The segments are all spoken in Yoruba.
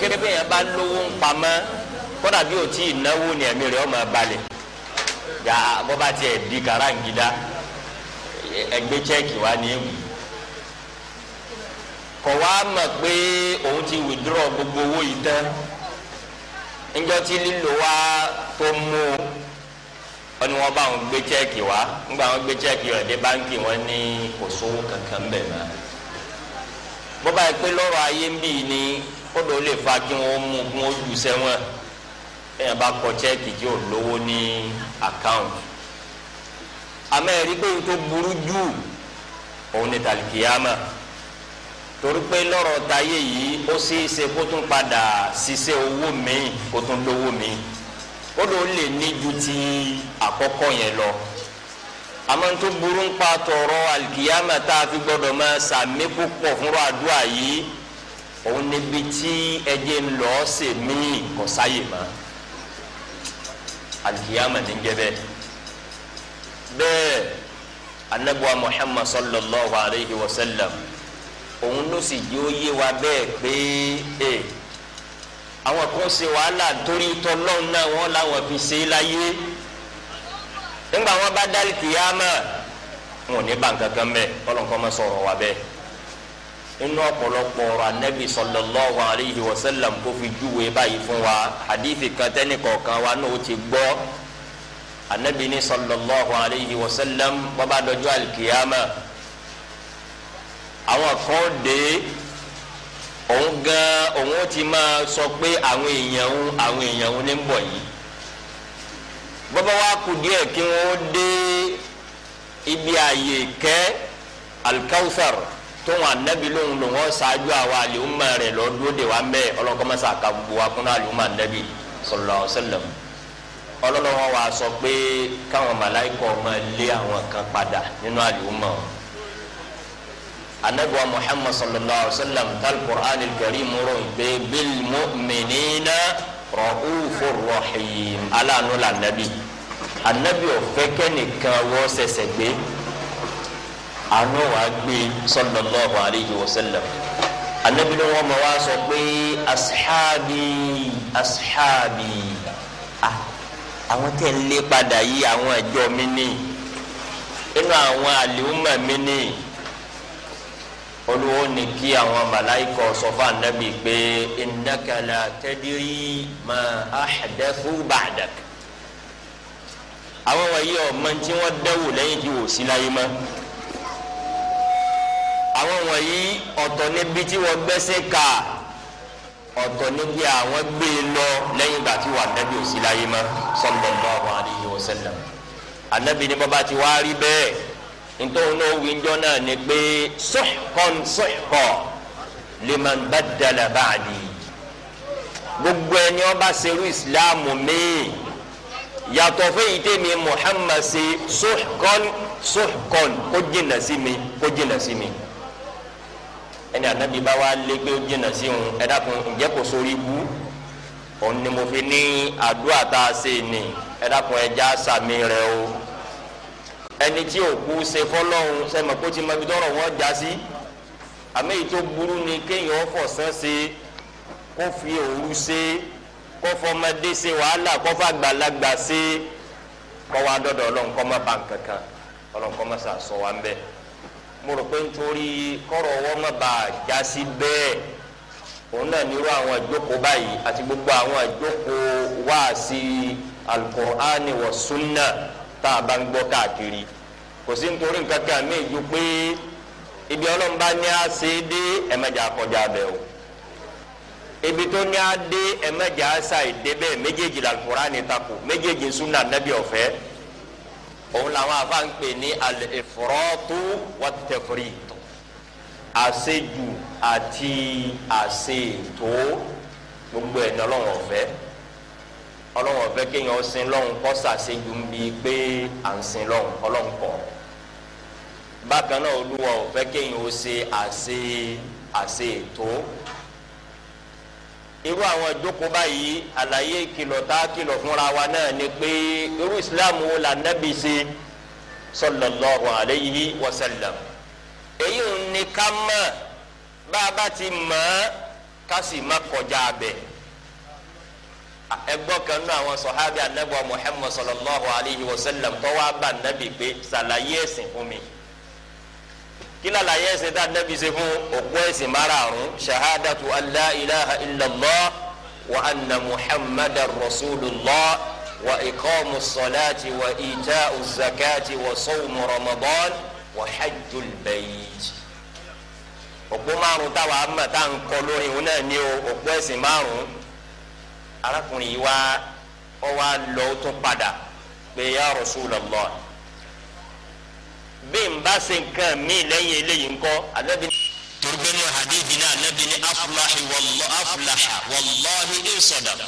kéré pé bá lówó ń pamọ́ kódà bí o tí náwó ni ẹ̀mí rẹ̀ ọmọ balẹ̀ yà bọ́ bá tiẹ̀ di kàràǹgídá ẹgbẹ́ chẹ́ẹ̀kì wa ni ewu kọ̀ wá mọ̀ pé òun ti withdraw gbogbo owó yìí tán níjọ́ tí lílo wa tó mú o wọ́n wọ́n bá wọn gbé chẹ́ẹ̀kì wa nígbà wọn gbé chẹ́ẹ̀kì rẹ̀ dé wọn ní kò sówó kankan bẹ̀ mọ́ bọ́ báyìí pé kódò ó lè fa kí wọ́n mú kí wọ́n jù sẹ́wọ̀n bẹ́ẹ̀ bá kọ chẹ́ẹ̀kì tí ò lówó ní àkáùntì àmọ́ ẹ̀rí pé ohun tó burú jù òun ni tàlìkìyàmà torí pé lọ́rọ̀ táyé yìí ó ṣeé ṣe kó tún padà ṣiṣẹ́ owó míì kó tún lówó míì kódò ó lè ní ju ti àkọ́kọ́ yẹn lọ àmọ́ tó burú ń pa tọ̀rọ̀ àlìkìyàmà tá a fi gbọ́dọ̀ máa sàmì púpọ̀ fúnra àdúrà yìí òun níbi tí ẹjẹ ń lọ ṣe míì kò sáyè mọ́ alikiyama ní jẹbẹ bẹ́ẹ̀ anabuwa muhammad sallallahu alayhi wa sallam òun ló sì yí ó yé wa bẹ́ẹ̀ pé e àwọn kan ṣe wàhálà torí tọlọ́n náà wọ́n làwọn fi ṣe é láyé nígbà wọn bá dá alikiyama wọn ò ní bá nǹkan kan mẹ́ kọ́lọ́n kọ́ sọ̀rọ̀ wa bẹ́ẹ̀ nínú ọ̀pọ̀lọpọ̀ ọ̀rọ̀ anabi sallallahu alayhi wa sallam kó fi júwe báyìí fún wa hadithi kan tẹ́nì kọ̀ọ̀kan wa náà ó ti gbọ́ anabi ní sallallahu alayhi wa sallam bàbá dọjọ́ alikiyama àwọn kan dé òun gan òun ti máa sọ pé àwọn èèyàn àwọn èèyàn ń bọ̀ yìí bàbá wa kù díẹ̀ kí wọ́n dé ibi àyè kẹ́ alikawusar tóun anabi lóhun lòun ọ̀ṣáájú àwa àlùmọ̀ rẹ̀ lọ́dún òde wa mẹ́ ọlọ́kọ́mọsá ka gbogbo wa kúnná àlùmọ̀ anabi sallallahu alaihi wasallam ọlọ́lọ́wọ́ wa sọ pé káwọn màláìkọ̀ máa lé àwọn kan padà nínú àlùmọ̀ anabi wa muhammad sallallahu alaihi wasallam tal qur'an al-karim ròyìn pé bil mu'minina la anabi anabi ò fẹ́ kẹ́nìkan wọ́ gbé àánú wa gbé sallallahu alayhi wa sallam anabi ni wọn ma wá sọ pé ashabi ashabi ah àwọn tẹ̀ ń lé padà yí àwọn ẹjọ́ mi ní inú àwọn àlùmọ̀ mi ní olùwò ní kí àwọn màláìkọ sọ fún anabi pé innaka la tadri ma ahdathu àwọn wọ̀nyí ọ̀ mọ̀ tí wọ́n dẹ́wò lẹ́yìn tí wò sí láyé mọ́ àwọn wọ̀nyí ọ̀tọ̀ níbi tí wọ́n gbẹ́sẹ̀ kà ọ̀tọ̀ níbi àwọn gbé e lọ lẹ́yìn ìgbà tí wà nẹ́bí òsì láyé mọ́ sallallahu alaihi wasallam ànẹ́bí ni bọ́ba ti wá rí bẹ́ẹ̀ nítorí náà wíńjọ́ náà ni pé suhqan suhqan liman baddala ba'di gbogbo ẹni ó bá ṣerú ìsìláàmù míì yàtọ̀ fún èyí tèmi Muhammad ṣe suhqan suhqan kó jìnnà sí mi kó jìnnà sí mi ẹni anabi bá wa lé pé ó jìnnà sí òun ẹ dákun ǹjẹ́ kò sórí ibú òun ni mo fi ní àdúrà tá a ṣe ni ẹ dákun ẹja sàmì rẹ o ẹni tí òkú ṣe fọlọ́hún sẹ́mi kó ti mọ ibi wọn já sí àmì èyí tó burú ni kéèyàn fọ̀sán ṣe kó fi òru ṣe kó fọmọdé ṣe wàhálà kó fàgbàlagbà ṣe kó wa dọ́dọ̀ ọlọ́nkọ́ mọ́ bá nǹkan kan ọlọ́nkọ́ mọ́ sà sọ wa ń bẹ́ẹ̀ mo rò pé nítorí kọ́rọ̀ ọwọ́ má bàa já sí bẹ́ẹ̀ òun náà nírú àwọn ìjókòó báyìí àti gbogbo àwọn ìjókòó wáàsí alukur'ani wa sunna tá a bá ń gbọ́ káàkiri kò sí nítorí nǹkan kan mí ju pé ibi ọlọ́mba ní a ṣe é dé ẹ̀mẹ́jà kọjá bẹ́ẹ̀ o ibi tó ní a dé ẹ̀mẹ́jà ṣàìdébẹ̀ méjèèjì alukur'ani takò méjèèjì sunna nẹ́bí ọ̀fẹ́ òun làwọn afa ń pè ní al-ifratu wat-tafrit àṣejù àti àṣetò gbogbo ẹ̀ ní ọlọ́run ọ̀fẹ́ ọlọ́run ọ̀fẹ́ kéèyàn sin lọ́hùn kọ́ sàṣejù ń bi pé à ń sin lọ́hùn ọlọ́run kọ́ bákan náà olúwa ọ̀fẹ́ kéèyàn ó ṣe àṣe àṣetò irú àwọn ìjókòó báyìí àlàyé kìlọ̀ tá kìlọ̀ fúnra wa náà ni pé irú islam wo la nábì ṣe sallallahu alayhi wa sallam èyí ń ní ká mọ̀ bá a bá ti mọ̀ ọ́ ká sì má kọjá abẹ ẹgbọ́n kan nínú àwọn sọ̀hábì anábọ̀ muhammad sallallahu alayhi wa sallam tó wá bá pé ṣàlàyé ẹ̀sìn fún mi kila la yẹ ẹsẹ dáadáa bí ṣe fún òkú ẹsìn márààrún shahadatu alla ilaha illallah wa anna muhammadar rasulullah wa iqamu salati wa ita'u zakati wa sawmu ramadan wa hajjul bayt òkú márùn táwa ama tá à ń kọ lórí òun náà ní o ẹsìn márùn arákùnrin yìí wá ọ wá lọ tún padà pé ya rasulullah bí n bá ṣe nǹkan mi lẹ́yìn eléyìí ńkọ́ anabi. turbinu hadithi náà anabi ni afulahi wallahi afulaha wallahi isodaka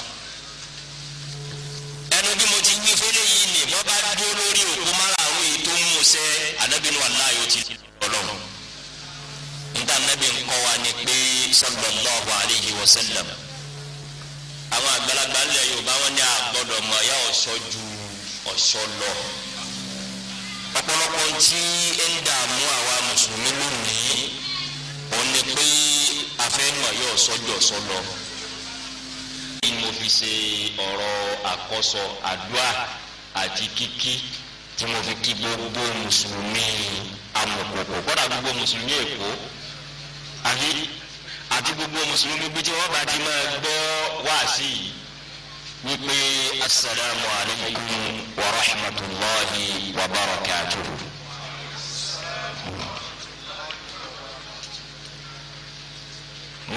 ẹnu bí mo ti wí fẹlẹ yìí ni bọ́ bá dúró lórí òkú márààrún yìí tó ń mú sẹ anabi ni wàllá yóò ti lọ́lọ́run níta anabi ń wa ni pé sallallahu alayhi wa sallam àwọn àgbàlagbà ńlẹ̀ yorùbá wọn ni àgbọ̀dọ̀ mọ̀ ya ọ̀ṣọ́ ju ọ̀ṣọ́ lọ ọ̀pọ̀lọpọ̀ tí ń dààmú àwa mùsùlùmí lónìí òun ni pé afẹ́mọ̀ yóò sọ́jọ́ sọ́lọ. bí mo fi ṣe ọ̀rọ̀ àkọ́sọ àdúrà àti kíkí tí mo fi kí gbogbo mùsùlùmí amọ̀kòkò kọ́dà gbogbo mùsùlùmí èkó àbí àti gbogbo mùsùlùmí bí tí wọ́n bá ti máa gbọ́ wáàsí yìí wípé asalaamu alaykum wa rahmatulahi wa barakatuhu.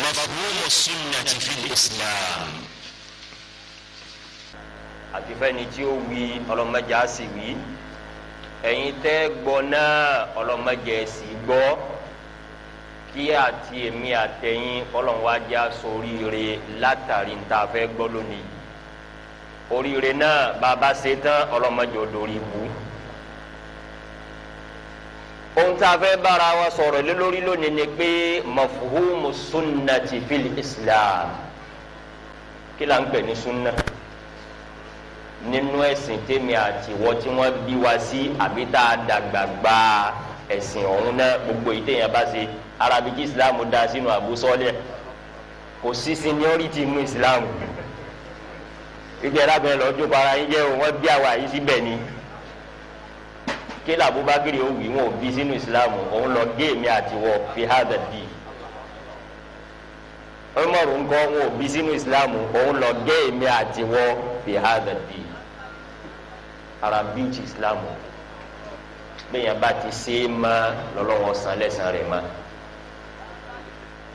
mafhumu sunnati fi islam. àti fẹ́ni tí ó wí ọlọ́mọdé á sì wí ẹ̀yin tẹ́ gbọ́ náà ọlọ́mọdé ẹ̀ sì gbọ́ kí àti èmi àtẹ̀yin ọlọ́run wájà sóríire látàrí níta gbọ́ lónìí oríire náà bàbá ṣe tán ọlọ́mọdé odòrí bu ohun tá a fẹ́ bára wa sọ̀rọ̀ lé lórí lónìí ni pé mafhumu sunnati fil islam kí la ń pè ní sunna nínú ẹ̀sìn tèmi àti ìwọ tí wọ́n bí wa sí àbí tá a dàgbà gba ẹ̀sìn ọ̀hún náà gbogbo ìtẹ̀yìn bá ṣe arabi kí islam da sínú àbúsọ́lẹ̀ kò sí seniority nínú islam ìgbẹ́ arábìnrin lọ jókòó ara yín jẹ́ o wọ́n bí àwa yìí síbẹ̀ ni kílà abubakar yóò wí wọn ò bí sínú ìsìlámù òun lọ gé èmi àti wọ fi hàdà bí ọmọrù ńkọ wọn ò bí sínú ìsìlámù òun lọ gé èmi àti wọ fi hàdà bí ara bíjì ìsìlámù bẹ́ẹ̀yàn bá ti ṣe é má lọ́lọ́wọ́ san lẹ́sàn rẹ̀ má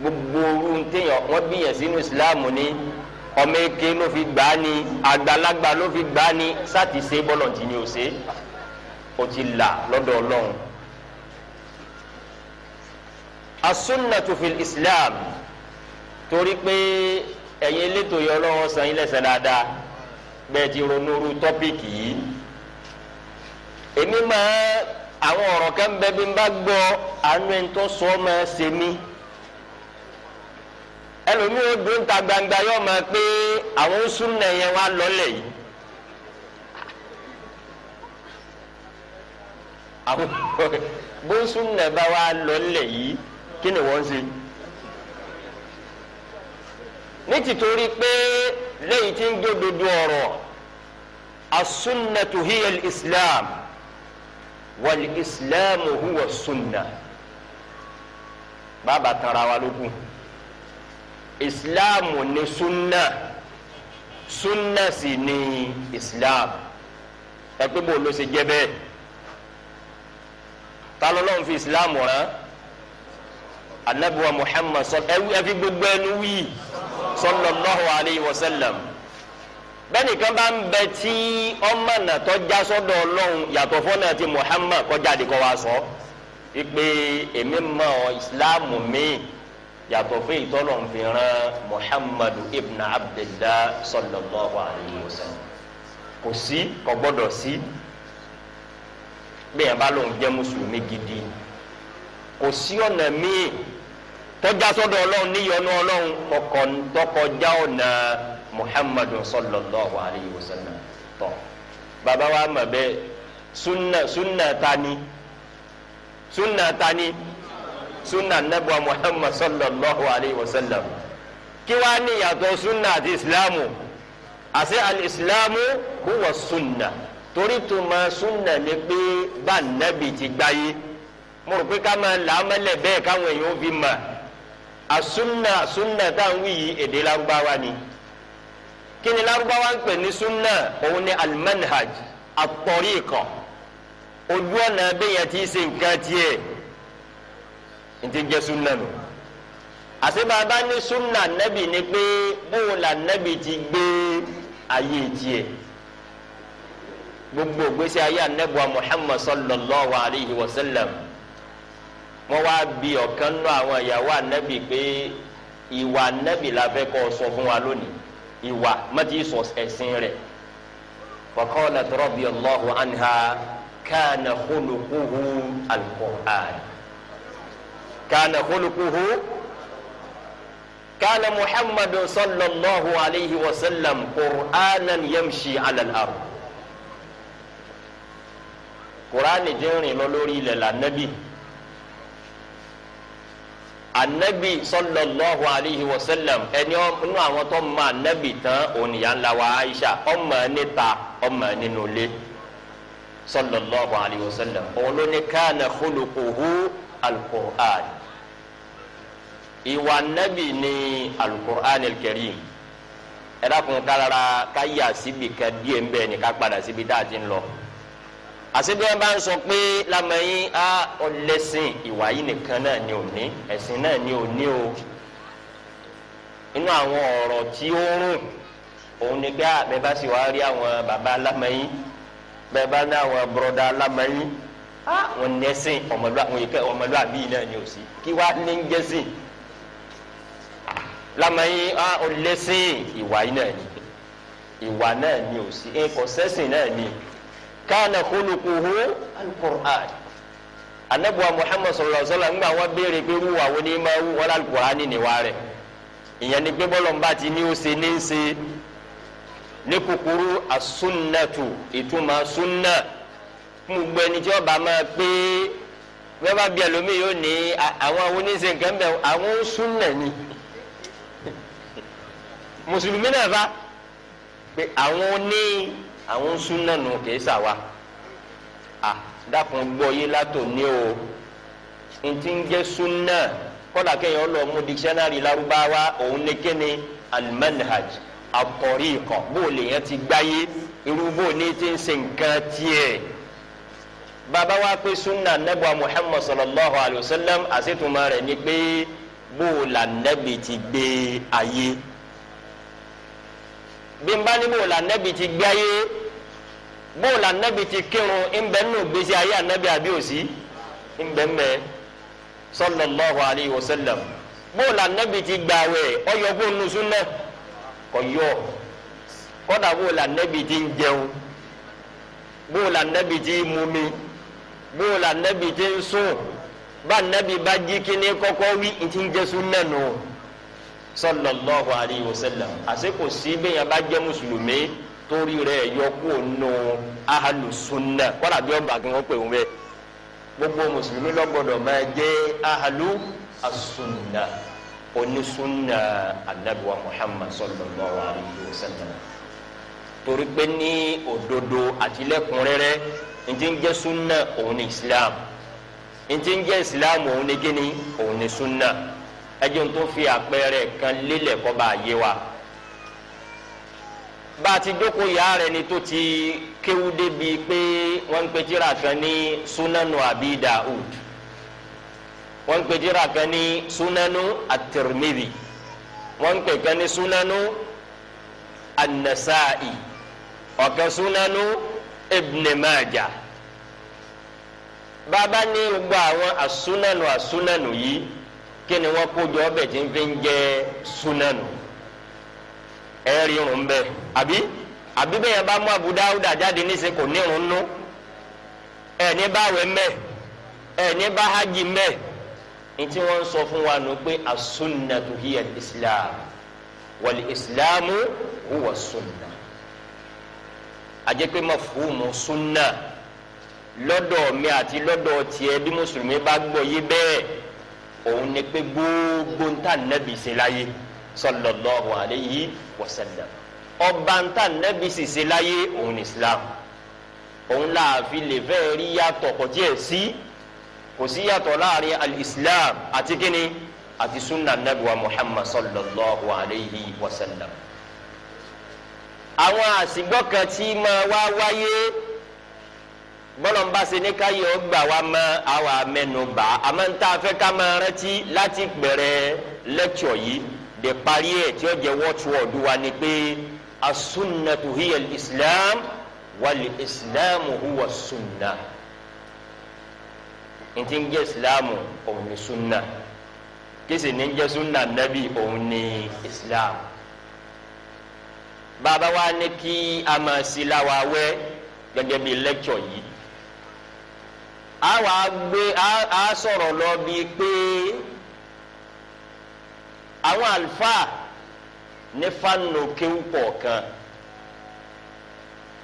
gbogbo orun téèyàn wọ́n bíyàn sínú ìsìlámù ni ọmọ eke ló fi gbà á ni àgbàlagbà ló fi gbà á ni sáti ṣe bọ́lọ̀ tì ní òṣè ó ti là lọ́dọ̀ ọlọ́run. as-sunnatu fil islam torí pé ẹ̀yin elétò yọ ọlọ́wọ́ san yín lẹ́sẹ̀ dáadáa bẹ́ẹ̀ ti ronú irú tọ́píìkì yìí. èmi máa àwọn ọ̀rọ̀ kan bí n bá gbọ́ àánú ẹni tó sọ ọ́ máa ṣe mí ẹlòmíì ó dúró ta gbangba yóò máa pé àwọn súnà yẹn wá lọ́lẹ̀ yìí àwọn bó súnà bá wá lọ́lẹ̀ yìí kí ni wọ́n ṣe ní tìtorí pé lẹ́yìn tí ń dódodo ọ̀rọ̀ as-sunnatu hiya al-islam huwa as bàbá tara wa lókun ìsìláàmù ni súnà súnà sì ni ìsìláàmù ẹ pé bó ló ṣe jẹ́ bẹ́ẹ̀ ta ló lọ́n fi ìsìláàmù rán anabiwa muhammad sọ ẹ fi gbogbo ẹnu wí sallallahu alayhi wa sallam bẹ́nìkan bá ń bẹ tí ọmọ náà tó já sọ́dọ̀ ọlọ́run yàtọ̀ fọ́nà ti muhammad kọjá àdìkọ́ wa sọ ìpè èmi mọ̀ ìsìláàmù míì yàtọ̀ fún ìtọ́lọ̀ ń fi ran muhammadu ibn abdullah sallallahu alayhi wa sallam kò sí kò gbọ́dọ̀ sí bẹ́ẹ̀ bá lóun jẹ́ mùsùlùmí gidi kò sí ọ̀nà míì tọ́já sọ́dọ̀ ọlọ́run níyọnu ọlọ́run kọkọ tọkọjá ọ̀nà muhammadu sallallahu alayhi wa sallam tọ́ bàbá mọ̀ bẹ́ẹ̀ sunna sunna tani sunna tani sunna nebua muhammad sallallahu alayhi wa sallam kí wàá ní ìyàtọ̀ sunna àti islamu àti alislamu huwa sunna torí tó ma sunna ni pé bá nabi ti gbáyé mo rò pé ká máa là á mẹ́lẹ̀ bẹ́ẹ̀ káwọn èèyàn fi mà asunna sunna táwọn wí yìí èdè lárúbáwá ni kí ni lárúbáwá ń pè ní sunna òun ni almanhaj àtọ̀rí ìkọ̀ ojú ọ̀nà abẹ́yẹn ti ṣe nǹkan tiẹ̀ ntí jẹ́ sunna nù àṣebàbá ní sunna nẹ́bì ni pé bóun là nẹ́bì ti gbé ayé tiẹ̀ gbogbo gbèsè ayé anabuwa muhammad sallallahu alayhi wa sallam wọn wá bi ọ̀kan nù àwọn ìyàwó anabi pé ìwà anabi la fẹ́ kọ́ sọ fún wa lónìí ìwà mẹti sọ ẹ̀sìn rẹ̀ faqalat radiyallahu anha kana khuluquhu al kana khuluquhu kana muhammadu sallallahu alayhi wa sallam qur'anan yamshi ala al-ard qur'ani jinrin lọ lórí ilẹ̀ la nabi anabi sallallahu alayhi wa sallam ẹni inú àwọn tó ma anabi tán ònìyànlá wa aisha ọmọ níta ọmọ nínú ilé sallallahu alayhi wa sallam òun ló ní kana khuluquhu al-qur'an ìwà nẹ́bì ni alukur'an kẹrim ẹ dákun kára ká yà síbi kan díẹ̀ ń bẹ̀ ni ká padà síbi tá a ti ń lọ àsìgbọ́n bá ń sọ pé lamẹ́yìn á ọlẹ́sìn ìwà yìí nìkan náà ni ò ní ẹ̀sìn náà ni ò ní o inú àwọn ọ̀rọ̀ tí ó rùn òun ni gbá bẹ́ẹ̀ bá sì wá rí àwọn baba lamẹ́yìn bẹ́ẹ̀ bá ní àwọn bùrọ̀dá lamẹ́yìn á nẹ́sìn ọmọlúwàbí náà ni ò sí kí wá ní ń jẹ́sìn lamẹyin a ò lẹ́sìn ìwà yìí náà ni ìwà náà ni ò sí nǹkan sẹ́sìn náà ni kana khuluquhu alukur'an anabuwa muhammad sallallahu alaihi wa sallam ngba wọn béèrè pé wúwa wo ni ma wú wọn alukur'an ni wà rẹ ìyẹn ni pé bọ́lọ̀ ń bá ti ní ó ṣe ní ń ṣe ní kúkúrú asúnnàtù ìtumọ̀ súnnà gbogbo ẹni tí ọba máa pé bẹ́ẹ̀ bá bí ẹlòmíì yóò ní àwọn oníṣe nǹkan bẹ́ẹ̀ àwọn súnnà ni mùsùlùmí náà bá pé àwọn ní àwọn súnà nù kìí sà wa à dákun gbọ́ yé látò ní o ntí ń jẹ́ súnà kọ́lá kẹ́yìn ọ lọ mú dikisẹ́nárì lárúbáwá òun ní kíni almanhaj àtọ̀ríkọ̀ bó o lè yẹn ti gbáyé irú bó o ní ti ń ṣe nǹkan tiẹ̀ bàbá wa pé súnà nẹ́bùa muhammad sallallahu alayhi wa sallam àṣetuma rẹ̀ ni pé bó o là nẹ́bi ti gbé ayé. ni bímbánibó la nẹ́bi ti gbáyé bó la nẹ́bi ti kírun ńbẹ́ nínú gbèsè ayé ànẹ́bi àbí òsì ńbẹ́ mbẹ́ sallallahu alayhi wa sallam bó la nẹ́bi ti gbàwẹ̀ ọyọ bó nu súnà kọ̀yọ́ kọ́dà bó la nẹ́bi ti ń jẹun bó la nẹ́bi ti mú mi bó la nẹ́bi ti ń sùn bá nẹ́bi bá jí kíní kọ́kọ́ wí ti ń jẹ́ súnà nù. No sallallahu alayhi wa sallam àṣẹ kò sí bẹ́ẹ̀ yẹn bá jẹ́ mùsùlùmí torí rẹ̀ yọkú ònú ahlu sunna kọ́lá bí ọba kí wọ́n pè wọ́n bẹ́ẹ̀ gbogbo mùsùlùmí lọ́gbọ́dọ̀ máa jẹ́ ahlu as-sunna anabiwa muhammad sallallahu alayhi wa sallam torí pé ní òdodo àtìlẹ́kùnrẹ́rẹ́ ntí ń jẹ́ sunna òun ní islam ntí ń islam òun ní kíni òun ní sunna ẹjẹ ń tó fi àpẹẹrẹ kan lélẹ̀ kó bá yé wa bá a ti jókòó ìyá rẹ̀ ni tó ti kéwú débi pé wọ́n ń pe tírà kan ní sunanu abi daud wọ́n ń pe kan ní sunanu at-Tirmidhi ń pe kan ní sunanu an-Nasa'i sunanu Ibn bàbá ní gbogbo àwọn asunanu asunanu yìí kí ni wọ́n kójọ ọbẹ̀ tí ń fi ń jẹ́ sunanu ẹ̀rí irun bẹ́ẹ̀ àbí àbí bẹ́ẹ̀ yẹn bá mú Abu Dawuda jáde níṣẹ́ kò ní irun nú ẹ̀ ní báwẹ̀ mẹ́ ẹ̀ bá hajj mẹ́ ntí wọ́n sọ fún wa nù pé as hiya islam wal islamu huwa sunna àjẹpẹ́ mafhumu sunna lọ́dọ̀ mi àti lọ́dọ̀ tiẹ̀ bí mùsùlùmí bá gbọ́ yé bẹ́ẹ̀ òun ni pé gbogbo ntá nẹ́bi ṣe láyé sallallahu alayhi wa sallam ọba ntá nẹ́bi sì ṣe láyé òun ni islam òun láàfin lè fẹ́ rí yàtọ̀ kò tiẹ̀ sí kò sí yàtọ̀ láàrin al-islam àti kíni àti sunna nabi muhammad sallallahu alayhi wa àwọn àsìgbọ́ tí máa wá wáyé. Wa bọ́lọ̀mbà ṣe ní ká yọ gbà wá mọ́ àwa mẹ́nuba àmọ́ ń tá a fẹ́ ká máa rántí láti bẹ̀rẹ̀ lẹ́kṣọ̀ yìí dé parí ẹ̀ tí ó jẹ́ watchword wa ni pé as-sunnatu hiya al-islam wal-islamu huwa sunna n ti ń jẹ́ islamu òun ni sunna kí sì ní ń jẹ́ sunna nabi òun ni islam bàbá wa ní kí a máa sí láwa wẹ́ gẹ́gẹ́ bí lẹ́kṣọ̀ yìí a wà gbé a sọ̀rọ̀ lọ bíi pé àwọn àlùfáà ní fanu kéwù kọ̀ọ̀kan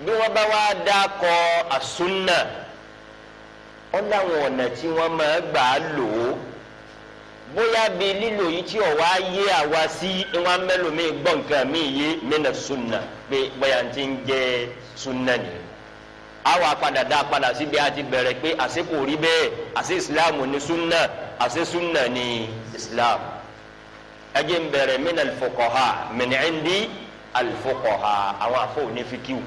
bí wọ́n bá wá dákọ̀ àsúnà wọ́n láwọn ọ̀nà tí wọ́n máa gbà á lò ó bóyá bí lílo yìí tí ọ̀wá yé àwa sí wọn mẹ́lòmíì gbọ̀ǹkan mi yé mẹ́nà súnà pé bóyá ti ń jẹ́ súnà nìyẹn àwa padà dá padà síbi àti bẹ̀rẹ̀ pé àṣẹ kò rí bẹ́ẹ̀ àṣẹ islam ni sunna àṣẹ sunna ni islam ẹ jẹ́ n bẹ̀rẹ̀ min al-fuqaha min indi al-fuqaha àwọn afọ onífikiw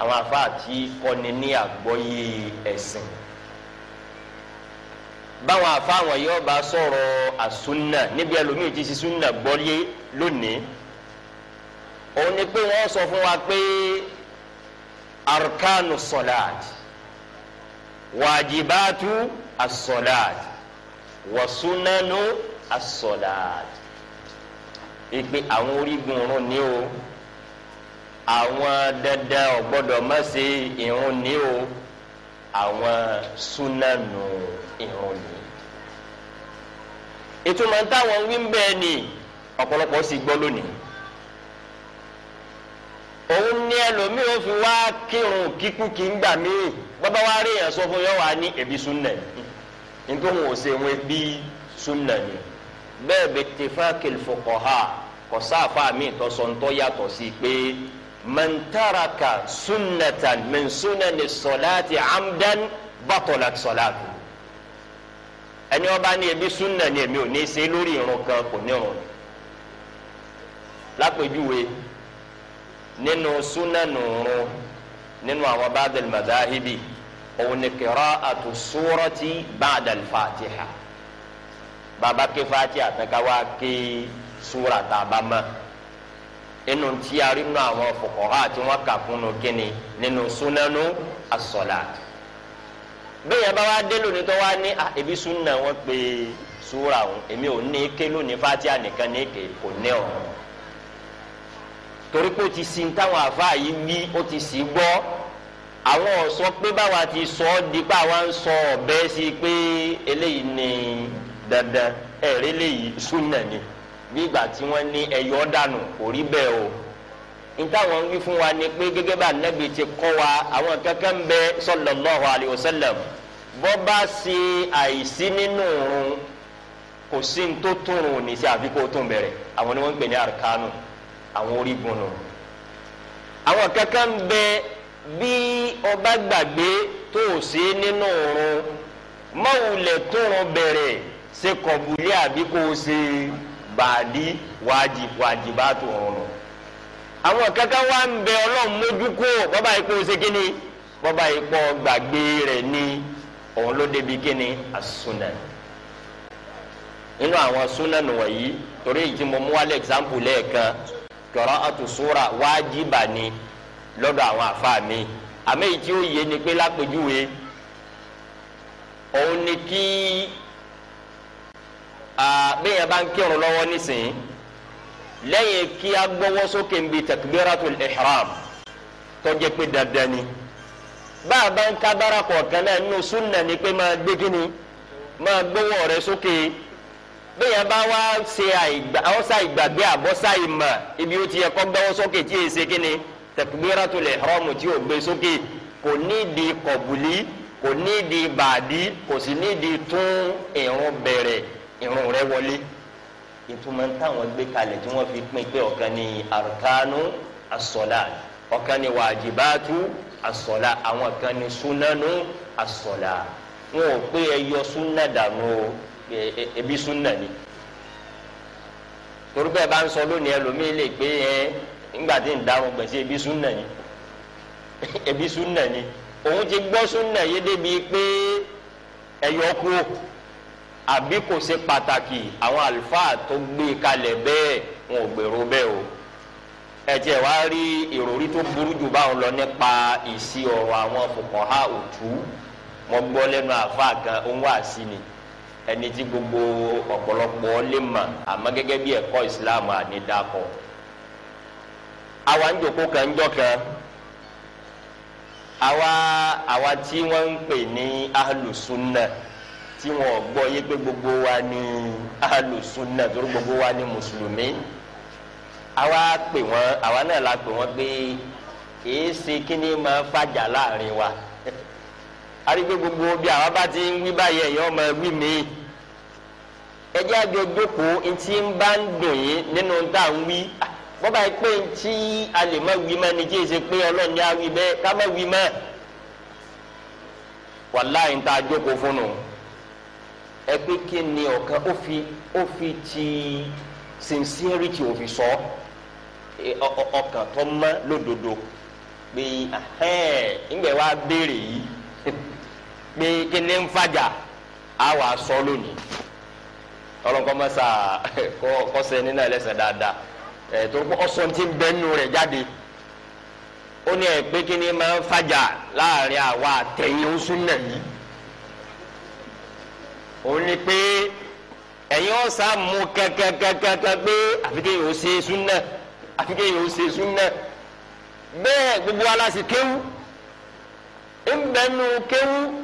àwọn afọ àti kọ́ni ní àgbọ́yé ẹ̀sìn báwọn afọ àwọn yóò bá sọ̀rọ̀ àsunna níbi ẹlòmíì ti ṣe sunna gbọ́lé lónìí òun ni pé wọ́n sọ fún wa pé arkanu sọlaat wajibatu asọlaat wasunanu asọlaat ipe àwọn orígun irun ni o àwọn dandan ò gbọ́dọ̀ má ṣe irun ni o àwọn sunanu irun ni ìtumọ̀ táwọn wí ni ọ̀pọ̀lọpọ̀ sì gbọ́ lónìí òun ní ẹlòmíì ó fi wá kírun kíkú kí ń gbà míì bàbá wa rí yẹn sọ fún yọ wá ní ẹbí súnà nítorí wọn ò ṣe wọn ẹbí súnà ni bẹ́ẹ̀ bẹ tẹ fà kẹlifọkọha kò sáfà mi tó sọ ntọ yàtọ̀ sí pé mẹntaraka súnàtàn mẹnsúnà ní sọláàtì amdan bàtọlà sọláàtì ẹni ọba ní ẹbí súnà ni èmi ò ní ṣe lórí irun kan kò ní irun lápèjúwe nínú súnánù rún nínú àwọn báàdìl màdáhìbì òun ni qira'atu surati ba'dal fatiha bàbá ké fatiha tán ká wá ké súra tá a bá mọ̀ inú tí a rí nínú àwọn fuqaha tí wọ́n kà fún un kíni nínú súnánù as-salat bẹ́ẹ̀ yẹn bá wá dé lónìí tó wá ní ibi ah, súnà wọn pé súra òun èmi ò ní ké lónìí fatiha nìkan ní èké kò ní ọ̀hún torí pé ó ti sin táwọn àfáà yìí ní ó ti sì gbọ́ àwọn ọ̀sọ́ pé báwa ti sọ ọ́ di pé àwa ń sọ ọ̀bẹ sí pé eléyìí ni dandan ẹ̀rí léyìí súnà ni bí ìgbà tí wọ́n ní ẹ̀yọ́ dànù kò rí bẹ́ẹ̀ o ntáwọn ń wí fún wa ni pé gẹ́gẹ́ bá nẹ́bi ti kọ́ wa àwọn kankan ń bẹ sallallahu alayhi wa sallam bọ́ bá ṣe àìsí nínú òun kò sí ní tó tún òun ní sí àfi kó tún bẹ̀rẹ̀ àwọn ni wọ́n ń pè ní arkanu. àwọn orígun nù àwọn kankan bẹ bí ọba gbàgbé tó o ṣe nínú ọrụ ma tó rún bẹ̀rẹ̀ ṣe kọ̀bùlé àbí kó o ṣe bàdí wájib wájibá tó rún nù àwọn kankan wà ń bẹ ọlọ́run mójú kó bọ́bá yìí kó o ṣe kíni bọ́bá yìí kó gbàgbé rẹ̀ ní òun ló débi kíni as nínú àwọn sunan wọ̀nyí torí mú qira'atu sura wájibà ni lọ́dọ̀ àwọn àfáà mi àmọ́ èyí tí ó yé ni pé lápèjúwe òun ni kí bẹ́ẹ̀ bá ń kírun lọ́wọ́ nísìnyí lẹ́yìn kí a gbọ́wọ́ sókè ń bi takbiratul ihram tó pé dandan ni báà bá ń kábàrà kọ̀ọ̀kan náà nínú súnà ni pé máa gbé kíni máa gbọ́wọ́ rẹ sókè bẹ́ẹ̀ bá wá ṣe àwọ̀sá ìgbàgbé àbọ̀sá ìmọ̀ ibi ó ti yẹ kọ́ gbẹ́wọ́ sókè tí èsè kíni takbiratul ihram tí ò gbé sókè kò ní di kọ̀bùlí kò ní di bàdí kò sì ní di tún ìrun bẹ̀rẹ̀ ìrun rẹ̀ wọlé ìtumọ̀ táwọn gbé kalẹ̀ tí wọ́n fi pín pé ọ̀kan ni arkanu as-sala ọ̀kan ni wàjibátú as-sala àwọn kan ni sunanu as wọn ò pé ẹyọ súnà E, e, ebi sunna ni torúkọ ẹ bá ń sọ lónìí ẹlòmíì lè pé ẹ ńgbà tí ń darun gbèsè ebi sunna ni ebi sunna ni òun ti gbọ́ sunna yé débi pé ẹ̀yọ́ kú àbí kò ṣe pàtàkì àwọn àlùfáà tó gbé kalẹ̀ bẹ́ẹ̀ wọn ò gbèrò bẹ́ẹ̀ o ẹ̀jẹ̀ wá rí ìròrí tó burú jù báwọn lọ nípa ìsí ọ̀rọ̀ àwọn fòkànhá òtún mo lẹ́nu àfa kan òun wà sí ni. ẹni tí gbogbo ọ̀pọ̀lọpọ̀ lè mà àmọ́ gẹ́gẹ́ bí ẹ̀kọ́ ìsìláàmù a àwa ń jòkó kan jọ àwa àwa tí wọ́n ń pè ní ahlùsúnà tí wọn gbọ́ pé gbogbo wa ni ahlùsúnà torí gbogbo wa ni mùsùlùmí àwa pè wọ́n àwa náà la pè wọ́n pé kì í ṣe kí ni máa wa. arígbé gbogbo bí àwọn bá ti ń wí báyìí ẹ̀yọ́ ọmọ wí mi ẹ àjọ jókòó ntí ń bá ń dùn yín nínú tá à ń wí bọ́bá yìí pé ntí a lè má wí mọ́ ni kí pé á wí bẹ́ẹ̀ ká má wí mọ́ jókòó fún un ti sincerity ò fi sọ ọkàn tó mọ́ lódodo pé kí ni ń fàjà á wà sọ lónìí ọlọ́nkọ́ mọ́sá kọ́sẹ̀ nínú ẹlẹ́sẹ̀ dáadáa ẹ̀ tó ọ̀sán ti ń bẹ́nu rẹ̀ jáde ó ní ẹ̀ pé kí ni máa ń fàjà láàrin àwa àtẹ̀yìn oṣù náà yìí òun ni pé ẹ̀yin ọ̀sà mú kẹ́kẹ́kẹ́kẹ́ pé àfikẹ́ yìí ó ṣe súnà àfikẹ́ yìí ó ṣe súnà bẹ́ẹ̀ gbogbo aláṣẹ kéwú ń bẹ́nu kéwú.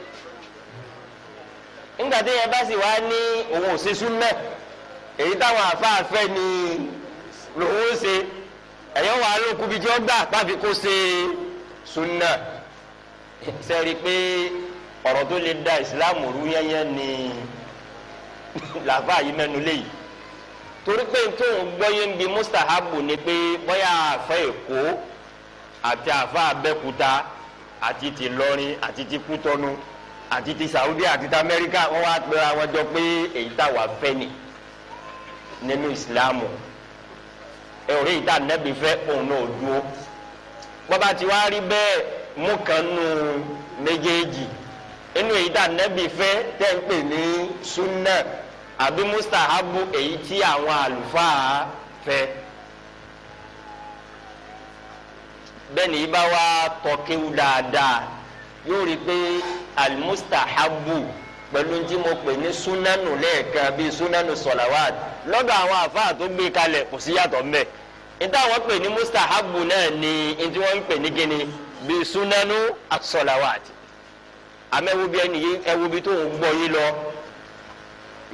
nígbà tí yẹn bá sì wá ní òun ò ṣe súnmẹ́ èyí táwọn àfáàfẹ́ ni lòun ó ṣe ẹ̀yọ́ wàá ló kú bí tí ó gbà pàfi kó ṣe súnà sẹ́rí pé ọ̀rọ̀ tó lè da ìsìláàmù rú yẹ́yẹ́ ni làbá yìí mẹ́nu léyìí torí pé tó ń gbọ́yé ń bi mustahabu ni pé bóyá àfẹ́ èkó àti àfẹ́ abẹ́kúta àti tìlọrin àti tìkútọ́nu. Ti àti ti Saudi àti ti Amẹ́ríkà wọ́n wá pera wọn jọ pé èyí fẹ́ ni nínú ìsìláàmù ẹ̀rí ìta nẹ́bi fẹ́ òun náà dúró bọ́ba ti wá rí bẹ́ẹ̀ mú kan nù méjèèjì inú èyí tá nẹ́bi fẹ́ tẹ́ ń pè ní sunna àbí mustahabu èyí tí àwọn àlùfáà fẹ́ bẹ́ẹ̀ ni ibà wá dáadáa yóò rí pé almustahabu pẹ̀lú tí mo pè ní sunanu lẹ́ẹ̀kan bíi sunanu salawat lọ́dọ̀ àwọn àfáà tó gbé kalẹ̀ kò sí yàtọ̀ mbẹ́ níta wọ́n pè ní mustahabu náà ni ntí wọ́n ń pè ní kíni bíi sunanu asọ̀làwàd amẹ́wo bí ẹni yìí ẹwo bí tó ń gbọ́ yìí lọ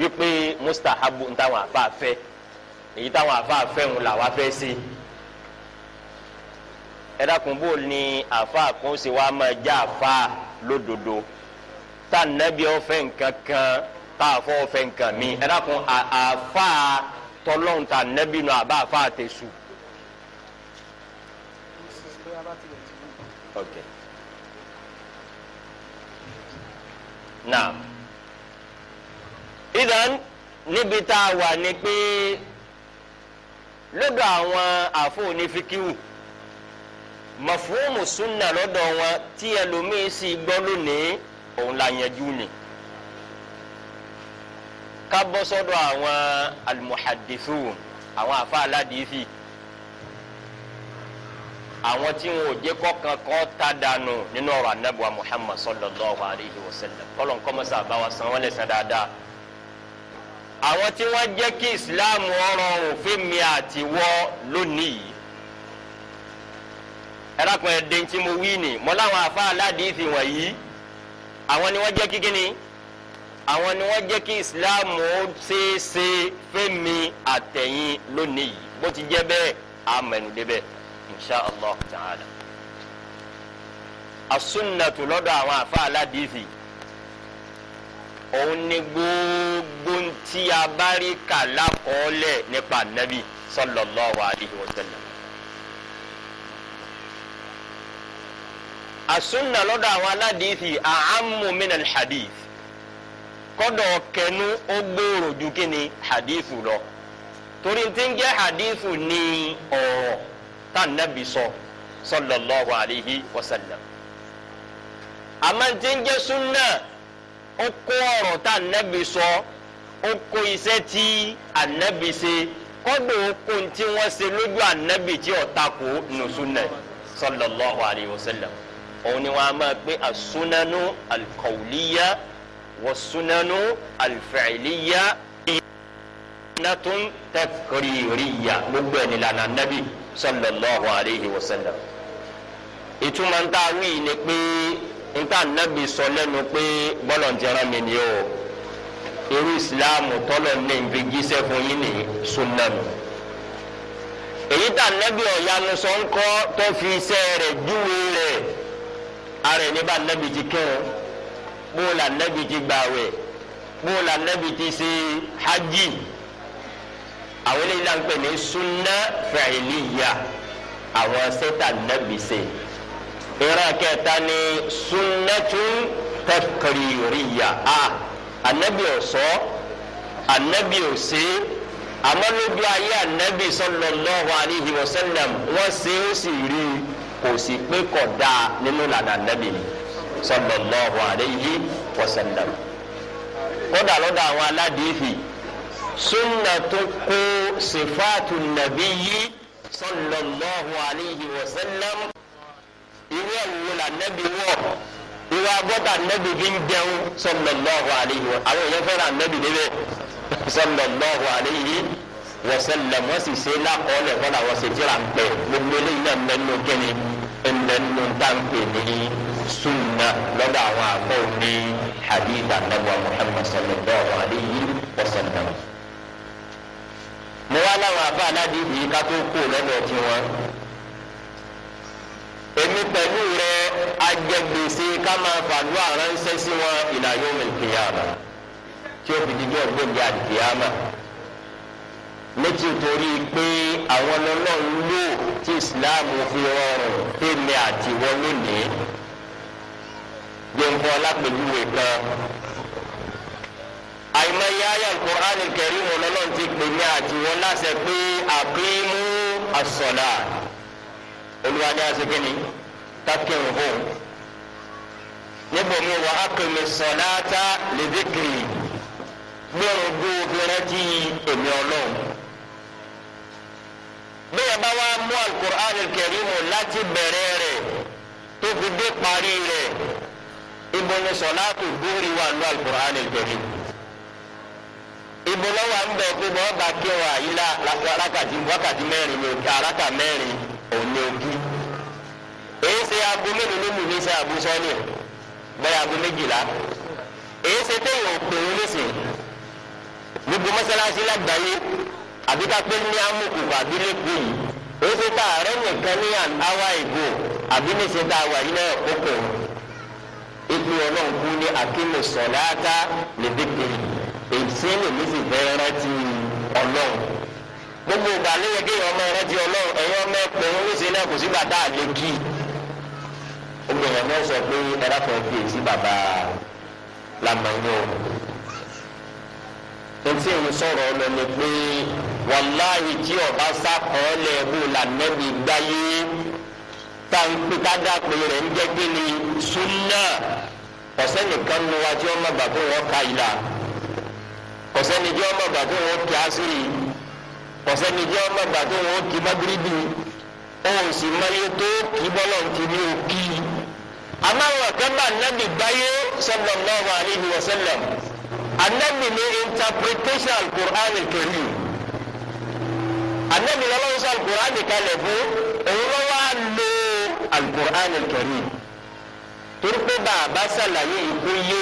yìí mustahabu níta àwọn àfáà fẹ́ èyí táwọn àfáà fẹ́ ń là wá fẹ́ sí i ẹ dákun bó ni àfa kún sí wa máa já àfa lódodo tá nàbí ọfẹ nǹkan kan tá àfọ ọfẹ nǹkan mi ẹ dákun àfa tọlọ́hún tá nàbí nu àbá àfa tẹ̀sù. Okay. Now, idan níbi tá a wà ni pé lọ́dọ̀ àwọn àfọ̀ onífikiwù mọ̀fóòmù súnà lọ́dọ̀ wọn tí ẹlòmíín sì gbọ́ lónìí òun la yanjú ni ká bọ́ sọ́dọ̀ àwọn alimuhadifu àwọn afa aládìífì àwọn tí wọn ò jẹ́ kọ́kan kọ́ ta dànù nínú ọ̀rọ̀ anábùwà muhammad sallallahu alayhi wa sallam kọ́lọ̀n kọ́mọ́sá bá wa san wọ́n lẹ́sẹ̀ dáadáa. àwọn tí wọ́n jẹ́ kí islam ọ̀rọ̀ òfin mi àtiwọ́ lónìí ẹ̀rákùn ẹ̀dẹ̀ tí mo wí ni mo láwọn afa aládìísì wọ̀nyí àwọn ni wọ́n jẹ́ kí kíni àwọn ni wọ́n jẹ́ kí islam ó ṣeéṣe fẹ́mi àtẹ̀yìn lónìí yìí bó ti jẹ́ bẹ́ẹ̀ amẹnudé bẹ́ẹ̀ insha allah ta'ala lọ́dọ̀ àwọn afa aládìísì òun ni gbogbo tí a bá rí kà lákọọ́lẹ̀ nípa nabi sallallahu alayhi wa asunna lọ́dọ̀ àwọn aládìísì àhámù minal hadith kọ́dọ̀ kẹnu ó gbòòrò ju kíni hadith lọ torí tí ń jẹ́ hadith ní ọ̀rọ̀ tànàbí sọ sallallahu alayhi wa sallam àmọ́ tí ń jẹ́ sunna ó kó ọ̀rọ̀ tànàbí sọ ó kó iṣẹ́ tí ànàbí ṣe kọ́dọ̀ ó kó lójú ànàbí tí ó takò nù sunna sallallahu òun ni wọn a máa gbé asunanu alikawuliya wasunanu alifẹ̀ẹ́liya natun takririya gbogbo ẹni lana nabi sallallahu alayhi wa sallam. ìtumọ̀ nta wí ni pé nta nabi sọ lẹ́nu pé bọ́lọ̀ ń jẹran mi ni o irú ìsìláàmù tọ́lọ̀ ní nfi gíṣẹ́ fún yín ní sunnanu. èyí tà nabi ọ̀yanu sọ tó fi iṣẹ́ rẹ̀ júwe rẹ̀ ara ẹni bá nẹ́bi ti kírun bó la nẹ́bi ti gbàwẹ̀ bó la nẹ́bi ti ṣe hajj àwọn eléyìí là ń pè ní sunna fẹ̀lìyà àwọn sẹ́tà nẹ́bi ṣe ìran kẹta ni sunnatu tẹkiririya a anabi ọsọ anabi ọsẹ amọlójú ayé anabi sallallahu alaihi wasallam wọn ṣe ó sì rí i kò sì pé kọ̀ dáa nínú ìlànà nẹ́bì ni sallallahu alayhi wa sallam kódà lọ́dọ̀ àwọn aládìífì súnà tó kó sèfáàtù nàbí yí sallallahu alayhi wa sallam irú ẹ̀wù la nẹ́bí wọ̀ irú agbọ́dà nẹ́bí bí ń jẹun sallallahu alayhi wa àwọn èèyàn fẹ́ràn nẹ́bí débẹ̀ sallallahu alayhi wa sallam wọ́sẹ̀lẹ̀ wọ́n sì ṣe lákọọ́lẹ̀ fọ́nà wọ́n sì tíra ń pẹ́ gbogbo eléyìí náà mẹ́nu kẹ́ni ẹnlẹ́nu dáńpẹ́ ní sunna lọ́dọ̀ àwọn àbọ̀ ní hadith anabu muhammad sallallahu alayhi wa sallam. mo wá láwọn àbá aládìí yìí ká tó kú lọ́dọ̀ tiwọn. èmi pẹ̀lú rẹ ajẹgbèsè ká máa fàdúrà ránṣẹ́ sí wọn ìlà yawm al tí ó fi dijọ́ gbẹ̀gbẹ̀ al létí torí pé àwọn ọlọ́run lò tí islam fi rọrùn fèmí àtiwọ́ lónìí gbẹ̀ngbọ́n alápèjúwe kan àìmọye ayé alukur'an kẹrìmù ọlọ́run ti pèmí àtiwọ́ láṣẹ pé àbímú àsọ̀dà olùwàdí àṣekínni tákìrì hàn níbo mi wà á pèmí sọ̀dáàtà lè dìkìrì gbẹ̀rùn gbó obìnrin tí èmi ọlọ́run. bẹ́ẹ̀ bá wá mú alukur'an kẹrìmù láti bẹ̀rẹ̀ rẹ̀ tó fi dé parí rẹ̀ ibùdó sọ̀láàtù dúró wà ní alukur'an kẹrìmù ibùdó wà ń bẹ̀ pé bọ́ bá kí wà wákàtí wákàtí mẹ́rin ní òkè àràkà mẹ́rin òní òkú èyí ṣe aago mélòó mú mi ṣe bẹ́ẹ̀ aago méjìlá èyí ṣe gbogbo mọ́sálásí àbí ká pé ní amúkùkù àbí lẹ́kọ̀ọ́ yìí ó ṣe tá ààrẹ nìkan ní àwa ìbò àbí níṣe tá a wà yìí náà kókò ipò ọlọ́run kú ní akínú sọ̀láàtà lẹ́dẹ́gbẹ̀ èsì lèmi sì fẹ́ rántí ọlọ́run gbogbo ìgbà ló yẹ kéèyàn ọmọ rántí ọlọ́run ẹ̀yọ́ ọmọ ẹ̀pẹ̀ ń ṣe náà kò sí bàtà lè kí obìnrin náà sọ pé ẹ̀rọ kan fi èsì bàbá làmọ́ yẹn o ètí èyí sọ̀rọ̀ ọlọ́ni pé wàláhì tí ọba sàkọọ́lẹ̀ bó la nẹ́bi gbáyé táǹpìkádà pé rẹ̀ ń jẹ́ gbélé súnà ọ̀sẹ́nìkan nu wa tí wọ́n má gbàgbọ́ wọn ka ìlà ọ̀sẹ́ni tí wọ́n má gbàgbọ́ wọn kí asiri ọ̀sẹ́ni tí wọ́n má gbàgbọ́ wọn kí magiribi òun sì máyé tó kí bọ́lọ̀ ti ní òkì amáwọn akẹ́bà nẹ́bi gbáyé sallallahu alaihi wasallam anẹ́bi ní interpretation al-Qur'an anabi lọ́lọ́run sọ alukur'ani kalẹ̀ fún òun ló wá lo alukur'ani karim torí pé bàbá sàlàyé ìkú yé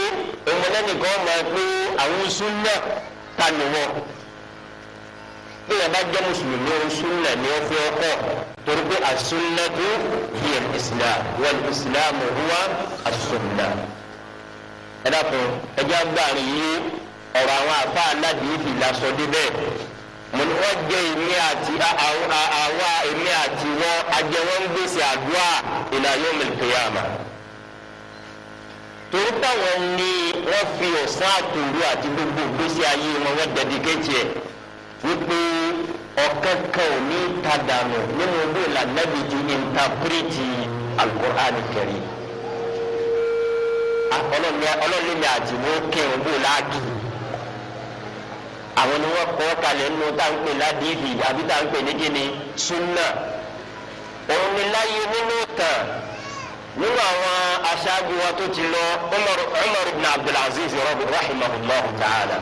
ọmọlẹ́nìkan ọmọ ẹgbẹ́ àwọn súnà tani wọn bí wọn bá jẹ́ mùsùlùmí ọ̀hún súnà ni wọ́n fi ọkọ̀ torí pé as-sunnatu hiya al-islam huwa as ẹ dàpọ̀ ẹ jẹ́ àgbà rẹ̀ yí àwọn àfa aládìí fi lásọ débẹ̀ mo ní wọ́n jẹ́ èmi àti àwa èmi àti wọ́n ajẹ́wọ́n ń gbèsè àdúrà ìlà yawmil qiyamah torí táwọn ní wọ́n fi ọ̀sán àtòru àti gbogbo ìgbésí ayé wọn wọ́n dẹ́díkéètì ẹ̀ wípé ọ̀kan kan ò ní tàdánù nínú bí lànàbí ìntàpírìtì Al-Qur'an ọlọ́ọ̀ni àti wọ́n kẹrin bó láàkì àwọn ni wọ́n kọ́ kalẹ̀ nínú tá à ń pè ládìídì àbí tá à ń pè ní kíni súnà òun ni láyé nínú tàn nínú àwọn aṣáájú wa tó ti lọ Umar Umar ibn Abdulaziz rahimahullahu ta'ala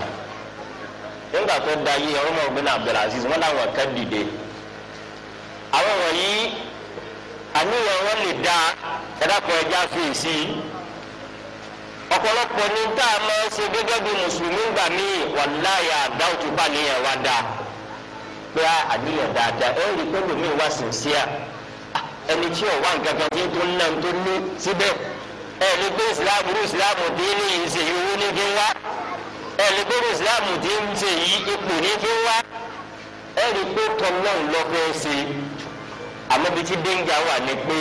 nígbà tó dayé Umar bin Abdulaziz wọn làwọn kan dìde àwọn wọ̀nyí àníyàn wọn lè da ẹ̀dá kan ẹja fèsì ọ̀pọ̀lọpọ̀ ní tá a máa ń ṣe gẹ́gẹ́ bí mùsùlùmí gbà mí wàláyé àdáwò tó bá nìyẹn wá dáa pé àdìyàn dáadáa ẹ rí i pé lómi wá sincere ẹni tí ò wá nǹkan kan tí tó ń nà tó ní síbẹ̀ ẹ lè gbé ìsìláàmù rú ìsìláàmù tí ní ìṣe owó ní kí wá ẹ lè gbé ìsìláàmù tí ń ṣe yí ipò ní kí wá ẹ rí i pé tọ́lọ́n lọ fẹ́ ṣe àmọ́ bí tí dénjà wà ní pé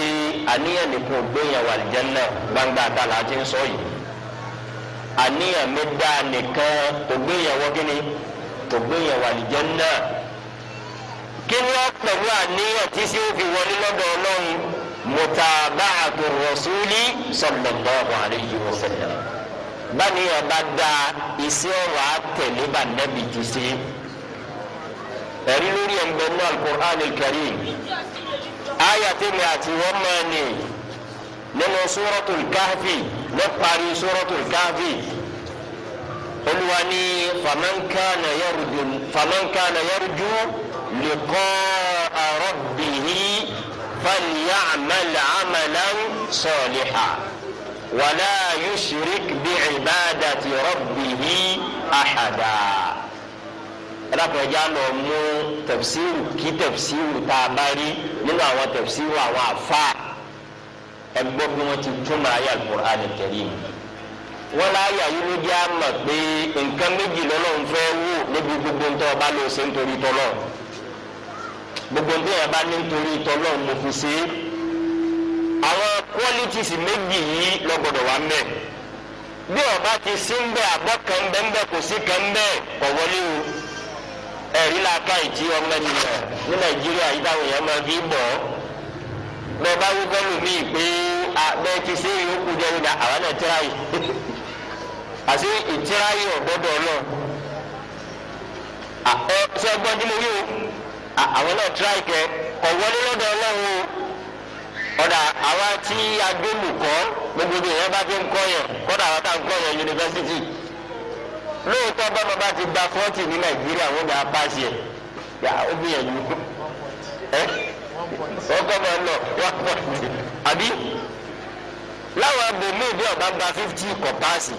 àníyàn nìkan ò wà lìjẹ́ náà gbangba àtàlà ti ń sọ yìí àníyàn mi dá nìkan kò gbéyàwó gíní kò gbéyàwó àlìjánnà kí ni wọ́n pẹ̀lú àníyàn tí sí ó fi wọlé lọ́dọ̀ ọlọ́run mutaba'atu rasuli sallallahu alayhi wa sallam báníyàn bá dá iṣẹ́ ọ̀rọ̀ àtẹ̀lé bá nẹ́bi ti ṣe ẹ̀rí lórí ẹ̀ǹgbẹ́ náà al-Qur'an ayatollah àti wọ́n máa ní nínú suratul Kahfi lọ́parí suratul Kahfi olúwa ní faman kana yarju faman kana yarju liqa'a rabbihi falya'mal 'amalan salihan wala yushrik bi'ibadati rabbihi ahada ẹlẹ́kọ̀ọ́jà lọ mú tafsiru kí tafsiru tá a bá rí nínú àwọn tafsiru àwọn àfáà ẹgbọ́ bí wọ́n ti túmọ̀ ayé alukur'an karim wọ́n láyé ayélujára bí a mọ̀ pé nǹkan méjì lọ́lọ́run fẹ́ wò níbi gbogbo ntọ́ ọba ló ṣe nítorí tọ́lọ́ gbogbo ntọ́ ọba ní nítorí tọ́lọ́ mo fi ṣe é àwọn qualities méjì yìí lọ́gbọ́dọ̀ wà mẹ́ bí ọba ti sí ń bẹ àbọ̀ kan bẹ́ ń bẹ kò sí kan bẹ́ kọ̀ wọlé o ẹ̀rí la ká ìtì ọmọ ènìyàn ní nàìjíríà yìí táwọn èèyàn máa fi bọ̀ ọ́. bọ́ọ̀bá ọ bọ́ọ̀lù míì pé abẹ́ ti ṣe ìyókù jẹ́ ìdá àwa náà tíráyì àti ìtíráyì ọ̀gbọ́dọ̀ náà ẹ ṣe gbọ́n tí o àwọn náà tíráyì kẹ ọ̀wọ́lé lọ́dọ̀ ọlọ́run o àwa tí agbélùkọ́ gbogbo ìyẹn bá fi ń gba fọ́ọ̀tì ní nàìjíríà wọ́n wọ́n kọ́ ndị nọ one àbí láwọn bí ọba gba fifty kọ̀ paasi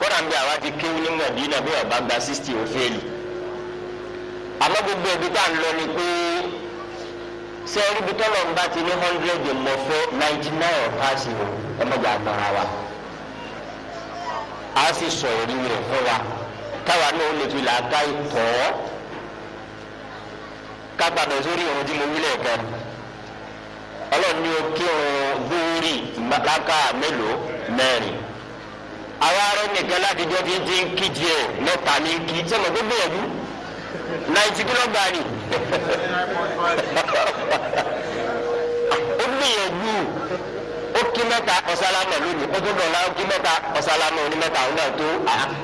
kọ́ra bí àwa ti kéwú ní Mọ̀dínà bí ọba gba sixty òféèlì àmọ́ gbogbo ẹbí tá à ń lọ ni pé ṣé ẹ ríbi tọ́lọ̀ ń bá ti ní hundred mọ̀fẹ́ ninety nine paasi agbára wa a sì sọ rẹ̀ fún wa náà ó lè fi làákà ìtọ́. kápábẹ̀ sórí ọ̀run tí mo wí lẹ́ẹ̀kan ọlọ́run ní o kí ọ̀run gbóòórì láká mélòó mẹ́rin àwọn arọ nìkan láti jọ fi ti ń kí tiẹ̀ mẹ́ta ní kí sọ̀rọ̀ tó gbìyànjú náìtì kìlọ́gbà ni ó gbìyànjú ó kí mẹ́ta ọ̀sálámà lónìí ó tó dọ̀la ó kí mẹ́ta ọ̀sálámà òní mẹ́ta òun náà tó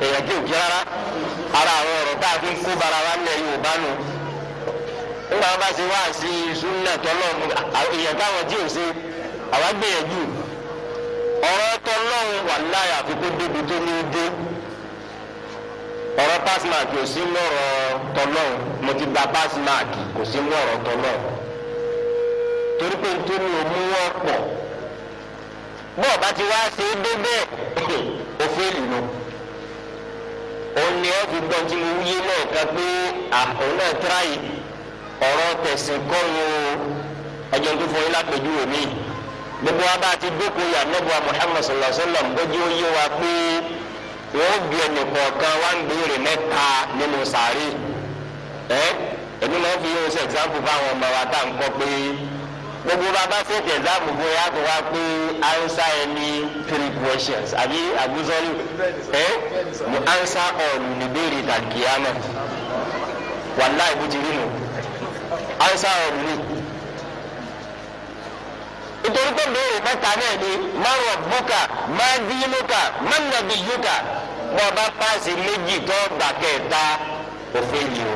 èèyàn kí kí rárá ara àwọn ọ̀rọ̀ tá a fi kó bara wa ń lẹ̀ Yorùbá nù nígbà wọn bá ṣe wá sí sunna tọlọ́run èèyàn táwọn tí ò ṣe àwa gbìyànjú ọ̀rọ̀ tọlọ́run wà láyà àfikún débi tó ní dé ọ̀rọ̀ pass mark sí lọ́rọ̀ tọlọ́run mo ti gba pass kò sí lọ́rọ̀ tọlọ́run torí pé nítorí omi wọn pọ̀ bọ́ọ̀ bá ti wá ṣe é dé bẹ́ẹ̀ òfin ìlú òun ni wọ́n fi gbọ́n tí mo wúyé náà kan pé àwọn náà ọ̀rọ̀ tẹ̀sìn kọ́ ni o ẹjọ́ tó fún yín lápèjúwe mi gbogbo wa bá ti dókòó yà nẹ́bùa Muhammad sallallahu alayhi wa sallam gbẹ́jú ó yé wa pé wọ́n bí ẹnì kọ̀ọ̀kan wá ń béèrè mẹ́ta nínú sàárè ẹ́ èmi náà fi yóò ṣe ẹ̀xámpù fáwọn ọmọ wa tá à ń kọ́ pé gbogbo bàbá ṣètò ẹ̀xámpù fún yà kó wá pé answer any three questions àbí àbúzọ́lù ẹ́ mo answer all ní béèrè wàláì bó ti rí nù haúsá ọ̀dùnú. nítorí pé béèrè mẹ́ta náà ni máa wà búkà máa dínúkà máa nàbí yúkà bọ́ bá páàsì méjì tó gbà kẹta òfin yìí o.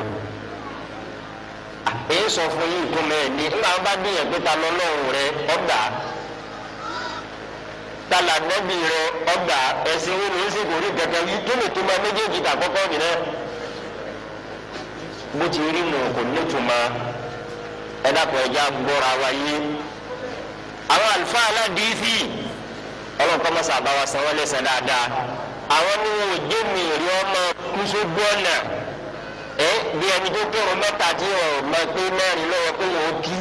èyí sọ fún yín nǹkan mẹ́rin ni nígbà wọn bá dìyàn pé ta lọ́lọ́run rẹ ọgbà tala nẹ́bí rẹ ọgbà ẹ̀sìn wo ló ń sèkò rí kẹ̀kẹ́ yìí tó lè tó máa méjèèjì tà kọ́kọ́ yìí náà bó ti rí nù kò ní tuma ẹ dàpọ̀ ẹja gbọ́ra wa yé àwọn àlùfáà aládìísì ọlọ́kọ́ mọ́sá àbáwá san wọ́n lẹ́sẹ̀ dáadáa àwọn ní wọn ò jẹ́ mi rí ọmọ kúso gbọ́nà ẹ bí ẹni tó kọ̀rọ̀ mẹ́ta tí ọ̀ máa pé mẹ́rin lọ́wọ́ pé wọ́n kí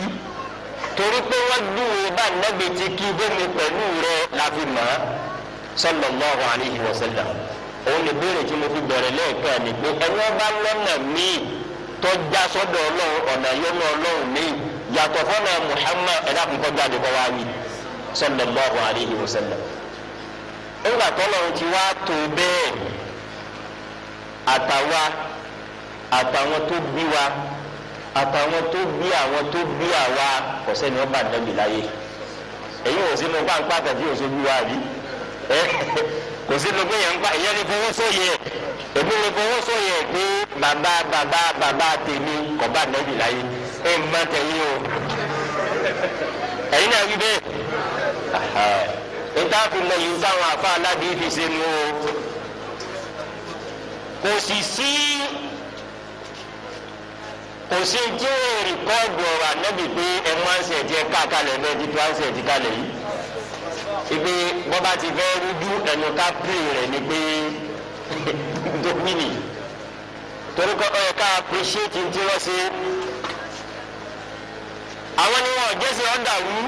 torí pé wọ́n dùn bá nẹ́gbẹ̀ẹ́ ti kí bómi pẹ̀lú rẹ la fi mọ̀ ọ́ sallallahu alaihi wasallam òun lè béèrè tí mo fi bẹ̀rẹ̀ lẹ́ẹ̀kan ní pé ẹni ọba lọ́nà míì tọ́já sọ́dọ̀ ọlọ́run ọ̀nà yọ́nú ọlọ́run míì yàtọ̀ fọ́nà Muhammad ẹ̀dá kúkọ́ jáde kọ́ wá wí sallallahu alaihi wasallam. nígbà tọ́lọ́run ti wá tó bẹ́ẹ̀ àtàwa àtàwọn tó bí wa àtàwọn tó bí àwọn tó bí àwa kò sẹ́ni wọ́n dẹ́bi láyé èyí ò sí mo bá ń pàtàkì òṣèlú wa rí kò sí lọ pé yẹn ń pa ìyẹn ní fọwọ́ sóyè èmi ní fọwọ́ sóyè pé bàbá bàbá bàbá tèmi kò bá nẹ́bí láyé ẹ̀ ń bá tẹ̀yìn o ẹ̀yin náà wí bẹ́ẹ̀ níta fi lọ yìí táwọn afa aládìí fi ṣe nu o kò sì sí kò sí tí ó rìkọ́ọ̀dù ọ̀rọ̀ ànábì pé ẹ̀ máa ń ṣẹ̀jẹ̀ káàkálẹ̀ bẹ́ẹ̀ ti tó à ń ṣẹ̀jẹ̀ kálẹ̀ yìí ìgbé bọ́ba ti fẹ́ rújú ẹnu ká pín rẹ̀ ni pé domini torí kọ́ ẹ ká appreciate ti wọ́n ṣe àwọn ni wọn jẹ́sẹ̀ ọ̀dà wú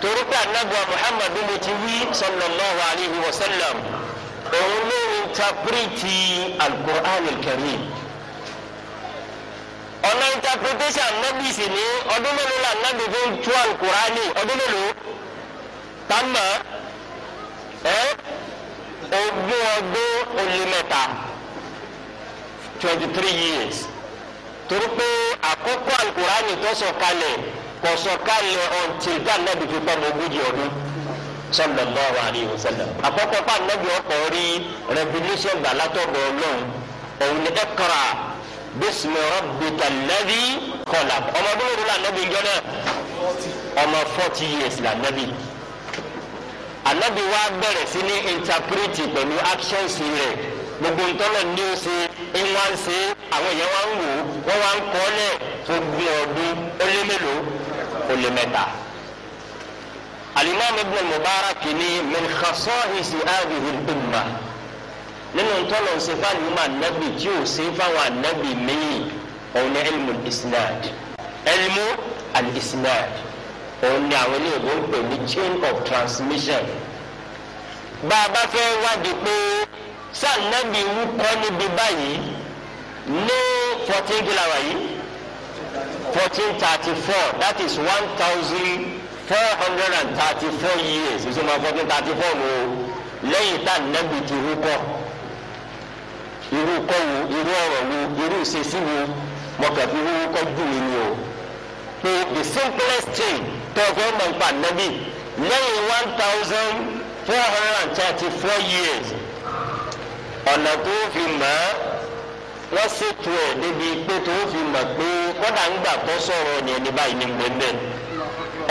torí pé anagba muhammadu mo ti wí sallallahu alayhi wa sallam òun ló ń tapiriti al-Qur'an al-Karim ọ̀nà interpretation anabi sì ní ọdún mélòó la anabi fi ń tú al-Qur'ani ọdún mélòó. Tama, ẹ eh? ogún ọdún ó twenty three years torí pé àkókò alukurani tó sọ̀kalẹ̀ kò sọ̀kalẹ̀ until dànàbí fi pamọ́ ogójì ọdún sallallahu alayhi wa sallam àkọ́kọ́ pa anabi ọkọ rí revolution gbalatọgbọ Ọlọ́run òun ni ẹkọra bismi rabbika alladhi khalaq ọmọdún wo la anabi jọ náà ọmọ forty years la anabi anabi wa bẹ̀rẹ̀ sí ní interpret pẹ̀lú actions rẹ̀ gbogbo ntọ́lọ̀ ní o ṣe ń wá ń ṣe àwọn èèyàn wá ń wò wọ́n wá ń kọ́ lẹ̀ tó gbé ọdún ó lé mélòó ó lé mẹ́ta. alimami ibn mubarak ni min khasa'isi hadhihi al-umma nínú ntọ́lọ̀ ṣe fáwọn ìmọ̀ anabi tí o ṣe fáwọn anabi míì òun ni ilmu al-isnad ilmu al-isnad òun ni àwọn olóògbé ń pè ní chain of transmission bá a bá fẹ́ wádìí pé sànẹ́bí wúkọ́ níbi báyìí ní fourteen gíláwà yìí fourteen thirty four that is one thousand four hundred and thirty four years ìṣèjọba fourteen thirty four ló lẹ́yìn tá nẹ́bí ti wúkọ́ irú kọ́ wo irú ọ̀rọ̀ wo irú ìṣesí wo mọ̀kàfí wúkọ́ jù mí ni o pé the simplest thing tẹ́kọ̀ọ́ mọ̀npa nàbí lẹ́yìn one thousand four hundred and thirty four years ọ̀nà tó fi mọ̀ ẹ́ wọ́n ṣètò ẹ̀ débi pé tó fi mọ̀ pé kọ́dà ń gbà kọ́ sọ̀rọ̀ ni ẹni báyìí ní gbẹ̀gbẹ̀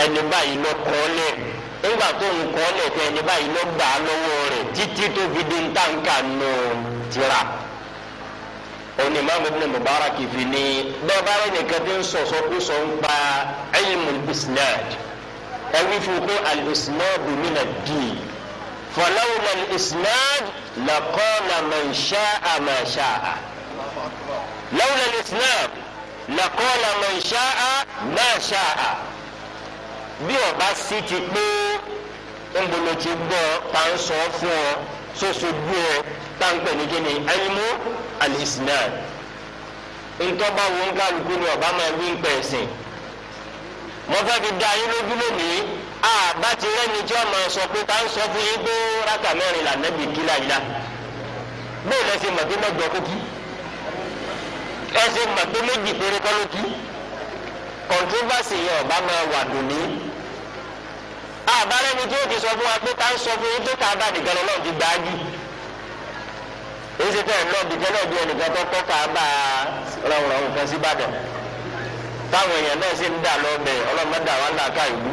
ẹni báyìí lọ kọ́ lẹ̀ nígbà tó ń kọ́ lẹ̀ tẹ ẹni báyìí lọ gbà á lọ́wọ́ rẹ̀ títí tó fi di ń tàǹkà nù tìrà oni maamu ibn mubarak fi ni dɔbaara ne ka den sɔsɔ ko sɔn pa ilmu isnad ɛwi fi ko al isnad min ad-din falawla al isnad laqala man sha'a ma sha'a lawla al isnad laqala man sha'a ma sha'a bí ó ti pé ń ti gbọ́ tá fún ọ sọ́sọ́ gbé táǹpẹ ní kíni ẹnimú alisinan ntọ́ba wo nkálukú ni ọba máa wí ń pẹ̀ ẹ̀sìn mo fẹ́ fi da yín lójú lónìí àbá ti rẹ́ni tí ọmọ sọ pé ká ń sọ fún yín pé rákà mẹ́rin lànàbì kí láyìí la bó lẹ́sìn mọ̀ pé mẹ́jọ kó kí ẹsẹ̀ mọ̀ pé méjì péré kọ́ ló kí kọ̀ntrófàsì yẹn ọba máa wà dùnní àbá rẹ́ni tí ó ti sọ fún wa pé ká ń sọ fún yín pé ká bá nìkan lọ́wọ́ ti gbáájú èyí ṣe pé ẹ̀lọ́ọ̀bì tẹ́lẹ̀ bí ẹnìkan tó kọ́ Káàbà rọrùn kan sí Ìbàdàn táwọn èèyàn náà sì ń dà lọ́bẹ̀ ọlọ́mọ dà wọ́n là ká ìlú.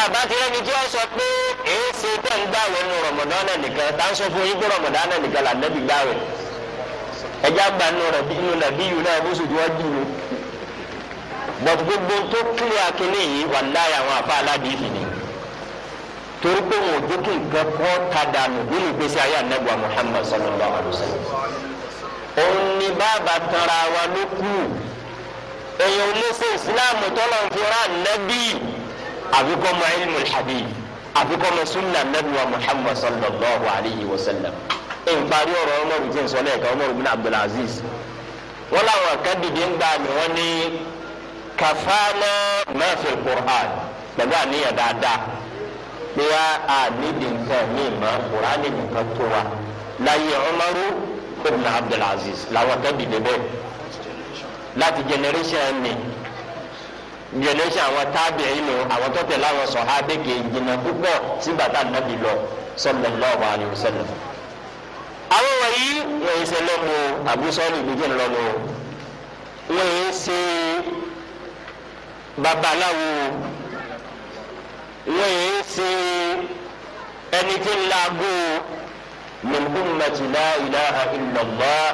àbátí ẹni tí wọ́n sọ pé èyí ṣe pé ń gbàwẹ̀ nu Ramadan náà nìkan tá ń sọ fún yín pé Ramadan náà nìkan là nẹ́bí gbàwẹ̀ ẹjá gbà nù rẹ̀ nù nàbí yìí náà bó sojú wọ́n dùn bọ̀t gbogbo tó kílẹ̀ akínní yìí wà láyà àwọn àbá torí pé wọn ò jẹ́ kí nǹkan kọ́ ta dànù nínú ìgbésí ayé anabi muhammad sallallahu alayhi wa sallam òun ni bàbá tanra wa ló kù èèyàn olóṣè ìsìláàmù tọ́lọ̀ ń fi ra anabi ilmu alhadith àbíkọ́ sunna anabi wa muhammad sallallahu alayhi wa sallam ìparí ọ̀rọ̀ ọmọrù tí ń sọ lẹ́ẹ̀kan ọmọrù bin abdulaziz wọn làwọn kan ń gbà mí wọn ní kàfáàná mẹ́fẹ̀ẹ́ qur'an pẹ̀lú àníyàn dáadáa pé wá àníbi nǹkan mi mọ́ kùránì nìkan tó wa láyé Umaru ibn Abdulaziz làwọn kan dìde bẹ́ẹ̀ láti generation mi generation àwọn tábìlì nù àwọn tó tẹ̀lé àwọn sọ̀hábẹ́ kì í jìnnà púpọ̀ sígbà tá a nàbì lọ sallallahu alaihi wasallam àwọn wọ̀nyí wọ́n yìí ṣe lọ́mọ àbúsọ́ọ̀lù ìgbẹ́jẹ́ lọ́mọ wọ́n yìí ṣe babaláwo wọn yìí ṣe ẹni tí ń laagun mẹlúùn mẹtìlá ilaha illallah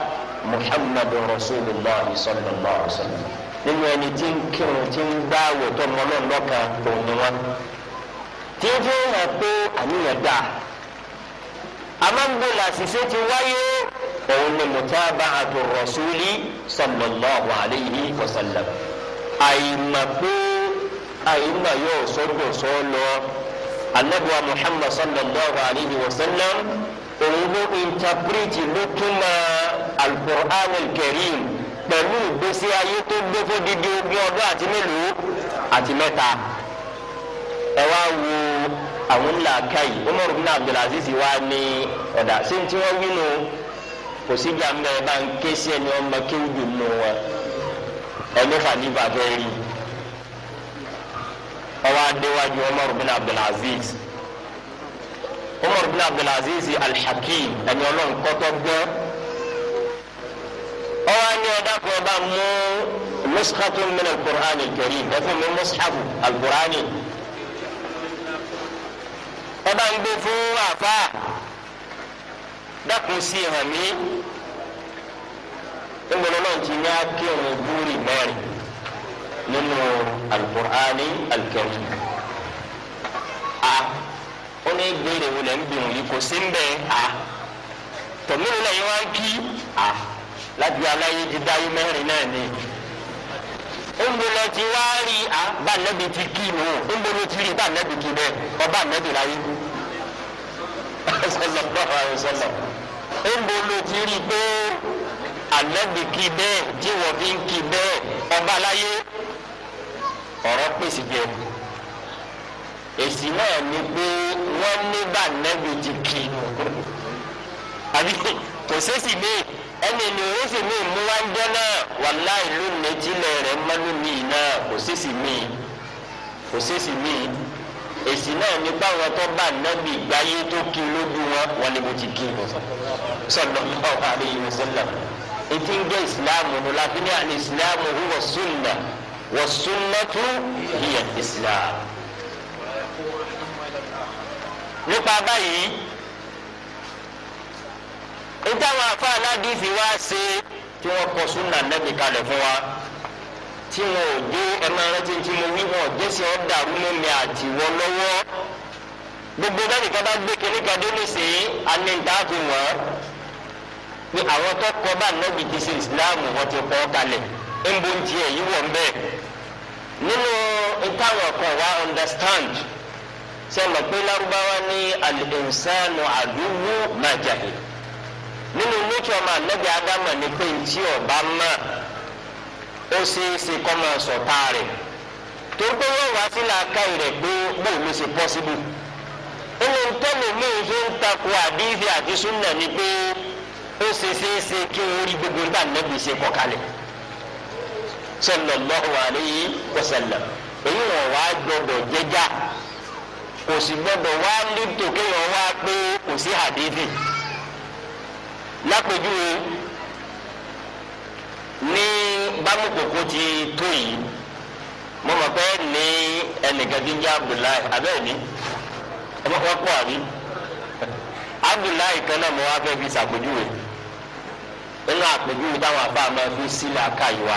muhammadu rasulillah sallallahu alaihi wa sallam nínú ẹni tí ń kírun tí ń gbá wòtọ́ mọ́lọ́lọ́ka òun ni wọn tí ń fi hàn pé àníyàn dá amáǹgbò làṣìṣe ti wáyé òun ni mutaba'atu rasuli sallallahu alaihi wa sallam àyìnbó àyínmà yóò sọ́dọ̀ sọ́ lọ anabuwa muhammad sallallahu alayhi wa sallam òun ló interprete ló túmọ̀ alukur'an karim pẹ̀lú ìgbésí ayé tó gbé fún dídí ogún ọdún àti mélòó àti mẹ́ta wá wo àwọn ńlá umar bin abdulaziz wa ní ọ̀dà sí ti wọ́n kò sí jàmbá bá ń ké sí ẹni ọmọ kéwù dùn nù wọn ẹni fàdí bàbá rí i ọwọ́ adéwájú Umar bin Abdulaziz Umar bin Abdulaziz Al-Hakim ẹni ọlọ́run kọ́tọ́ gbọ́n ọwọ́ ni ọ̀dà kan bá mú nuskhatun min al-Qur'an al-Karim ẹ fún mi mushafu al-Qur'ani ẹ bá ń gbé fún àfa dákun sí hàn mí ń gbọ́dọ̀ náà ti ní akérò búrì mẹ́rin nínú alukur'ani alukẹ́rì a ó ní gbére wọlé ń bìrùn yìí kò sí ń bẹ́ a tòmínú náà yẹn wá ń kí a láti aláyé ti dáyé mẹ́rin náà ni ńbolo ti wá rí a bá nẹ́bi ti kí mu ńbolo ti rí bá nẹ́bi kí bẹ́ẹ̀ ọba nẹ́bi láyé ńbolo ti rí pé anẹ́bi kí bẹ́ẹ̀ tí wọ́n fi ń kí bẹ́ẹ̀ ọba láyé ọ̀rọ̀ pèsè jẹ èsì náà ni pé wọ́n ní bànẹ́bí ti kì í nù àbí kò sẹ́sì mi ẹni ni ó sì mi mú wá ń jẹ́ náà wàláì lónìí jílẹ̀ rẹ̀ mọ́nú mi náà kò sẹ́sì mi kò sẹ́sì mi èsì náà ní báwọn tó bá nábì gbáyé tó kí lójú wọn wọn ni mo ti kí wọn sallallahu alaihi wasallam ètí ń jẹ́ ìsìláàmù nù láti ní àlè ìsìláàmù huwa sunnah wasunnatu hiya islam. nípa báyìí ìtàwọn afa aládìsí wa ṣe tí wọn kọ sunna nẹbi kalẹ̀ fún wa tí wọn ò dé ẹnu arántí tí mo wí wọn jẹsí ọ dàrú lómi àti wọ lọ́wọ́ gbogbo bẹ́ẹ̀ nìkan bá gbé kínní kan dé nísìnyí àní ìdáàbò wọn ni àwọn tó kọ bá nẹbi ti ṣe ìsìláàmù wọn ti kọ kalẹ̀ nbọ ntí ẹ yíwọ nbẹ nínú ìtàwọn kan wá understand sẹmọ pé Lárúbáwá ní al-insanu aduwwu ma jahil nínú nature ọmọ anabi adama ní pé ntí ọba mọ ó ṣeéṣe kọ́ máa sọ táàrẹ tó gbé wọn wá sí làákà rẹ pé bóun ló ṣe possible nínú ntọ́nù mi fi ń takò àdífi àti súnà ni pé ó ṣe ṣeéṣe kí n rí gbogbo nígbà nẹ́bí ṣe kọ̀ kalẹ̀ sallallahu alayhi wa sallam èyí wọn wá gbọ́dọ̀ jẹjà kò sì gbọ́dọ̀ wá lẹtọ kéèyàn wá pé kò sí hadithi lápèjúwe ní bámukòkò ti tó yìí mo mọ̀ pé ní ẹnìkan tí ń jẹ́ Abdullahi abẹ́ẹ̀ni ọmọ wọn kọ́ àbí Abdullahi kan náà mo wá fẹ́ fi ṣàpèjúwe nínú àpèjúwe táwọn afáàmọ́ fi sílẹ̀ akáyìí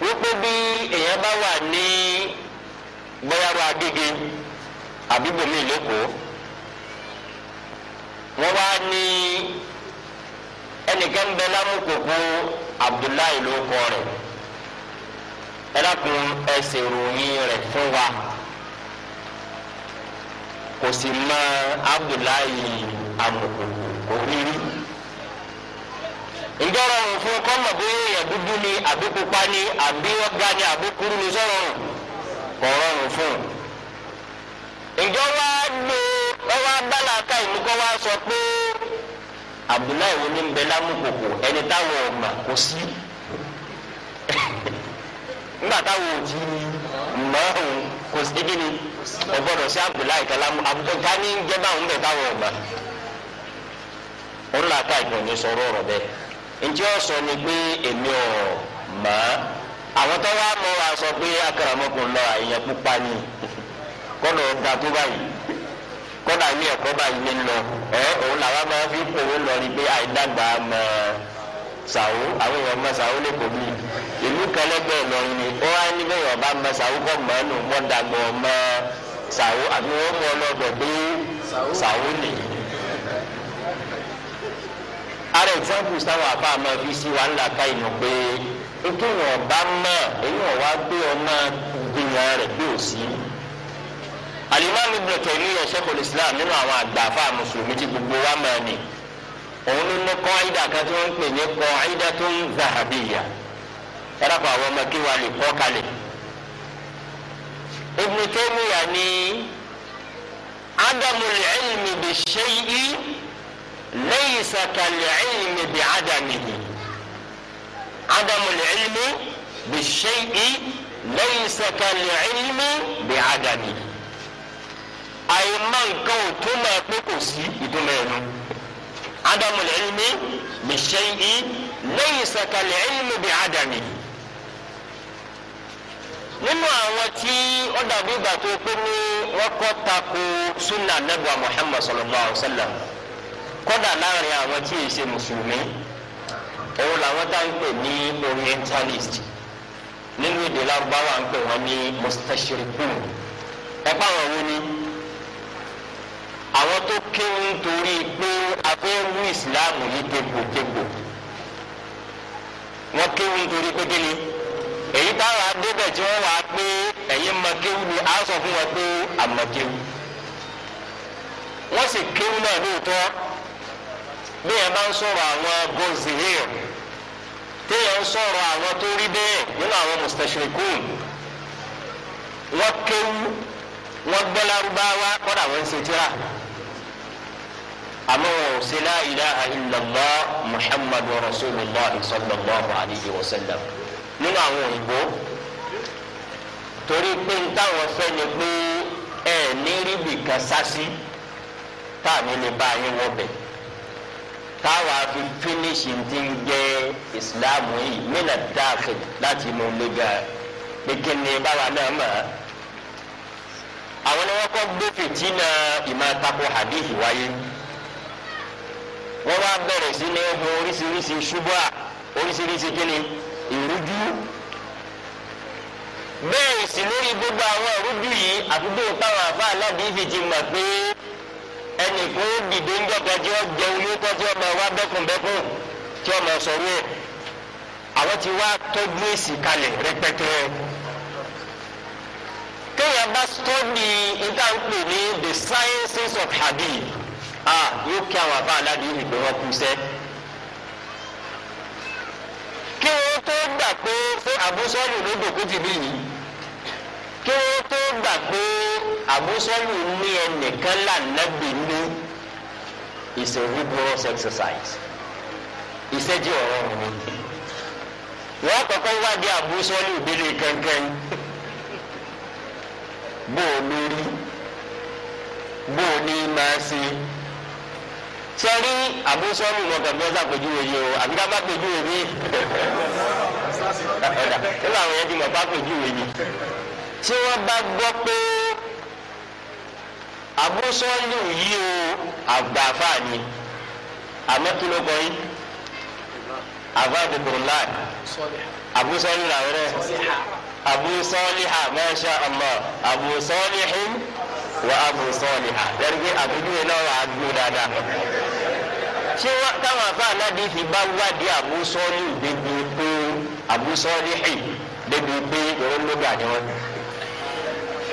wípé bí èèyàn bá wà ní gbọ́yàrá agége àbíbòmí lẹ́kọ̀ọ́ wọ́n wá ní ẹnìkan bẹ lámùkòkò Abdullahi ló kọ́ rẹ̀ ẹlẹ́kùn ẹsẹ̀ ròyìn wa kò sì mọ Abdullahi amùkòkò kò rí ǹjẹ́ rọrùn fún kọ́mọ̀ bí èèyàn dúdú ni àbí pupa ni àbí ọ̀gá ni àbí kúrú ni sọ̀rọ̀ kò rọrùn fún un. ǹjọ́ wá gbé ọwọ́ abálàkà ìlú kọ́ wá sọ pé Abdullahi wo ni ń bẹ lámùkòkò ẹni táwọn ọ̀gbà kò sí. nígbà táwọn òjì mọ́ ọ̀hún kò sí kí ni ọgbọ́dọ̀ sí Abdullahi kalamu abudulayi ní jẹ́ báwọn ń bẹ táwọn ọ̀gbà. ó ń la ká ìgbọ̀n sọ̀rọ̀ ọ̀rọ̀ bẹ́ẹ̀ ntí ó sọ ni pé èmi ò mọ̀ àwọn tó wá mọ̀ wá sọ pé akàràmọ́kùn lọ àyàn pupa ni kọ́nà ọ̀gá tó báyìí kọ́nà ilé ẹ̀kọ́ báyìí ní lọ ẹ òun làwọn máa fi kòwé lọ ni pé àìdàgbà mọ̀ sàwó àwọn èèyàn mọ̀ sàwó lẹ́kọ̀ọ́ bí ìlú kẹlẹ́gbẹ́ Ìlọrin ni ó wá ní bẹ́ẹ̀ ọba mọ̀ sàwó kọ́ mọ̀ ọ́nù mọ̀ dàgbọ̀ mọ̀ sàwó àbí wọ́n mú ọ lọ́dọ̀ sàwó nìyí ara example sáwọn afa máa fi sí wa ńlá ká ìnù pé nítorí wọn bá mọ èyí wọn wá gbé ọmọ gbìyàn rẹ bí ò sí. alimami Ibn Taymiyyah Sheikhul Islam nínú àwọn àgbà afa mùsùlùmí ti gbogbo wa máa nì òun ló ní qaida kan tí wọ́n ń pè ní qaidatun zahabiyya yàrá kan àwọn ọmọ kí wàá lè kọ́ kalẹ̀. Ibn Taymiyyah ni adamu al-ilmi bi shay'i. ليس كالعلم بعدمه عدم العلم بالشيء ليس كالعلم بعدمه àìmọ̀ nǹkan ò tó máa pé kò sí ìtumọ̀ ẹ̀nu عدم العلم بالشيء ليس كالعلم بعدمه nínú àwọn tí ó dàbí ìgbà tó pé ní wọ́n kọ́ tako sunna nebà Muhammad sallallahu alaihi wa sallam kódà láàrin àwọn tí èyí ṣe mùsùlùmí òun làwọn tá ń pè ní orientalist nínú èdè lárúbáwá ń pè wọn ní mustashirikun ẹ pa àwọn wo ni àwọn tó kéwù nítorí pé abẹ́rú ìsìláàmù yìí tegbòtegbò wọ́n kéwù nítorí pé kíni èyí táwọn adébẹ̀ tí wọ́n wà á pé ẹ̀yin mọ kéwù ni a sọ fún wọn pé àmọ kéwù wọ́n sì kéwù náà lóòótọ́ bí yẹn bá ń sọ̀rọ̀ àwọn bozihir tí yẹn ń sọ̀rọ̀ àwọn tó rí bẹ́ẹ̀ nínú àwọn mustashirikun wọ́n kéwú wọ́n gbọ́ lárúbáwá kọ́dà wọ́n ń ṣe tíra àmọ́ wọn ò ṣe la ilaha illallah muhammadu rasulillah sallallahu alayhi wa nínú àwọn òyìnbó torí pé n táwọn fẹ́ ni pé ẹ̀ ní ríbi kan sásí táà ní lè bá yín wọ́ bẹ́ẹ̀ táwa fi fínísì ti ń jẹ ìsìláàmù yìí mínà dáàfẹ láti inú lẹgà gbẹgẹ ní báwa náà mọ àwọn ni wọn kọ gbé fìtínà ìmọ̀tako hadith wáyé wọn wá bẹ̀rẹ̀ sí ní ohun oríṣiríṣi ṣubúà oríṣiríṣi kíni ìrújú bẹ́ẹ̀ sì lórí gbogbo àwọn ìrújú yìí àdúgbò táwọn àfa aládìí fi ti pé ẹnì kó dìde ń jọba tí wọ́n jẹun yóò tọ́ tí wọ́n máa wá bẹ́kùnbẹ́kùn tí wọ́n máa sọ̀rọ̀ ẹ̀ àwọn ti wá tọ́jú èsì kalẹ̀ rẹpẹtẹ kéèyàn bá sọ́ọ̀dì ìdáǹpè ní the sciences of hadith ah yóò kí àwọn àbá aládìí ìgbé wọn kú sẹ́ kí wọ́n tó gbà pé fún àbúsọ́ọ̀lù ló dòkú ti bí yìí kí wọ́n tó gbà pé àbúsọ́lù ní ẹnìkan lànàbì ní is a rigorous exercise ìṣẹ́jú ọ̀rọ̀ mi ni wọ́n kọ́kọ́ wádìí àbúsọ́lù ìbílẹ̀ kankan bó o lórí bó o ní máa ṣe sẹ́rí àbúsọ́lù mọ̀kànlélọ́sí àpèjúwe yìí o àbíká bá pèjúwe mi nígbà àwọn yẹn ti mọ̀ bá pèjúwe yìí tí wọ́n bá gbọ́ pé abúsọ́lù yìí o àgbàfà ni àmọ́kìlógún yìí àbádùkùrùlá abúsọ́lù làwọn rẹ̀ abúsọ́lìhà masha Allah abúsọ́lìhìn wa abúsọ́lìhà lẹ́rìí àbúrò yẹn náà wà á gbó dáadáa ṣé wọ́n táwọn afáàlá di fi bá wádìí abúsọ́lù débi pé abúsọ́lìhìn débi pé ìrọ́lógà ni wọ́n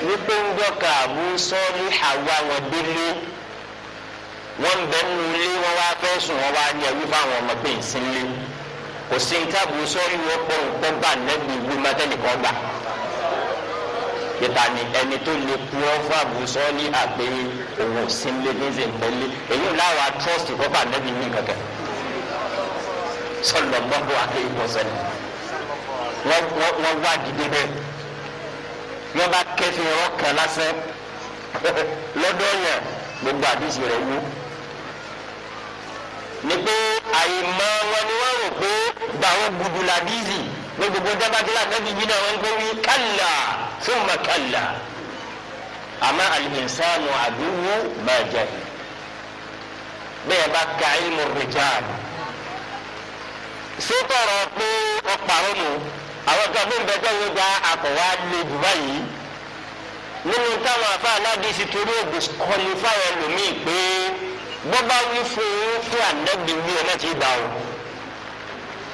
wípé ń dọ́ka àbú sọ́ọ́lì àwa wọn délé wọ́n ń bẹ nínú ilé wọn wá fẹ́ sùn wọn wá ní ẹ̀wí fáwọn ọmọ pé ìsín lé kò sí níta àbú sọ́ọ́lì wọn pọ̀ nǹkan bá nẹ́bí ìlú mẹ́tẹ́nìkan gbà yíta ni ẹni tó lè kú ọ fún àbú sọ́ọ́lì àgbé òun ìsín lé ní ìsìnkẹ́lé èyí láwa trust ìfọ́fà nẹ́bí ní kankan sọlọ mọ́tò àti ìkọ̀sẹ̀ wá dìde bẹ́ẹ̀ bí wọn bá kẹsìn irọ́ kan lásán lọ́dọ̀ yẹn gbogbo àdìsí rẹ̀ wú. ni pé àyèmọ́ wọn ni wọ́n rò pé báwọn gbùdù làdìsí ní gbogbo dábàdìlà nàbí yìí náà wọn kò wí kàlà summa kàlà. àmọ́ al àdúgbò máa jẹ́ bẹ́ẹ̀ bá ka ilmu rijal. sótọ̀rọ̀ pé ọ̀pọ̀ àwọn àwọn kan fún bẹ́tẹ̀ yóò gba àkọ̀wá lè jù báyìí nínú táwọn afa aládìsí torí ògùn kọlu fáwọn ẹlòmíì pé bọ́bá wí fún yín fún ànábì wí ẹ̀ náà ti gbà ó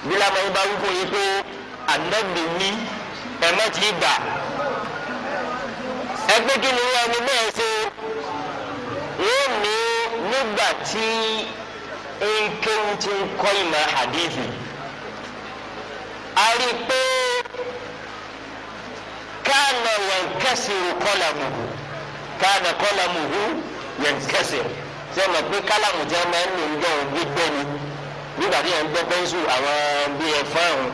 bí lamọ́yìn bá wí fún yín pé ànábì wí ẹ̀ náà ti gbà ẹgbẹ́ kí ni wọ́n ẹni bẹ́ẹ̀ ṣe wọ́n ní nígbà tí nkéwù ti ń kọ́ ìmọ̀ àdéhìí a rí i pé káànà yankasiru kọlàmùhù káànà kọlàmùhù yankasiru ṣé mo pé kálàmù jẹ́ máa ń lò ń dán gbígbẹ́ ni nígbà tí yẹn ń gbọ́ pẹ́ńsù àwọn bíi ẹ̀fọ́ àrùn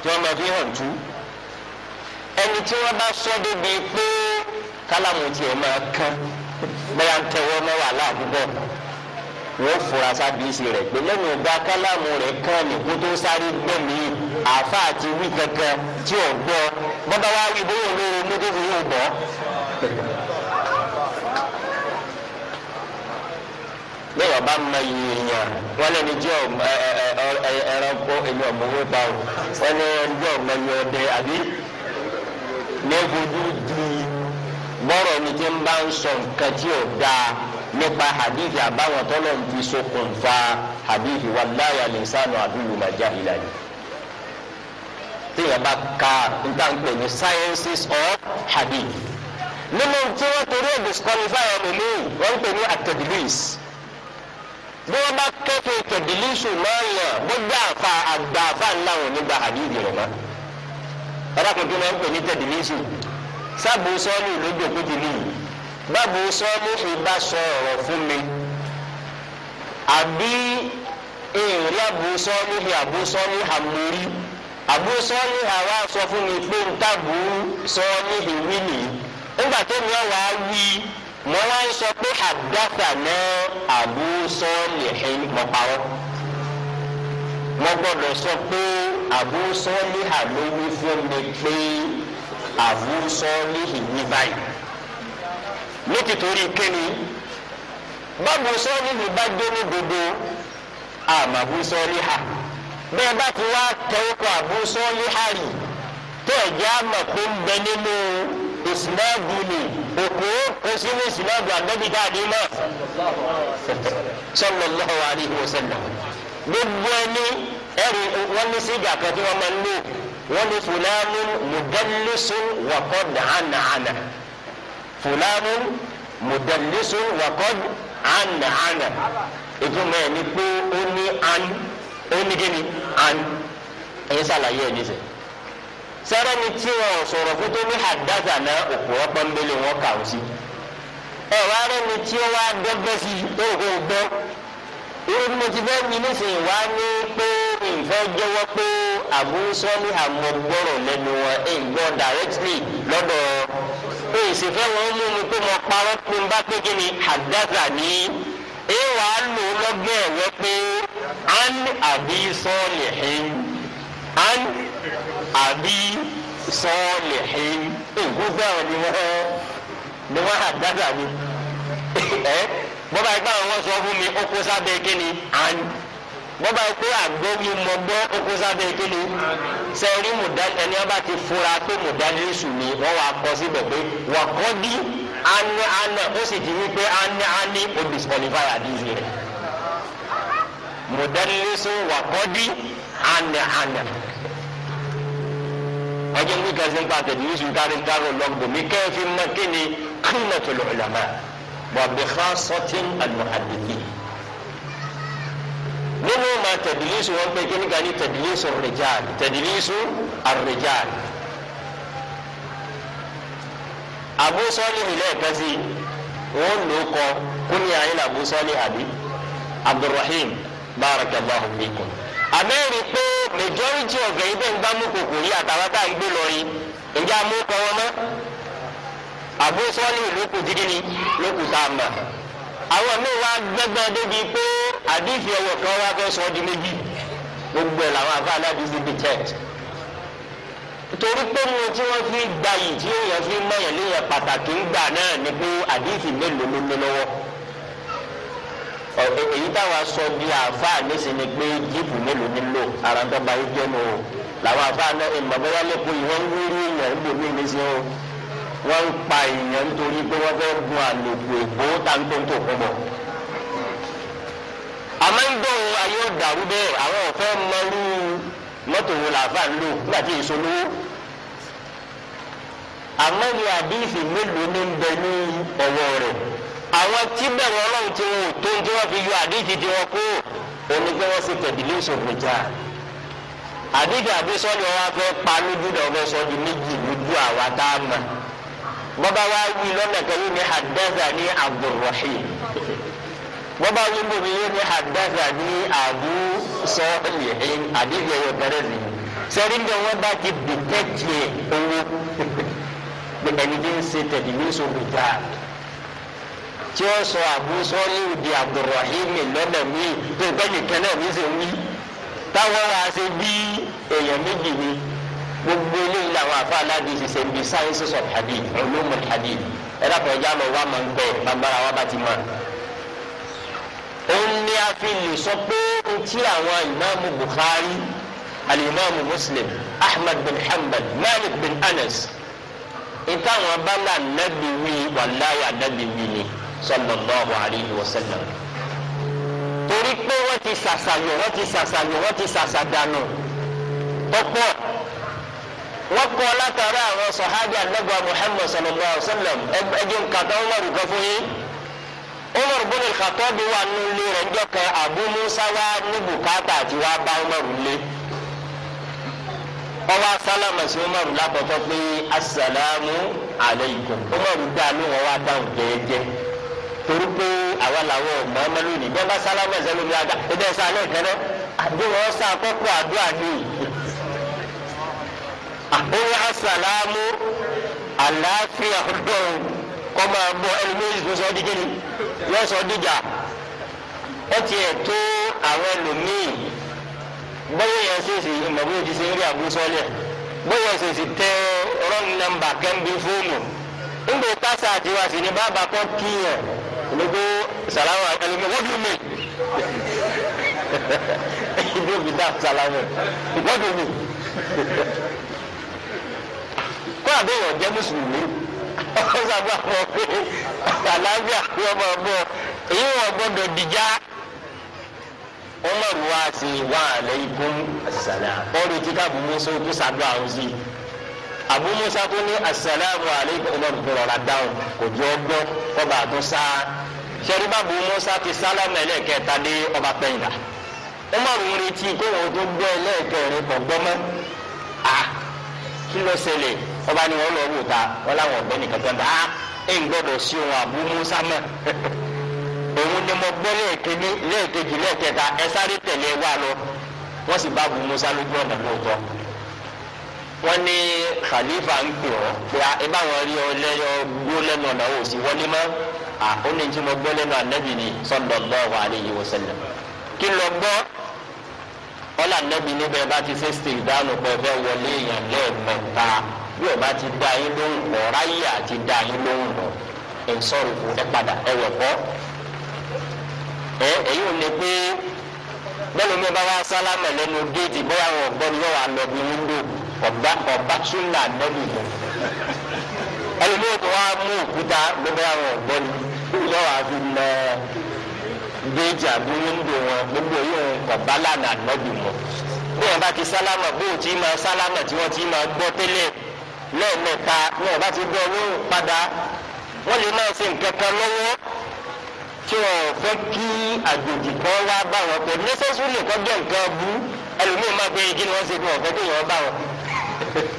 tí wọ́n máa fi hàn tú ẹni tí wọ́n bá sọ débi pé kálàmù tiẹ̀ máa kán bẹ́ẹ̀ à ń tẹ̀wọ́ mọ́ wàhálà àdúgbò wọ́n fura sábìsì rẹ̀ pé lẹ́nu ìgbà kálámù rẹ̀ kàn ní kó tó sáré gbẹ̀mí àáfà àti wí kankan tí ò gbọ́ bọ́bá wa wí bóyá olóró mọ́tòfó yóò bọ́. lẹ́yìn ọba mọ iye èèyàn wọ́n lẹ́ni jẹ́ ẹranko èmi ọ̀mọ̀ owó pa o wọ́n ní ẹjọ́ ọmọ iye ọdẹ àbí lẹ́gbọ̀dú bọ́rọ̀ ni jẹ́ ń bá ń sọ nǹkan tí ò dáa nípa hadithi àbáwọn tọ́lọ̀ ń fi ṣokùnfà hadithi wallahi al-insanu àdúlù màjá ìlànà téèyàn bá ka níta ń pè ní sciences of hadith nínú tí wọ́n torí ẹ̀ disqualify ọ̀rọ̀ mi wọ́n ń pè ní atẹ̀dìlís bí wọ́n bá kẹ́kẹ́ tẹ̀dìlísù lọ́ọ̀yàn gbogbo àfa àgbà àfa ńlá wọn nígbà hadith rẹ̀ mọ́ ẹ̀rọ àpòkí wọn ń pè ní tẹ̀dìlísù sábò sọ́ọ́lù lójú òkú ti lù yìí báwo sọ́ọ́mù fi bá sọ ọ̀rọ̀ fún mi àbí èrè àbúsọ́ọ́mù fi àbúsọ́ọ́mù àmórí àbúsọ́ọ́mù àwa sọ fún mi pé n tàbú sọ́ọ́mù ìwí nìyí nígbà tó mi ọ̀wá wí mo wá ń sọ pé àdáfà náà àbúsọ́ọ́mù ẹ̀hìn mọ̀páwọ́ mo gbọ́dọ̀ sọ pé àbúsọ́ọ́mù àlówí fún mi pé àbúsọ́ọ́mù ìwí báyìí ní tìtorí kíni báwo sọ́ọ́lì mi bá dé ní gbogbo àmàbù sọ́ọ́lì hà bẹ́ẹ̀ bá ti wá tẹ́wọ́kọ̀ àbú sọ́ọ́lì hà rì tẹ́ ẹ̀jẹ̀ àmọ̀ kó ń bẹ nínú ìsìláàbù ni òkú kó sí ní ìsìláàbù àdébìtá àdéhùn sallallahu alaihi wasallam gbogbo ẹni ẹrù wọn ní sígà kan tí wọn máa ń lò wọn ní fúlàmù mùdálísùn wàkọ̀ dàánà àná fúlàmù mùdàlísù wàkọ́d ànà ànà ìtumọ̀ ẹ̀ ni pé ó ní an ó ní kíni an ẹ̀yin sàlàyé ẹ̀ níṣẹ́ sẹ́rẹ́ ni tí wọn ò sọ̀rọ̀ fún tó ní àdáta náà òpò ọ̀pọ̀ ń bẹ́lẹ̀ wọn kà ó sí ẹ̀ wá rẹ́ ni tí wọ́n wá dọ́gbẹ́ sí i tó kò gbọ́ irú bí mo ti fẹ́ mi nísìnyí wá directly lọ́dọ̀ èsì fẹ́ wọn mú mi pé mo parọ́ pé n bá pé kí ni àdáza ní ẹ wà á lò ó lọ́gbẹ́ ẹ̀wẹ́ pé an àbí sọ́ọ̀lìhìn an àbí sọ́ọ̀lìhìn ìgbésẹ̀ wọn ni wọ́n ni wọ́n àdáza ní ẹ bọ́ba ẹgbẹ́ àwọn sọ fún mi ó kó sábẹ́ kí ni an bọ́ba yìí pé àgbo mi mọ gbọ́ oko sábẹ́ kéde sẹ́rí ẹni ọba ti fura pé mùdánilẹ́sù ni wọ́n wá kọ síbẹ̀ pé wà kọ́ dí ani ana ó sì ti wí pé ani ani ó disqualify àdìsí rẹ̀ mùdánilẹ́sù wà kọ́ dí ani ana ọjọ́ ní kẹsàn-án pàtẹ ní oṣù kárìkárò lọ́gbọ̀n mi kẹ́ fi mọ́ kí ni kí tó lọ́ọ́ lọ́mọ́ wà bí xaṣọ́tì àlùhàdìsí nínú ma tẹ̀dílísù wọn pé kíni kan ní tẹ̀dílísù rìjáàl tẹ̀dílísù àrìjáàl. Abu Salih lẹ́ẹ̀kan sí wọn ló kọ kúni àyìn Abu Salih àbí Abdulrahim barakallahu fikum. àbẹ́rẹ́ pé majority ọ̀gá ibẹ̀ ń bá mú kòkòrí àtàwọn tá à gbé lọ yìí ǹjẹ́ amúkọ wọn mọ́ Abu Salih ló kù dídí ni ló kù àwọn míì wá gbẹ́gbẹ́ débi pé àdìsí ọwọ́ kan wá fẹ́ sọ di méjì gbogbo ẹ̀ làwọn afá aládìsí ti church torí pé mo tí wọ́n fi gba yìí tí èèyàn fi mọ̀yàn léèyàn pàtàkì ń gbà náà ni pé àdìsí mélòó ló ní lọ́wọ́ èyí táwa sọ di àfa nísìn ni pé jíìpù mélòó nílò ara yìí jẹ́ nu làwọn afá náà ìmọ̀ lẹ́kọ̀ọ́ yìí wọ́n ń wúrí èèyàn ń bò ní ìmísí o wọ́n ń pa èèyàn nítorí pé wọ́n fẹ́ gun àlòkù ègbó táńtóńtò fún bọ̀. àmọ́ ń dọ̀ ayé ọ̀dàrú bẹ́ẹ̀ àwọn ọ̀fẹ́ mọ́rú mọ́tò wo làáfà ń lò nígbà tí èso lówó. àmọ́ ní àdìsí mélòó ní ń bẹ ní ọwọ́ rẹ̀ àwọn tí bẹ̀rẹ̀ ọlọ́run tí wọn ò tó ń tí wọ́n fi yọ àdìsí tí wọ́n kó òní pé wọ́n sì tẹ̀dílé ìṣòfò já àdìsí àbísọ́ni wọn wá fẹ́ pa lójú náà wọ́n sọ di méjì lójú àwa tá a mọ̀ bọ́bá wa wí lọ́nà kan yóò ní hadaza ní abdulrahim bọ́bá wí lómi yóò ní hadaza ní abu sọ́ọ̀lì àdéhùn ẹ̀yọ̀ bẹ̀rẹ̀ ni sẹ́rí ń bẹ̀ wọ́n bá ti dìtẹ́kì owó ẹni tí ń ṣe tẹ̀lé ní sọ̀rọ̀ jáde tí ó sọ abu sọ́ọ̀lì di abdulrahim lọ́nà mi tó bẹ́ẹ̀ nìkan náà ní táwọn wá ṣe bí èèyàn méjì ni gbogbo eléyìí làwọn afa aládìí ṣiṣẹ́ ibi sciences of hadith ulumul hadith ẹ̀rọ àfọ̀jà lọ wà máa ń gbẹ bàbára wa bá ti mọ̀. òun ni a fi lè sọ pé n ti àwọn ìmáàmù Bukhari alimami Muslim Ahmad bin Hanbal Malik bin Anas ìtàwọn abala nàbí wí wàláyà nàbí wí ni sallallahu alayhi wa sallam torí pé wọ́n ti sàṣàyọ̀ wọ́n ti sàṣàyọ̀ wọ́n ti sàṣàdànù tọ́pọ̀ wọ́n kọ́ látara àwọn sọ̀hábì àdàgbà muhammed sallallahu alayhi wa sallam ẹgbẹ́ nkàtà umaru kan fún yín umaru bin al-khattab bí wà nínú ilé rẹ̀ ńjọ́ kan abu musa wá ní bukata àti wá bá umaru lé ọwọ́ sálámà sí umaru lákọ̀ọ́kọ́ pé asalaamu aleykum umaru dá lóhùn wá dáhùn jẹ́ẹ́jẹ́ torí pé àwa làwọn ọmọ ọmọ lónìí bí wọ́n bá sálámà sẹ́lómi àgbà ẹ̀dẹ́sẹ̀ alẹ́ kan ó yà sàlámù àlàáfíà dùn kọ́ máa gbọ́ ẹni méjì tó sọ ọ́ dígí ni yóò sọ ọ́ dìjà ó tiẹ̀ tó àwọn ẹlòmíì bóyá yẹn ṣe ṣe ìmọ̀ bóyá ti ṣe ń rí àbúsọ́lẹ̀ bóyá ṣe ṣe tẹ rọ́ọ̀nù nọ́mbà kẹ́ńbí fóònù ńgbè pásá àti sí ni bàbá kan kí yẹn sàlámù àkàlùmí wọ́n dùn ìdí òbí dá sàlámù wọ́n dùn fún àbẹ̀yàn jẹ́ mùsùlùmí ọkọ sábà mọ̀ pé àlàáfíà ni ọmọ ọgbọ́n èyí wọn gbọ́dọ̀ dìjà wọ́n mọ̀ rú wá sí wà alaykum assalam bọ́ọ̀lù tí káàbù musa tó sàdó àwọn sí Abu Musa tó ní assalamu alaykum ọmọ ìgbọràn rà dáhùn kò jẹ́ ọgbọ́n ọba àtúnṣá sẹ́ríbà bu musa ti sálámù ẹlẹ́ẹ̀kẹta dé ọba pẹ̀yìndà wọ́n máa ń retí kó wọn tó gbọ́ ẹlẹ́ẹ̀kẹrin kọ̀ gbọ́mọ́ à kí ló ṣẹlẹ̀ ọba ni wọn lọ wò ta wọn làwọn ọgbẹni kankan ta ah, ẹ ń gbọ́dọ̀ sí ohun àbú musa mọ òun ni mo gbọ́ lẹ́ẹ̀kejì lẹ́ẹ̀kejì lẹ́ẹ̀kẹta ẹ sáré tẹ̀lé wa lọ wọ́n sì bá bu musa lójú ọ̀nà lóòótọ́ wọ́n ní khalifa ń pè ọ́ pé ah, ẹ bá wọn rí ọ lẹ́yọ gbó lẹ́nu ọ̀nà òsì wọlé mọ́ ah, ó ní tí mo gbọ́ lẹ́nu anabi ni sallallahu alayhi wa sallam kí lọ gbọ́ ọ̀là anabi níbẹ̀ bá ti ṣe stage dánù pẹ̀lú wọlé èèyàn lẹ́ẹ̀mẹ́ta. bí ọba ti dá yín lóhùn ráyà ti dá yín lóhùn kọ ẹ ń padà ẹ lè pé bẹ́ẹ̀ bá wá sálámà lẹ́nu géètì bóyá àwọn ọ̀gbọ́n yóò wà lọ bí wíńdò ọ̀bá ọ̀bá tó wá mú òkúta gbogbo àwọn wà fi lọ géètì àbí wọn gbogbo yóò lẹ́ẹ̀mẹ́ta ní ọba ti dán owó padà wọ́n lè máa ṣe nǹkan kan lọ́wọ́ tí wọ́n fẹ́ kí àjòjì kan wá bá wọn pé necessary kan jẹ́ nǹkan bú ẹlòmíì máa pe kí ni wọ́n ṣe fún ọ̀fẹ́ kí èèyàn bá wọn.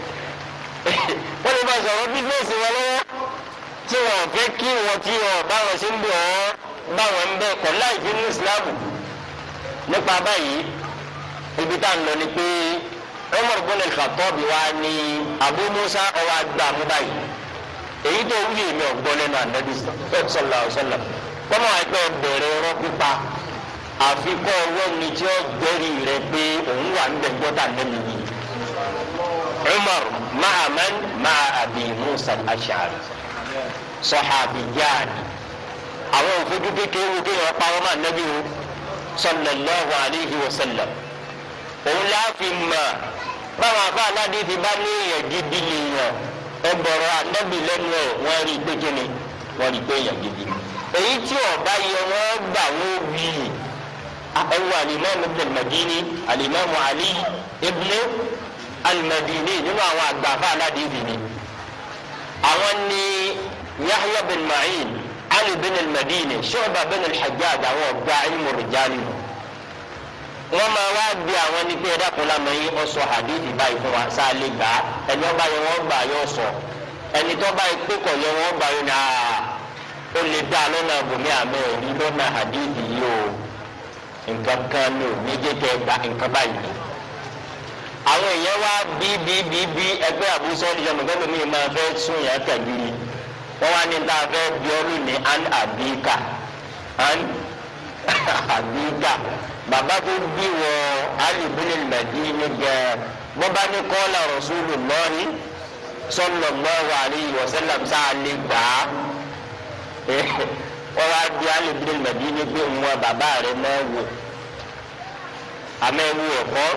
wọ́n lè máa sọ̀rọ̀ bísíǹsì wọn lọ́wọ́ tí wọ́n fẹ́ kí wọ́n tí wọ́n bá wọn ṣe ń bọ̀ ọ́ bá wọn ń bẹ̀ kọ́ láì fi ní ìsìlámù nípa báyìí ibi tá à ń lọ ni pé. Umar bin al-Khattab wa ni Abu Musa ọwọ́ agbá mú báyìí èyí tó wúyè mi ọ̀gbọ́n lẹ́nu ànábì sallallahu alaihi wasallam kọ́mọ àìpẹ́ bẹ̀rẹ̀ ọ̀rọ̀ pípa àfikọ́ ọwọ́ mi tí ó gbẹ́rì rẹ pé òun wà níbẹ̀ gbọ́dọ̀ ànábì yìí Umar ma'a man Abi Musa al-Ash'ari sahabiyan àwọn òfojú kékeré wo kéèyàn pa ọmọ ànábì o sallallahu alaihi wasallam òun láàfin mọ̀ báwọn afá aládé ti bá ní èèyàn gidi lèèyàn ọgbọ̀rọ̀ ànábì lẹ́nu ẹ̀ wọ́n rí i pé kíni wọ́n rí i pé èèyàn gidi èyí tí ọba yẹ wọ́n gbà wọ́n wí ẹwọ alimami ibn al-madini alimami ali ibn al-madini nínú àwọn àgbàfà aládé ìdìní àwọn ni yahya bin ma'in ali bin al-madini shu'ba bin al-hajjaj àwọn ọgbà ilmu rijali wọ́n máa wá gbé àwọn ní pé ẹ̀dá kan lámọ̀ yín ọ̀sọ̀ hadithi báyìí fún wa sá lè gbà á ẹni ọba yẹn wọ́n gbà yóò sọ ẹni tó bá ikú kọ̀ yẹn wọ́n gbà yóò náà ó lè dá lọ́nà àbòmí àmọ́ ẹ̀rí lọ́nà hadithi yìí o nǹkan kan ló méje tẹ gba nǹkan báyìí. àwọn èèyàn wá bí bí bí bí ẹgbẹ́ àbúsọ ìjọba nǹkan lómi máa fẹ́ sún yẹn tẹ̀gbìrì wọ́n wá ní tá a fẹ́ bí ọlù ní an àbíkà an àbíkà. bàbá tó bí wọ Ali ibn al-Madini gan wọ́n bá ní kọ́lá Rasulullah sallallahu alayhi wa sallam sáà lè gbà á wọ́n wá bí Ali ibn al-Madini pé wọn bàbá rẹ̀ náà wò àmọ́ ewu ẹ̀kọ́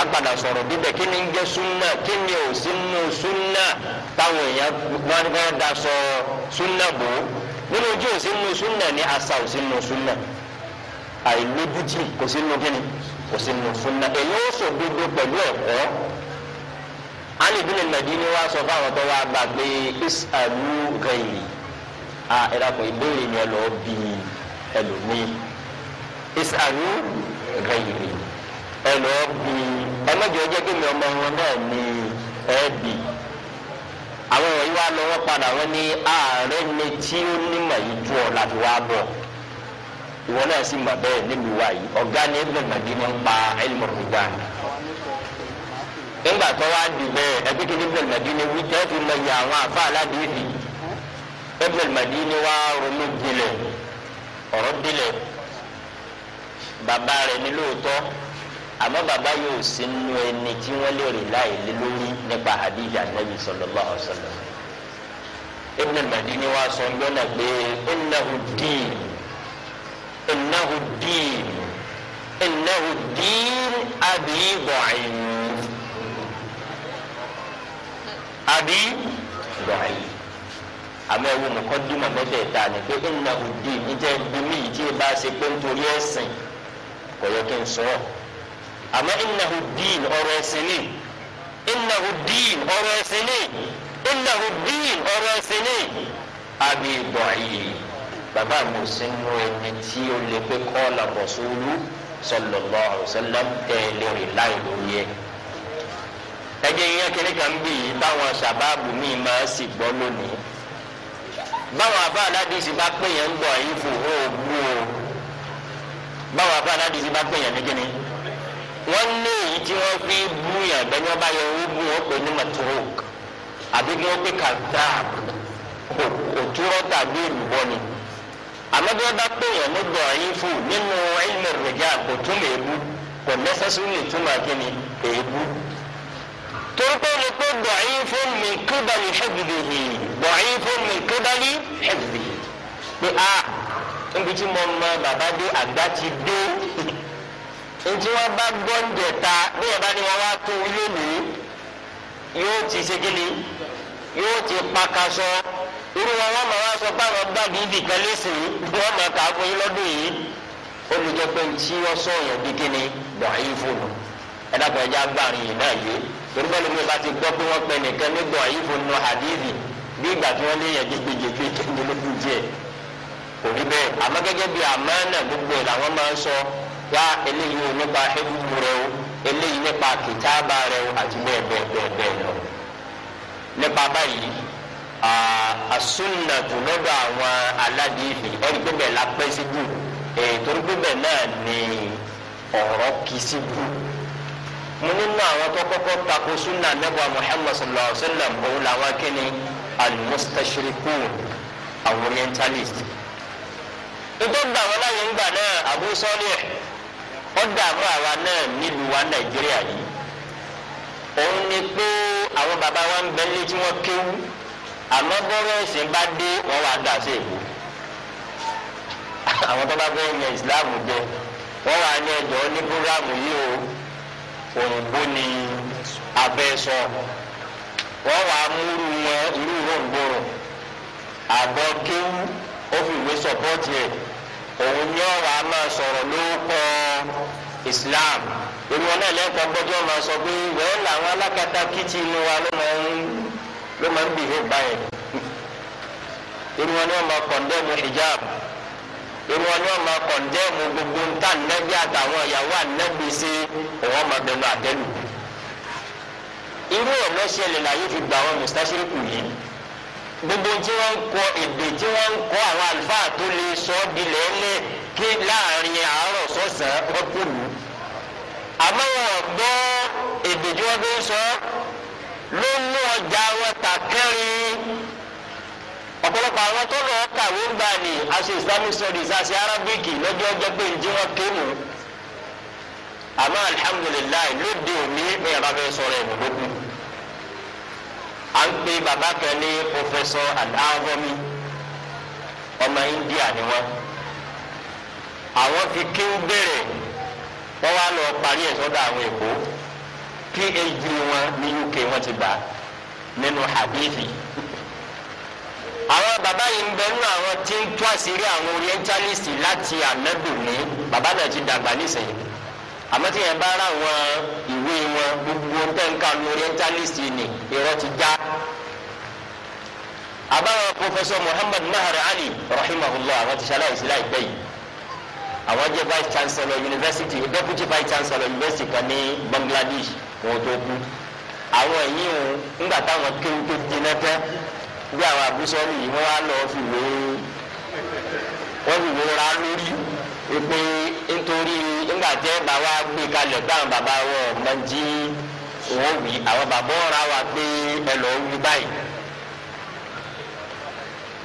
agbada sọ̀rọ̀ bíbẹ̀ kí ni ń jẹ́ súnà kí ni táwọn èèyàn wọn fẹ́ daṣọ súnà bò nínú ojú ò sí nù ni àṣà ò sí nù àìlójútì kò sí nínú kíni kò sí nínú súnà èyí ó sòdodo pẹ̀lú ẹ̀kọ́ Ali bin al-Madini wa sọ fáwọn tó wá gbà pé isalu ghairi a ìdàpọ̀ ìbéèrè ni ẹ lọ bí ẹlòmíì isalu ghairi ẹ lọ bí ẹ mọ̀jọ́ jẹ́ kí mi ọmọ wọn náà ní ẹ bì àwọn ìwà lọ́wọ́ padà wọn ní ààrẹ ni tí ó nímọ̀ yìí tó ọ̀ láti wá bọ̀ ìwọ náà sì mà bẹ́ẹ̀ nílùú wa yìí ọ̀gá ni Ibn Madini ń pa ilmu rìbá nígbà tó wá di bẹ́ẹ̀ ẹgbẹ́ kí Ibn Madini wí tẹ́ fi lọ yẹ àwọn afá aládìídì Ibn Madini wá ronú gbilẹ̀ ọ̀rọ̀ gbilẹ̀ bàbá rẹ̀ ní lóòótọ́ àmọ́ bàbá yóò sí nínú ẹni tí wọ́n lè rí láì lé lórí nípa hadith Ànábì sallallahu alaihi wasallam Ibn Madini wá sọ إنه الدين إنه الدين أبي ضعيف أبي ضعيف àmọ́ ẹ̀wọ̀n mọ̀kọ́dúnmọ̀ mẹ́tẹ̀ẹ̀ta ni pé إنه الدين níjẹ́ bímí tí ẹ bá ṣe pé nítorí ẹ̀sìn kò yẹ kí n sọ àmọ́ إنه الدين ọ̀rọ̀ ẹ̀sìn ni إنه الدين ọ̀rọ̀ ẹ̀sìn ni إنه الدين ọ̀rọ̀ ẹ̀sìn ni أبي ضعيف bàbá mi ò sínú ẹni tí ó lè pé kọ́ọ̀lá bọ̀sùlù sallallahu alaihi wasallam tẹ̀lé rè láì lórí ẹ̀. ẹ jẹ́ ìyẹn kiri kan bí yìí báwọn sàbáàbù mi máa sì gbọ́ lónìí. báwọn àbá aládìsí bá pè yẹn ń gbọ́ yìí fò ó gbú o. báwọn àbá aládìsí bá pè yẹn ní kíni. wọ́n ní èyí tí wọ́n fi bú yàn bẹ́ni wọ́n bá yẹ owó bú wọn pè ní matrok àbí kí wọ́n pè kàdáàbù òtúrọ́ tàbí ìlúbọ́ àmọ́ bí wọ́n bá pèèyàn ní dọ̀ọ́yìnfù nínú ilmu rìjà kò tún lè bu kò nẹ́sẹ̀sìrì túmọ̀ kíni lè bu. torípé ni pé dọ̀ọ́yìnfù mi kíbalì hifzihi dọ̀ọ́yìnfù mi kíbalì hifzihi pé a níbi tí mo mọ bàbá dé àgbà ti dé ntí wọn bá gbọ́ ń bí wọn bá ní wọn wá tó lónìí yóò ti ṣe kíni yóò ti pakaṣọ. irú wọn wọn máa wá sọ pé àwọn gbàgbé ibì kan lẹ́sìn bí wọ́n máa kà á fún yín lọ́dún yìí olùjọpẹ́ ntí ọsọ yẹn bí kíni bọ̀ọ̀yìn fóònù ẹ̀dàpọ̀ ẹ̀já gbàrin yìí náà yé torí bẹ́ẹ̀ lómi bá ti gbọ́ pé wọ́n pẹ́ nìkan ní bọ̀ọ̀yìn fóònù bí ìgbà tí wọ́n lé yẹn kò rí bẹ́ẹ̀ àmọ́ gẹ́gẹ́ bí gbogbo làwọn máa ń sọ wá eléyìí nípa o eléyìí nípa rẹ o àti bẹ́ẹ̀ bẹ́ẹ̀ bẹ́ẹ̀ bẹ́ẹ̀ lọ nípa asúnàtù lọ́dọ̀ àwọn aládìífì ẹni pé bẹ́ẹ̀ lápẹ́ sí jù ni ọ̀rọ̀ kisibu. í sí jù. mo nínú tako súnà nẹ́bọ̀ Muhammad sallallahu alaihi wa sallam òun làwọn kíni al-mustashriqun àwọn orientalist. ìtọ́gbà wọn láyé Abu Salih wọ́n dààmú àwa náà nílùú wa Nàìjíríà yìí. òun ni pé àwọn bàbá wa ń bẹ́ńlé tí wọ́n kéwú. àmọ́ bọ́rọ̀ ẹ̀sìn bá dé wọ́n wá dà sí èkó àwọn tó bá Islamu yan Islam jẹ wọ́n wá ní ẹjọ́ ní programu yìí o òyìnbó ni abẹ́sọ wọ́n wá múru wọn irú ròǹgbòrò àbọ̀ kéwú ó fi ìwé sọ̀pọ́tì ẹ̀ òun ni ọ̀rọ̀ a máa sọ̀rọ̀ lórúkọ Islam irú wọn náà lẹ́kọ̀ọ́ gbọ́dọ̀ máa sọ pé wẹ́ẹ́ làwọn alákatakítí inú wa ló máa ń. ló máa ń bìhé báyìí irú wọn ni wọn máa kọ̀ndẹ́mù hijab irú wọn ni wọn máa kọ̀ndẹ́mù gbogbo ntá nẹ́bí àtàwọn ìyàwó ànẹ́bí sí òun ọmọ bẹnu àtẹnu irú ọ̀nà ṣẹlẹ̀ láyé fi gbà wọn mùsításírìkù yìí gbogbo tí wọn ń kọ èdè tí wọn kọ àwọn àlùfáà tó lè sọ ọ́ dilẹ̀ ẹlẹ́ kí láàrin àárọ̀ sọ̀sán ọ̀pọ̀lù àmọ́ wọn gbọ́ èdè tí wọn fi ń sọ ló mú ọjà wọn tà kẹrin ọ̀pọ̀lọpọ̀ àwọn tó lọ kàwé gbà ní aṣọ islamic studies àti arabic lọ́jọ́ ọjọ́ pé ǹjẹ́ wọn kéwù àmọ́ alihamudulilayi di òní bẹ́ẹ̀ bá fẹ́ sọ̀rọ̀ ẹ̀mí lókù à ń pe bàbá kan india ni wọn àwọn fi kéwù wá lọ parí phd wọn ní uk wọn ti gbà nínú hadithi àwọn baba yìí ń bẹ nínú àwọn tí ń tó àṣírí àwọn orientalist láti ànábì ní baba náà ti dàgbà nísìnyí àmọ́ tí yẹn bá ra àwọn ìwé wọn gbogbo ń tẹ́ ka orientalist ni irọ́ ti já àbáwọn muhammad nahar ali rahimahullah àwọn ti ṣaláìsí láìpẹ́ yìí. àwọn jẹ́ vice chancellor university deputy vice chancellor university kan ní Bangladesh wọn tó kú àwọn ẹ̀yìn o ńgbà táwọn kéwù tó jiná tán bí àwọn àbúsọ́ọ̀lù yìí wọ́n wá lọ fi wé wọ́n fi wéra lórí pé nítorí ńgbà tẹ́ bá wa gbé kalẹ̀ táwọn bàbá wọn máa ń jí wọ́n wí àwọn bàbá ọ̀rá wa pé ẹ lọ́ọ́ wí báyìí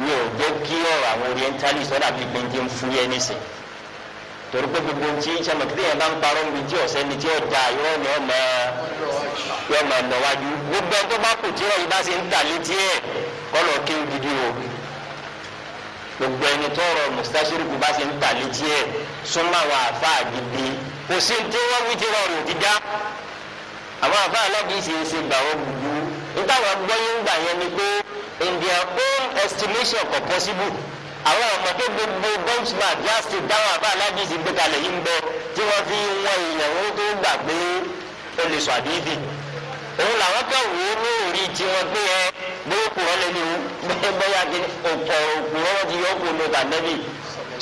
mi ò jẹ́ kí ọ̀rọ̀ àwọn orientalist ọ̀dà bíi pé ń jẹun fúyẹ́ nísìnyí torí pé gbogbo ntí sẹ́mi tí yẹn bá ń parọ́ níbi tí ọ̀sẹ́ ni tí ó da irọ́ ni ọmọ yóò máa nọ wájú gbogbo ẹni tó bá kù tí ọ̀yìn bá ṣe ń tà létí ẹ̀ kọ́lọ̀ kí n gidi o gbogbo ẹni tọrọ mùsításírìkù bá ṣe ń tà létí ẹ̀ súnmọ́ àwọn àáfàá gidi kò sí ní tí wọ́n wí tí wọ́n rò ti dá àwọn àáfàá náà kì í ṣe é ṣe gbà wọ́n gbùdú nítawọn gbọ́yìn gbà yẹn ni pé in their own estimation kò possible àwọn ọ̀pọ̀ tó gbogbo benchmark láti dáhùn àbá aládìsí gbé kalẹ̀ yìí ń bọ tí wọ́n fi wọn èèyàn wọn tó gbà pé o lè sọ àdìsí òun làwọn kan wò ó lóòrí tí wọ́n gbé ẹ bóyá kùrọ̀ lé ní bóyá bóyá kí ọ̀pọ̀ òkùrọ̀ wọn ti yọ kó lọ tàbí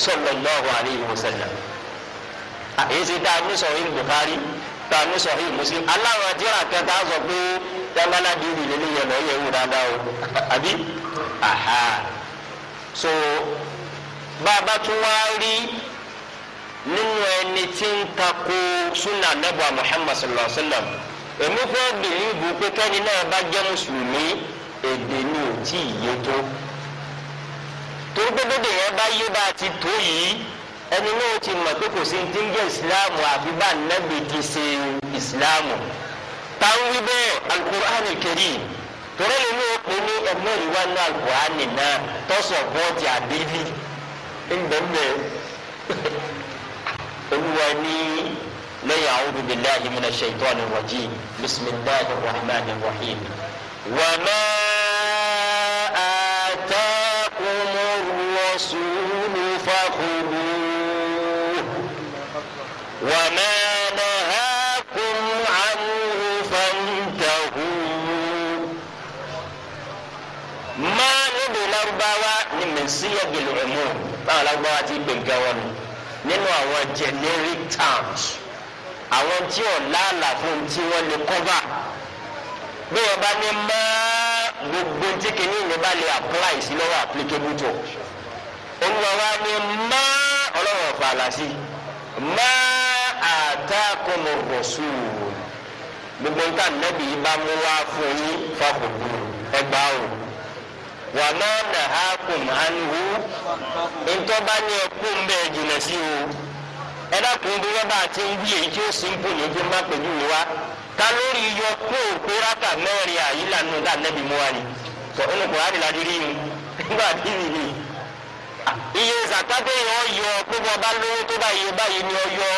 sallallahu alaihi wasallam èyí ti dáa ní sọ̀rọ̀ ìlú Bukhari dáa ní sọ̀rọ̀ ìlú Muslim aláwọ̀ àdìrà kẹta sọ pé dáńgálá di ìlú lẹ́yìn yẹn lọ́ọ́ yẹ wù dáadáa o àbí aha so bá a bá tún wá rí nínú ẹni tí ń tako sunna nebo muhammad sallallahu alaihi wa sallam èmi fẹ́ bìlíìbù pé kẹ́ni náà bá jẹ́ mùsùlùmí èdè ni ò tí ì yé tó torí pé bébè yẹn bá yé bá a ti tó yìí ẹni náà ti mọ̀ pé kò sí ti ń jẹ́ ìsìláàmù àfi bá nẹ́gbẹ̀ẹ́ ti ṣe ìsìláàmù táwọn wí bẹ́ẹ̀ alukur'an kẹrin torí ẹni ní òkè ní ẹmẹ́rì wà ní àlùkùránì náà tọ́sọ̀ bọ́ọ̀tì àbílí ńgbẹ́ngbẹ́ olúwa ní lẹ́yìn a'udhu billahi minash shaitani rajim bismillahir rahmanir rahim wa ma atakumur rasulu fakhudhuhu wa ma. lárúbáwá ni mẹsíyà gbèlú ẹmú báwọn lárúbáwá ti gbè nǹkan wọn nù nínú àwọn generic terms àwọn tí ò láàlà fún tí wọn lè kọ́bà bí wọn bá ní mọ́ gbogbo tí kìíní ní bá lè apply sí lọ́wọ́ applicable to olùwà wa ní mọ́ ọlọ́run ọ̀fà mọ́ àtàkùnmọ̀ rọ̀ṣù gbogbo nǹkan nàbì bá mú wá fún yín fàkùnkùn ẹgbàá o wà má nà ha kùn ánìwó ntọ́ bá ní ẹkún bẹ́ẹ̀ jìnnà sí o ẹ dákun bí wọ́n bá ti ń bí èyí tí ó sì ń pò ní ojú má pẹ̀lú wa ká lórí yọ kó òkú rákà mẹ́rin àyílànà lànàbí mu wa ni tọ́ ọ́nà kò hánì ládìí rí mi nígbà tí mi ni iye zakate yẹn ọyọ gbogbo ọba lówó tó bá iye báyìí ni ọyọ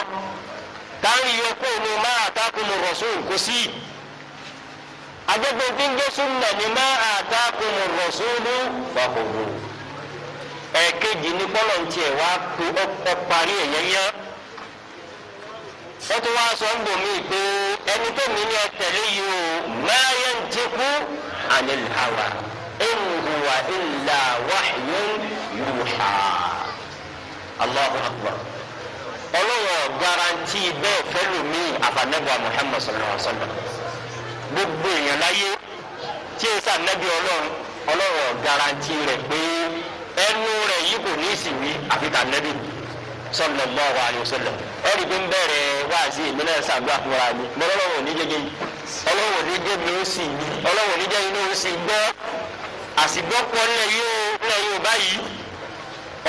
kárí yọ kó òun máa takùn rọ̀ṣọ́ kò sí àjẹpẹ tí ń jẹ súnà ní má àtàkùnmù rọ̀ṣúlù fàkùnmù ẹ̀ẹ̀kejì ní bọ́lọ̀ ń tiẹ̀ wá pé ọ parí ẹ̀yẹ́ yẹn wọ́n tún wá sọ ń bò mí pé ẹni tó mi ní ọ̀tẹ̀lẹ́ yìí o máyé ń ti kú anil hawa in huwa illa wahyun yuha Allahu akbar ọlọ́wọ́ garanti bẹ́ẹ̀ fẹ́lùmí àfànẹ́bọ̀ Muhammad sallallahu alaihi wa gbogbo èèyàn láyé tí èsì ànábì ọlọ́run ọlọ́run garanti rẹ̀ pé ẹnu rẹ̀ yìí kò ní ìsìnwí àfi tànábì sallallahu alaihi wasallam ẹ̀rí pé ń bẹ̀rẹ̀ wáàzí èmi náà ṣàdúrà fúnra mi mo lọ́wọ́ òní ọlọ́wọ́ òní mi ó sì yí ọlọ́wọ́ òní inú ó sì gbọ́ àsìgbọ́pọ̀ ńlẹ̀ yóò ńlẹ̀ yóò báyìí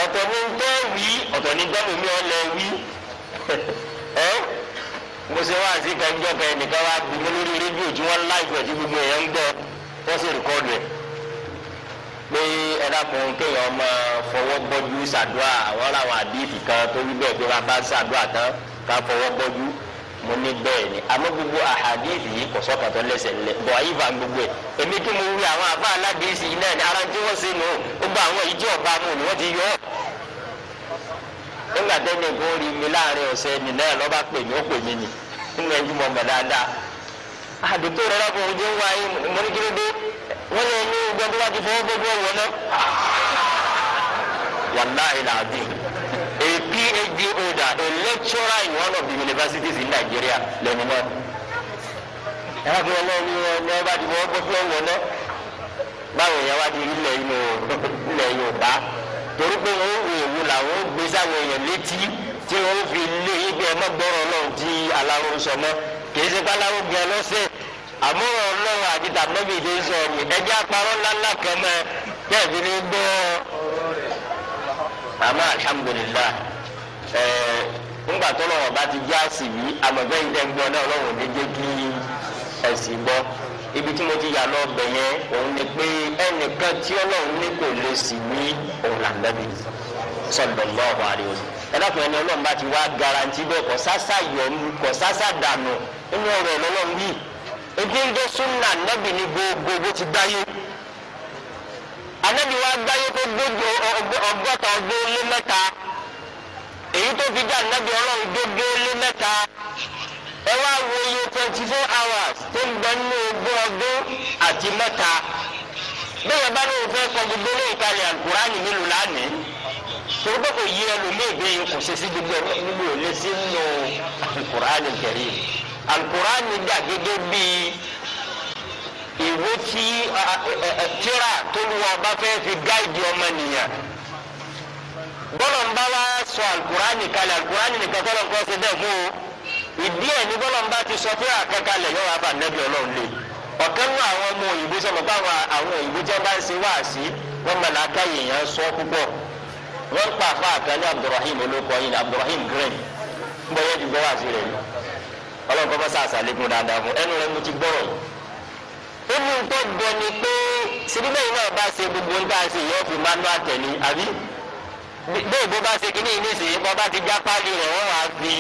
ọ̀tọ̀ ni ń tẹ́ wí ọ̀tọ̀ ni gbọ́dọ̀ mi ọ̀ lẹ̀ wí ẹ́ mo ṣe wá àti kẹjọ kan ẹnìkan wá bí mi lórí rédíò tí gbogbo èèyàn ń gbọ́ wọ́n sì rìkọ́dù ẹ̀ pé ẹ̀dàkùn kéèyàn máa fọwọ́ gbọ́jú ṣàdúrà àwọn làwọn àdìsí kan tó bẹ́ẹ̀ pé wọ́n bá tán ká fọwọ́ gbọ́jú mo ní bẹ́ẹ̀ ni àmọ́ gbogbo gbogbo ẹ̀ èmi kí mo wí àwọn àbá aládìsí náà ni ara tí wọ́n nígbà tẹ́lẹ̀ kó rí mi láàrin ọ̀sẹ̀ ni náà lọ́ba pè mí ó pè mí ni nínú ẹjú mọ̀ dáadáa àdótó rẹ̀ lọ́kọ̀ ojú ń wáyé mọ́nìkìrìdé wọ́n lè ní gbọ́n tó bá ti fọwọ́ gbogbo ọ̀wọ́ náà wàláhì làbí a phd holder a lecturer in one of the universities in Nigeria lẹ́nu náà ẹ wá fi wọn ní wọn ní wọn ti fọwọ́ gbogbo ọ̀wọ́ náà báwo yẹn wá di ilẹ̀ yóò bá torí pé wọn wò ewu làwọn gbé sáwọn èèyàn létí tí wọn fi lé ibi ẹmọ gbọrọ náà di aláwo sọmọ kìí ṣe pàláwo gbẹ lọsẹ àmúrò Ọlọ́run àti tàbí ìdè sọ ẹjẹ àparọ ńláńlá kan mọ kẹfì ní gbọ́. àmọ́ alhamdulillah ẹ ńgbà tó lọ́wọ́ bá ti já sí yìí àmọ̀gbẹ́yìn náà Ọlọ́run ò kí ẹ̀sìn gbọ́ ibi tí mo ti yà lọ bẹ̀ yẹn òun ni pé ẹnìkan tí ọlọ́run ní kò lè sì ní òun là nẹ́bí sallallahu alaihi wasallam ẹlẹ́kùnrin ni ọlọ́run bá ti wá garanti bẹ́ẹ̀ kọ́ sásà yọ̀nu kọ́ sásà dànù inú ọ̀rọ̀ ọlọ́run yìí ebi ń dé súnà nẹ́bí ni gbogbo ti gbáyé anẹ́bí wa gbáyé tó gbójú ọgọ́ta ọgbó lé mẹ́ta èyí tó fi dá nẹ́bí ọlọ́run gbógbó lé mẹ́ta ẹ wá wo iye twenty four hours tó ń bẹ nínú ogún ọdún àti mẹ́ta bẹ́ẹ̀ bá ní òfin kọ gbogbo ní ìkàlẹ̀ àgùránì nílùú lánìí torí pé kò yí ẹlòmíì kò ṣe sí gbogbo ẹ̀ níbi ò lè sí nínú àgùránì kẹrì àgùránì dà gẹ́gẹ́ bíi ìwé tí tíra tó lu ọba fẹ́ fi gáìdì ọmọ nìyẹn bọ́lọ̀ ń bá wa sọ àgùránì kalẹ̀ àgùránì nìkan tọ́lọ̀ ń kọ́ ṣe bẹ́ẹ̀ o ìdí ẹ̀ ní bọ́lá ń bá ti sọ pé àkẹ́kalẹ̀ yọ wá bá nẹ́bí ọlọ́run lé ọ̀kan nú àwọn ọmọ òyìnbó sọmọ báwọn àwọn òyìnbó jẹ́ bá ń ṣe wá sí wọ́n mọ̀ láká èèyàn sọ púpọ̀ wọ́n pa àfa àkàlẹ́ Abdulrahim olóko yìí Abdulrahim green ń bọ̀ yẹ́ ju gbọ́ wá sí rẹ̀ lọ ọlọ́run kọ́kọ́ sàṣà lẹ́kùn dáadáa fún ẹnu rẹ̀ mo ti gbọ́rọ̀ yìí ó ní tó gbọ́ ni pé síbíbẹ̀ yìí náà bá ṣe gbogbo ń tà sí ìyọ́ fi manual tẹ̀lé àbí bẹ́ẹ̀ bó bá ṣe kíní ìníṣe bọ́ ti já páálí rẹ̀ wọ́n wá fi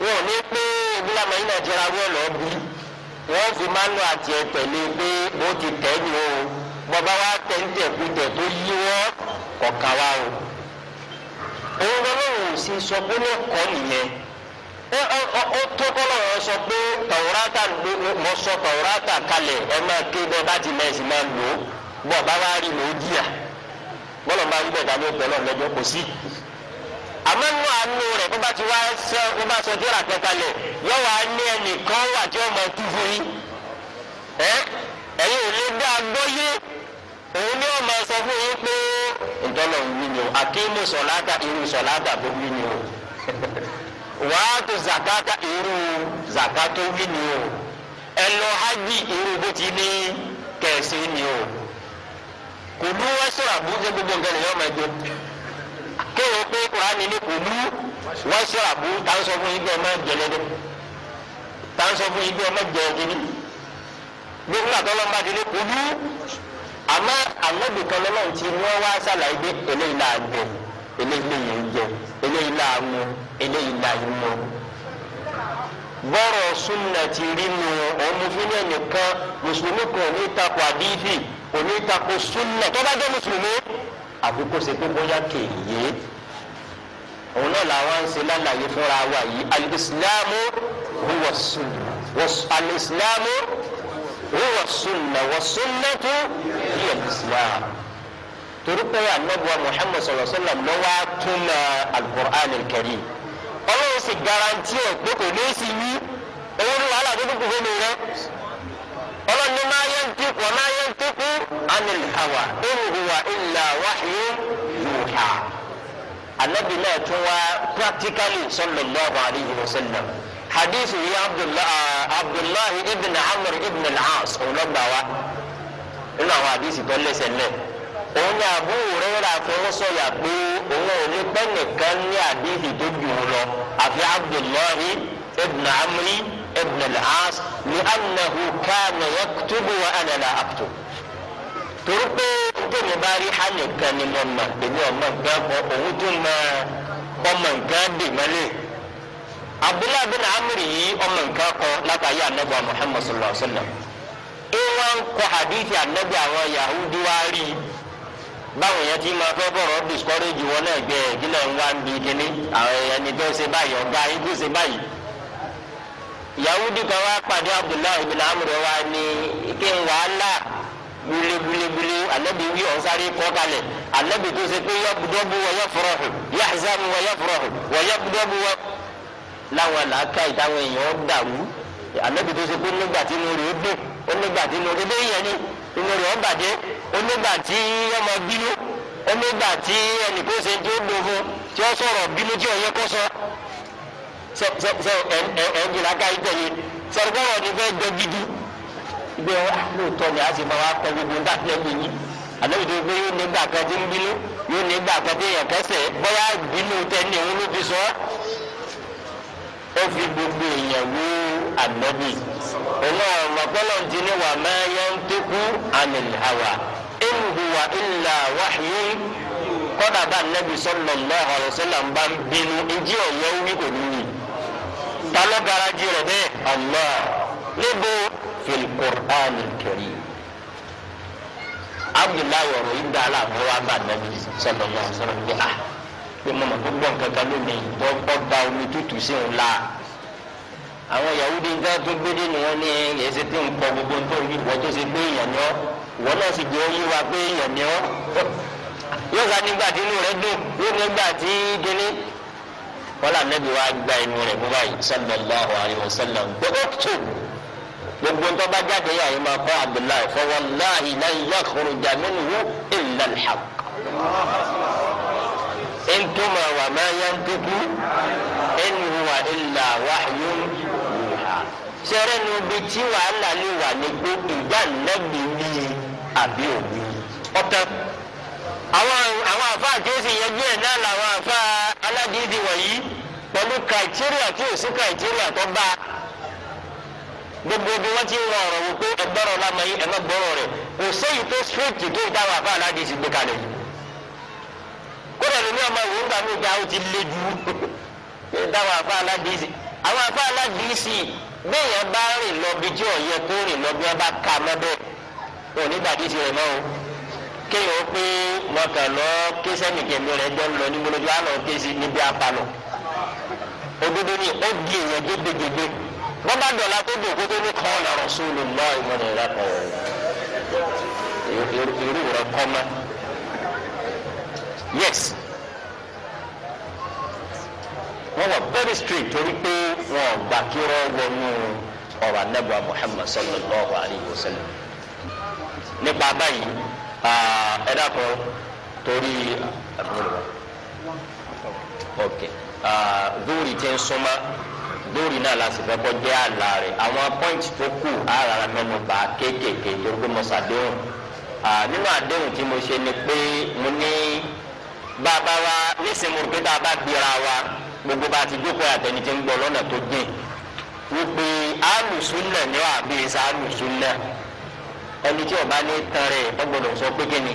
wọn ò ní pé ìbílẹ̀ àmọ́ yìí nàìjíríà wọ́n lọ bí wọ́n fi máa ń lọ àti ẹ̀ tẹ̀lé pé ó ti tẹ̀ ní o bọ́bá wa tẹ̀ ń tẹ̀kútẹ̀ tó yí wọ́ kọ̀ọ̀kan wa o. òun lọ́lọ́run sì sọ pé ó kọ́ nìyẹn ó tó kọ́lọ̀ wọn sọ pé tàwùrátà mọ sọ tàwùrátà kalẹ̀ ẹ máa ké bẹ́ẹ̀ bá ti mẹ́sì máa lò ó bọ́ọ̀bá wa rí lòó díà bọ́lọ̀ máa ń bẹ̀ dá ló pẹ̀lú ọ̀lẹ́jọ́ kò sí. àmọ́ nínú àánú rẹ̀ bó bá ti wá bá kalẹ̀ yóò wá ní ẹnìkan wà tí ó mọ fún yín ẹ̀yin ò lè dá gbọ́ yé òun ni sọ fún yín pé ń wí ni o irú tó wí ni o tó zakata irú wí ni o ẹ lọ hajj irú bó ti ní kéwòn pé kuraani ni kò mú wọ́n ṣọ́ra bú táwọn sọ fún ibi ọmọ jẹlẹ dẹ táwọn sọ fún ibi ọmọ jẹlẹ dẹ gbogbo àtọ́lọ́mbà ti ní kò mú àmọ́ ànábì kan lọ́lọ́run ti mú wá sàlàyé pé eléyìí là ń bẹ̀ eléyìí ń jẹ eléyìí là ń eléyìí là ń bọ́rọ̀ súnà ti rí mu ọmọ ẹnìkan mùsùlùmí kan ní takò àdífì ò ní takò súnà tó mùsùlùmí àbí kó ṣe pé bóyá kèèyé òun náà làwọn ń ṣe lálàyé fúnra wa yìí alìsílámù huwa sunna alìsílámù huwa sunna wa sunnatu hiya alìsílám torí pé anabuwa muhammad sallallahu alaihi wa sallam ló wá túmọ̀ alukur'an karim ọlọ́run sì garanti ẹ̀ pé kò ní í sí yí owó ní wàhálà tó dúkùú fún mi rẹ ọlọ́ni máa yẹ ń dínkù ọ̀nà yẹ ń dínkù anil hawa in huwa illa wahyu yuha anabi náà tún wá practically sallallahu alayhi wa sallam hadithu yi ah, abdullahi ibn amr ibn al-as ọlọ́gbàwa nínú àwọn hadithu tó lẹ́sẹ̀ lẹ́ẹ̀ òun ni àbú rẹ́rà fọwọ́sọ̀yà pé òun ò ní pẹ́ nìkan ní hadithu tó jù ú lọ àfi abdullahi ibn amr. ابن العاص لأنه كان يكتب وأنا لا أكتب torípé tèmi bá rí hànì kan ni mo mà èmi ọmọ nǹkan kan òun tún mọ ọmọ nǹkan dì mọ́lẹ̀ abdullahi bin amri yìí ọmọ nǹkan kan látàyé anabi muhammad sallallahu alaihi wa sallam ìwà ń kọ hadithi anabi àwọn yahudi wá rí báwọn yẹn ti máa fẹ́ bọ̀rọ̀ discourage wọn náà gbẹ ìdílé ń wá ń bi kíní àwọn èèyàn ní tó ṣe báyìí ọ̀gá yín tó ṣe báyìí yahudi kan wá pàdé abdullahi ibn amr wa ní ike wàhálà gbulegbulegbule anabi wi ọ̀nsáré kọ́kalẹ̀ anabi tó ṣe pé yọbudọ́bu wọ yọfurọ̀hù yahzamu wọ yọfurọ̀hù wọ yọbudọ́bu wọ. láwọn làákà ìtàwọn èèyàn dàrú anabi tó ṣe pé nígbà tí mo rè é dùn ó nígbà tí mo rè é dé yẹn ni inú ó bàjẹ́ ó nígbà ọmọ bínú ó nígbà ẹnì kó ṣe tí ó tí ó sọ̀rọ̀ bínú tí ó yẹ kó sọ sọ ẹnjìnlá ká yìí tẹ̀lé sọ̀rọ̀kọ́rọ̀ ni fẹ́ jọ gidi ibi ẹ lóòótọ́ ni a sì máa wá pẹ́ gbogbo nígbà tí ẹ gbé yín àlejò tó gbé yóò nígbà kan tí ń bínú yóò nígbà kan tí èèyàn kẹsẹ̀ bóyá bínú tẹ́ni òun ló fi sọ ó fi gbogbo èèyàn wú ànábì òun ọ̀rọ̀ gbọ́dọ̀ ti ní wà máa yẹ ń tó kú àmì àwà in huwa kọ́dà bá ànábì sallallahu alaihi wasallam ń bá bínú ìjì ọ̀yọ́ wí kò ní talọ garaji rẹ bẹẹ allah níbo fil qur'an karim abdullahi ọ̀rọ̀ yìí dá aláàbọ wa bá nàbí sallallahu alaihi wasallam bí a ah, pé mo mọ tó gbọ́ nǹkan kan lónìí tó kọ da omi tútù sí òun la àwọn yahudi nǹkan tó gbédè ni wọn ní ẹsẹ tó ń pọ gbogbo tó ń yíwọ tó ṣe gbé èèyàn ni wọn náà sì jẹ oyé wa pé èèyàn ni yóò ká nígbà tí inú rẹ dùn yóò nígbà tí kíní kọ́lá nẹ́bí wa gba inú rẹ̀ mú báyìí sallallahu alayhi wa sallam gbogbo tó gbogbo tó bá jáde yà yìí máa kọ́ abdullahi fa wallahi lan yakhruja minhu illa al-haqq. intuma wa ma yantiqu in huwa illa wahyun yuha. sẹ́rẹ́ nu bi tí wàhálà lè wà ní pé ìgbà nẹ́bí ni àbí òbí. ọ̀tẹ̀ àwọn àwọn àfa àti èsì yẹn bí náà làwọn àfa tàwíìdì wọ̀nyí pẹ̀lú kàìtíríà tí ò sí kàìtíríà tó bá gbogbo bí wọ́n ti ń rọ ọ̀rọ̀ wò pé ẹgbọ́rọ̀ lamọ̀ yìí ẹgbọ́rọ̀ rẹ̀ kò séyìí tó straight tó ń táwọn àbá aládìí ti gbé kalẹ̀ yìí kódà lómi ọmọ ìwé ńgbà mi gba ó ti lé ju táwọn àbá aládìí sí àwọn àbá aládìí sí bẹ́ẹ̀ yẹn bá rìn lọ bí tí ò yẹ kó rìn lọ bí wọ́n bá ka mọ́ bẹ́ẹ̀ òní gbàdí ti rẹ̀ mọ́ o kéèyàn o pé mọ̀kàn lọ ké sẹ́nìkẹ̀mí rẹ̀ jọ lọ ní gbọdọ̀jọ́ àlọ́ ké sí níbi apalọ̀ òdodo ni ó di èèyàn gédégédé wọ́n bá dọ̀la tó dùn kó tó ní kọ́ ọ̀nà rọ̀ṣúlù lọ ìmọ̀nà ìlà kan irú rẹ̀ kọ́ mọ́ yes wọ́n wà very strict torí pé wọ́n gbà kí wọ́n wọnú ọ̀rọ̀ anábọ̀ Muhammad sallallahu alayhi wa sallam nípa báyìí ẹ dàpọ̀ torí ok lórí tẹ́ ń súnmọ́ lórí náà láti fẹ́ kọ́ jẹ́ àlà rẹ̀ àwọn pọ́ìntì tó kù ara mẹ́nu bá kéékèèké torí pé mo ṣàdéhùn nínú àdéhùn tí mo ṣe ni pé mo ní bàbá wa nísìnyí mo rò pé tá a bá gbéra wa gbogbo bá ti jókòó àtẹni tí ń gbọ́ lọ́nà tó gbìn wípé alùsùn náà ni wàá bí i sá alùsùn náà ẹni tí ọba ní tan rẹ̀ ó sọ pé kí ni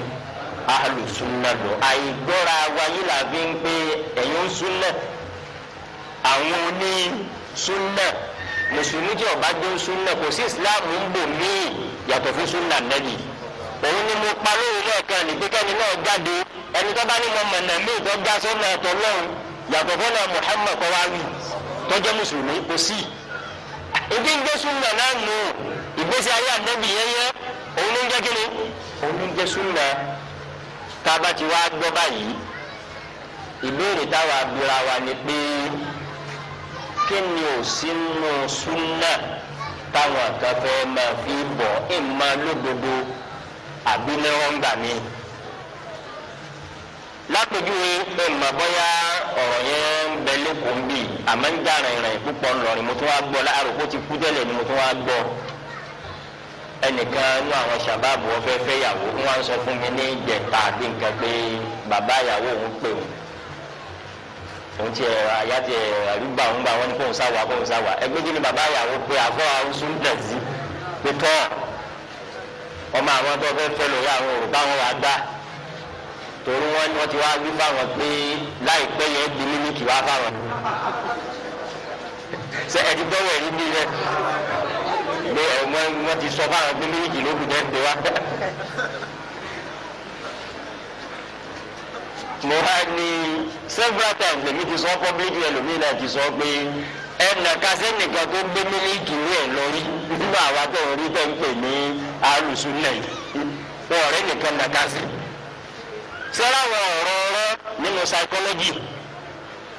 ahlu sunna lọ àìgbọ́ra wáyé la fi ń pé ẹ̀yin sunna àwọn oní sunna mùsùlùmí tí ọba dé sunna kò sí islam ń bò míì yàtọ̀ fún sunna nẹ́bì òun ni mo pa lóore lẹ́ẹ̀kan nìgbékẹ́ni náà jáde ẹni tó bá ní mo mọ̀nà míì tó já sọ́nà ẹ̀tọ́ lọ́hùn yàtọ̀ fún náà Muhammad kọ́ wá wí tọ́jọ́ mùsùlùmí kò sí ìdí ń gbé sunna náà nù ìgbésí ayé ànábì yẹn yẹn òun ló ń jẹ́ kíni òun ló ń jẹ́ súnà tá a bá ti wá gbọ́ báyìí ìbéèrè táwa abira wa ni pé kí ni ò sí nù súnà táwọn kan fẹ́ máa fi bọ̀ ẹ̀ máa lódodo àbí lẹ́wọ̀ngbà mi lápèjúwe ẹ̀ mọ̀ bọ́yá ọ̀rọ̀ yẹn ń bẹ lẹ́kọ̀ọ́ ń àmọ́ ń dà rìnrìn púpọ̀ ńlọrin mo tún wá gbọ́ láàrò kó ti kú tẹ́lẹ̀ ni mo tún wá gbọ́ ọ. ẹnìkan nú àwọn sàbáàbù wọn fẹ́ fẹ́ yàwó wọn sọ fún mi ní ìjẹta àbí nǹkan pé bàbá ìyàwó òun pè òun òun àdúgbò àwọn gbà wọn ni kóun sáwà kóun sáwà ẹgbẹ́ bàbá ìyàwó pé àwọn pé wọ́n ti sọ fáwọn pé méjì ló kù jẹ́ pé wá. mo wá ní several times lèmi ti sọ public ẹlòmíì náà ti sọ pé ẹnì kásẹ̀ nìkan tó gbé mílíkì rí ẹ̀ lọ rí nínú àwa tó ń rí tó ń pè ní alùsùn náà wọn ọ̀rẹ́ nìkan nà kásẹ̀. sẹ́rà àwọn ọ̀rọ̀ ọ̀rọ̀ nínú psychology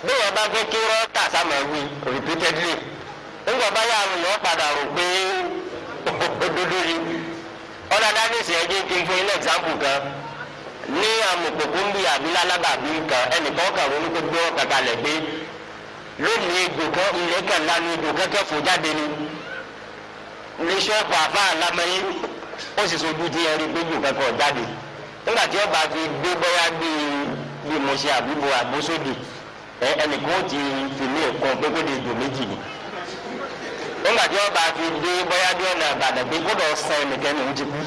bí wọ́n bá fẹ́ kí rọ́ọ̀tà sámọ̀ wí repeatedly. ńgbọ̀nba yà àwọn èèyàn padà rò pé òdodo ni ọlọ́dà ní ìsìn ẹ̀jẹ̀ ti fún yín lẹ́gzámpù kan ní amòkòkò ń bí àbí lálábàbí kan ẹnìkan kan ronú pé gbé ọkàn kalẹ̀ pé lónìí egbò kan ilé kan lanu egbò kẹ́kẹ́ fò jáde ni iléeṣẹ́ ọkọ̀ àfa àlámẹ́yé ó sì sojú ti ẹrí pé kankan jáde nígbà tí ọba fi gbé bọ́yá bíi bíi mo ṣe àbúbọ̀ àbúsódì ẹnìkan ó ti fi lé ẹ̀kọ́ méjì ni. nígbà tí ọba fi dé bóyá bí ọ̀nà àbàdàn pé gbọ́dọ̀ san ẹnìkan ti kú.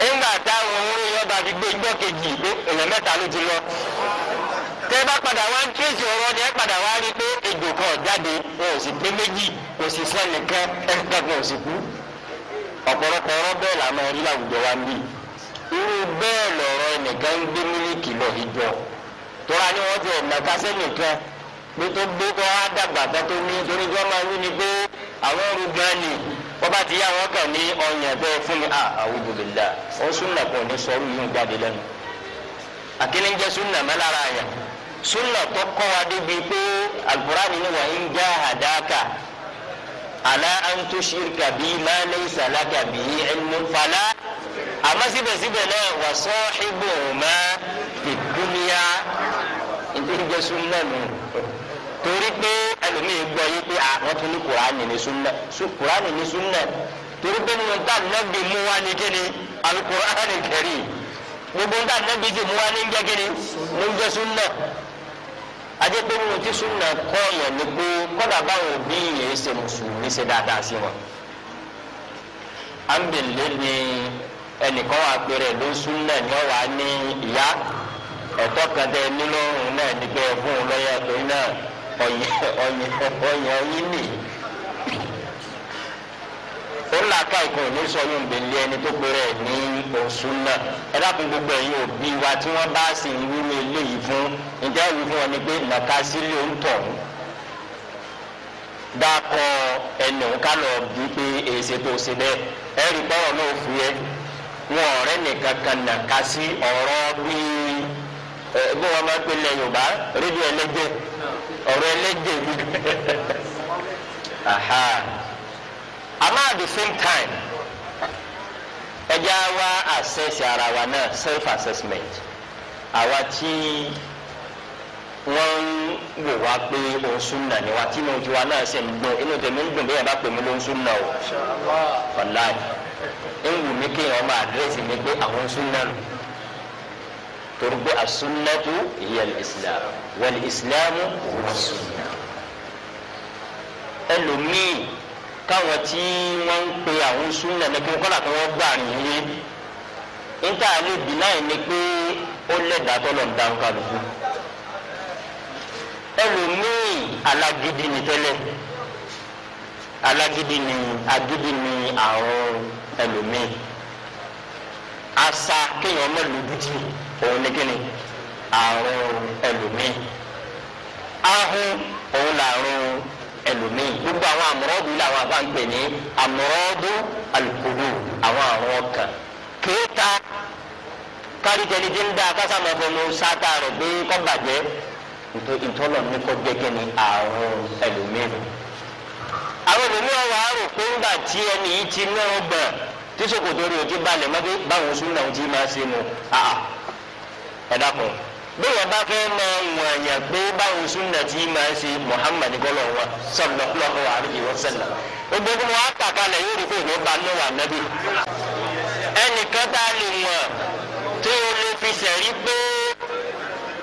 nígbà táwọn bá fi gbé igbó kejì pé èèyàn mẹ́ta ló ti lọ. tẹ́ bá padà wá ń tírèsì ọ̀rọ̀ ni ẹ padà wá rí pé ejò kan jáde wọn ò sì méjì kò sì kan pé tó gbó kọ́ á dàgbà tó tó ní torí jọ́ máa wí ni pé àwọn rúgbọ́n ni wọ́n bá ti yá àwọn kan ní ọyàn bẹ́ẹ̀ fún mi à ah, a'udhu billah ó súnà kan ní sọ́ọ́rù yìí ń jáde lẹ́nu àkíní jẹ́ súnà mẹ́lára yẹn súnà tó kọ́ wa débi pé al ni wa in jahadaka ala an tushrika bi ma laysa laka bihi àmọ́ síbẹ̀síbẹ̀ náà wa sahibuhuma fid dunya ìdíjẹ́ súnà nù torí pé ẹlòmíì gbọ́ yí pé àwọn ah, tún ní kùránì ní súnà kùránì ní súnà torí pé nínú tá nẹ́bí mú wá ní kíni alukùránì kẹrì gbogbo tá nẹ́bí ti mú wá ní jẹ́ kíni ní jẹ́ súnà ajẹ́pẹ́ nínú tí súnà kọ́ yẹn ni pé kọ́dà báwọn òbí yẹn ṣe mùsùlùmí ṣe dáadáa sí wọn. à ń bèlè ẹnìkan wà péré ló súnà ni ọ wà ní ìyá ẹ̀tọ́ kan tẹ nílọ́rùn náà ní fún un lọ́yà torí náà ọ̀yàn ọ̀yàn ọ̀yàn yín nìyí ó là ká ìkọ̀ ní sọyún gbèlè ẹni tó péré ẹ̀ ní oṣù náà ẹ dákun gbogbo ẹ̀yin òbí wa tí wọ́n bá sì ń wí ní eléyìí fún ǹjẹ́ ìwé fún wọn ni pé nàka sílé ń tọ̀ ń dákọ ẹnì ká lọ bí pé èsè tó ṣe bẹ́ẹ̀ ẹ rí bọ́rọ̀ náà fún yẹ wọn ọ̀rẹ́ nìkan kan nàka sí ọ̀rọ̀ bíi ẹ bí wọn máa pè lẹ́yìn ọba rédíò ẹlẹ́gbẹ́ ọ̀rọ̀ ẹlẹ́jẹ̀ mi àmọ́ at the same time ẹ já wá assess ara wa náà self assessment àwa tí wọ́n ń wò wá pé òun súnà ni wá tí inú ojú wa náà ṣe ń gbọ́n inú tèmi ń dùn bí yàrá pè mí ló ń súnà o ọ̀la ń wù mí kéèyàn máa àdírẹ́sì mi pé àwọn súnà nù torí pé as-sunnatu hiya al-islam wal-islamu huwa as-sunnah ẹlòmíì káwọn tí wọ́n ń pe àwọn súnà ní kí wọ́n kọ́nà kí wọ́n gbà rìn yín níta ní bínáì ni pé ó lẹ́dàá tọ́lọ̀ ń dáhùn kálukú ẹlòmíì alágídí ni tẹ́lẹ̀ alágídí ni agídí ni àwọn ẹlòmíì asa kéèyàn mọ̀ lójútì òun ní kíni àrùn ẹlòmíì ahun òun làrùn ẹlòmíì gbogbo àwọn àmúrọ́dù làwọn àbá ń pè ní àmúrọ́dù alukulu àwọn àrùn ọkàn kéèta káríjẹni tí ń dá kásàmọ́fọ́nù sáta rẹ̀ pé kọ́ bàjẹ́ ntọ́lọ̀ ní kọ́ gẹ́gẹ́ ni àrùn ẹlòmíì àwọn ẹlòmíì wà á rò pé ńgbà tí ẹni yìí ti náà gbọ̀n tí sòkòtò rẹ̀ ò ti balẹ̀ mọ́ pé báwọn sún náà ti máa ṣe nù ẹ̀dá kan bóyá bá fẹ́ máa wọ̀n àyàn pé báwo súnà tí máa ṣe Muhammad kọ́lọ̀ wa sallallahu alaihi wa sallam gbogbo bí wọ́n á kàkà lẹ̀ yóò rí pé ìwé ba náà wà nábì ẹnìkan tá a lè wọ̀n tí o lè fi sẹ̀rí pé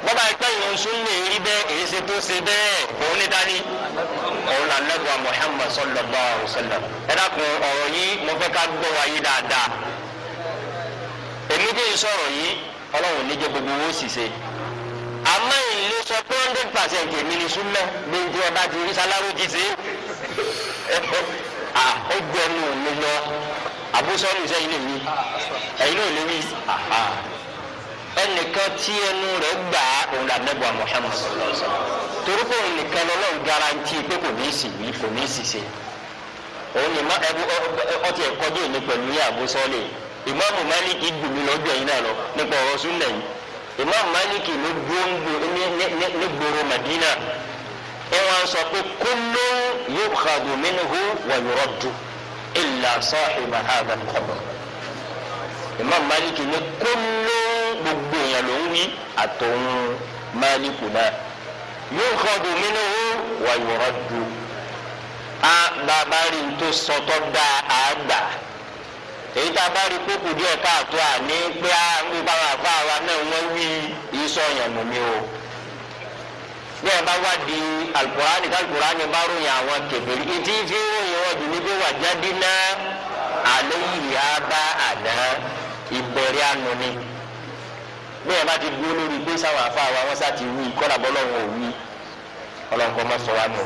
bọ́bá ẹgbẹ́ yìí súnà èrí bẹ́ẹ̀ èyí ṣe tó ṣe bẹ́ẹ̀ òun ní dání òun là lẹ́gbọ̀ Muhammad sallallahu alaihi wa sallam ẹ̀dá kan ọ̀rọ̀ yìí mo fẹ́ ká gbọ́ wáyé dáadáa èmi dé sọ̀rọ̀ yìí ọlọ́run níjẹ́ gbogbo owó sì ṣe àmọ́ ìlú sọ pé hundred percent èmi ni súnmẹ́ gbogbo ọba ti rí sáláwó jí sí ẹgbẹ́nu mi lọ àbúsọ́nù sẹ́yìn lè mi ẹ̀yin ò lè mi ẹnìkan tí ẹnu rẹ̀ gbà òun là nẹ́bọ̀ Muhammad torókò nìkan lọ́lọ́run garanti pé kò ní sì wí kò ní sì ṣe òun ni ọtí ẹ̀kọ́jú òní pẹ̀lú yẹ àbúsọ́lẹ̀ yìí ìmáàmù Málíkì dùn mí lọ́jọ́ yìí náà lọ nípa ọ̀rọ̀ súnà yìí ìmáàmù Málíkì ló gbóngbò ní gbòòrò Madina ẹ wá sọ pé kullu yukhadhu minhu wa yuraddu illa sahiba hadha al-qabr ìmáàmù Málíkì ní kullu gbogbo èèyàn ló ń wí àtòun Málíkì náà yukhadhu minhu wa yuraddu a bàbá rí n tó sọtọ́ dá a gbà èyí tá a bá rí kókò díẹ̀ káàtó à ní pé á ń bá wà fún àwa náà wọ́n wí ìsọ̀yàn nù mí o bí ẹ bá wá di alukurani kalukurani bá ròyìn àwọn kèfèrí ìdí fi ròyìn wọn dùn ní bí wà jáde náà àlẹ́ yìí á bá àná ìbẹ̀rẹ̀ ànú ni bí ẹ bá ti dúró lórí pé sáwọn afáwa wọn sá ti wí kọ́lá bọ́ lọ́wọ́ òwí ọlọ́nkọ́ mọ́ wa nù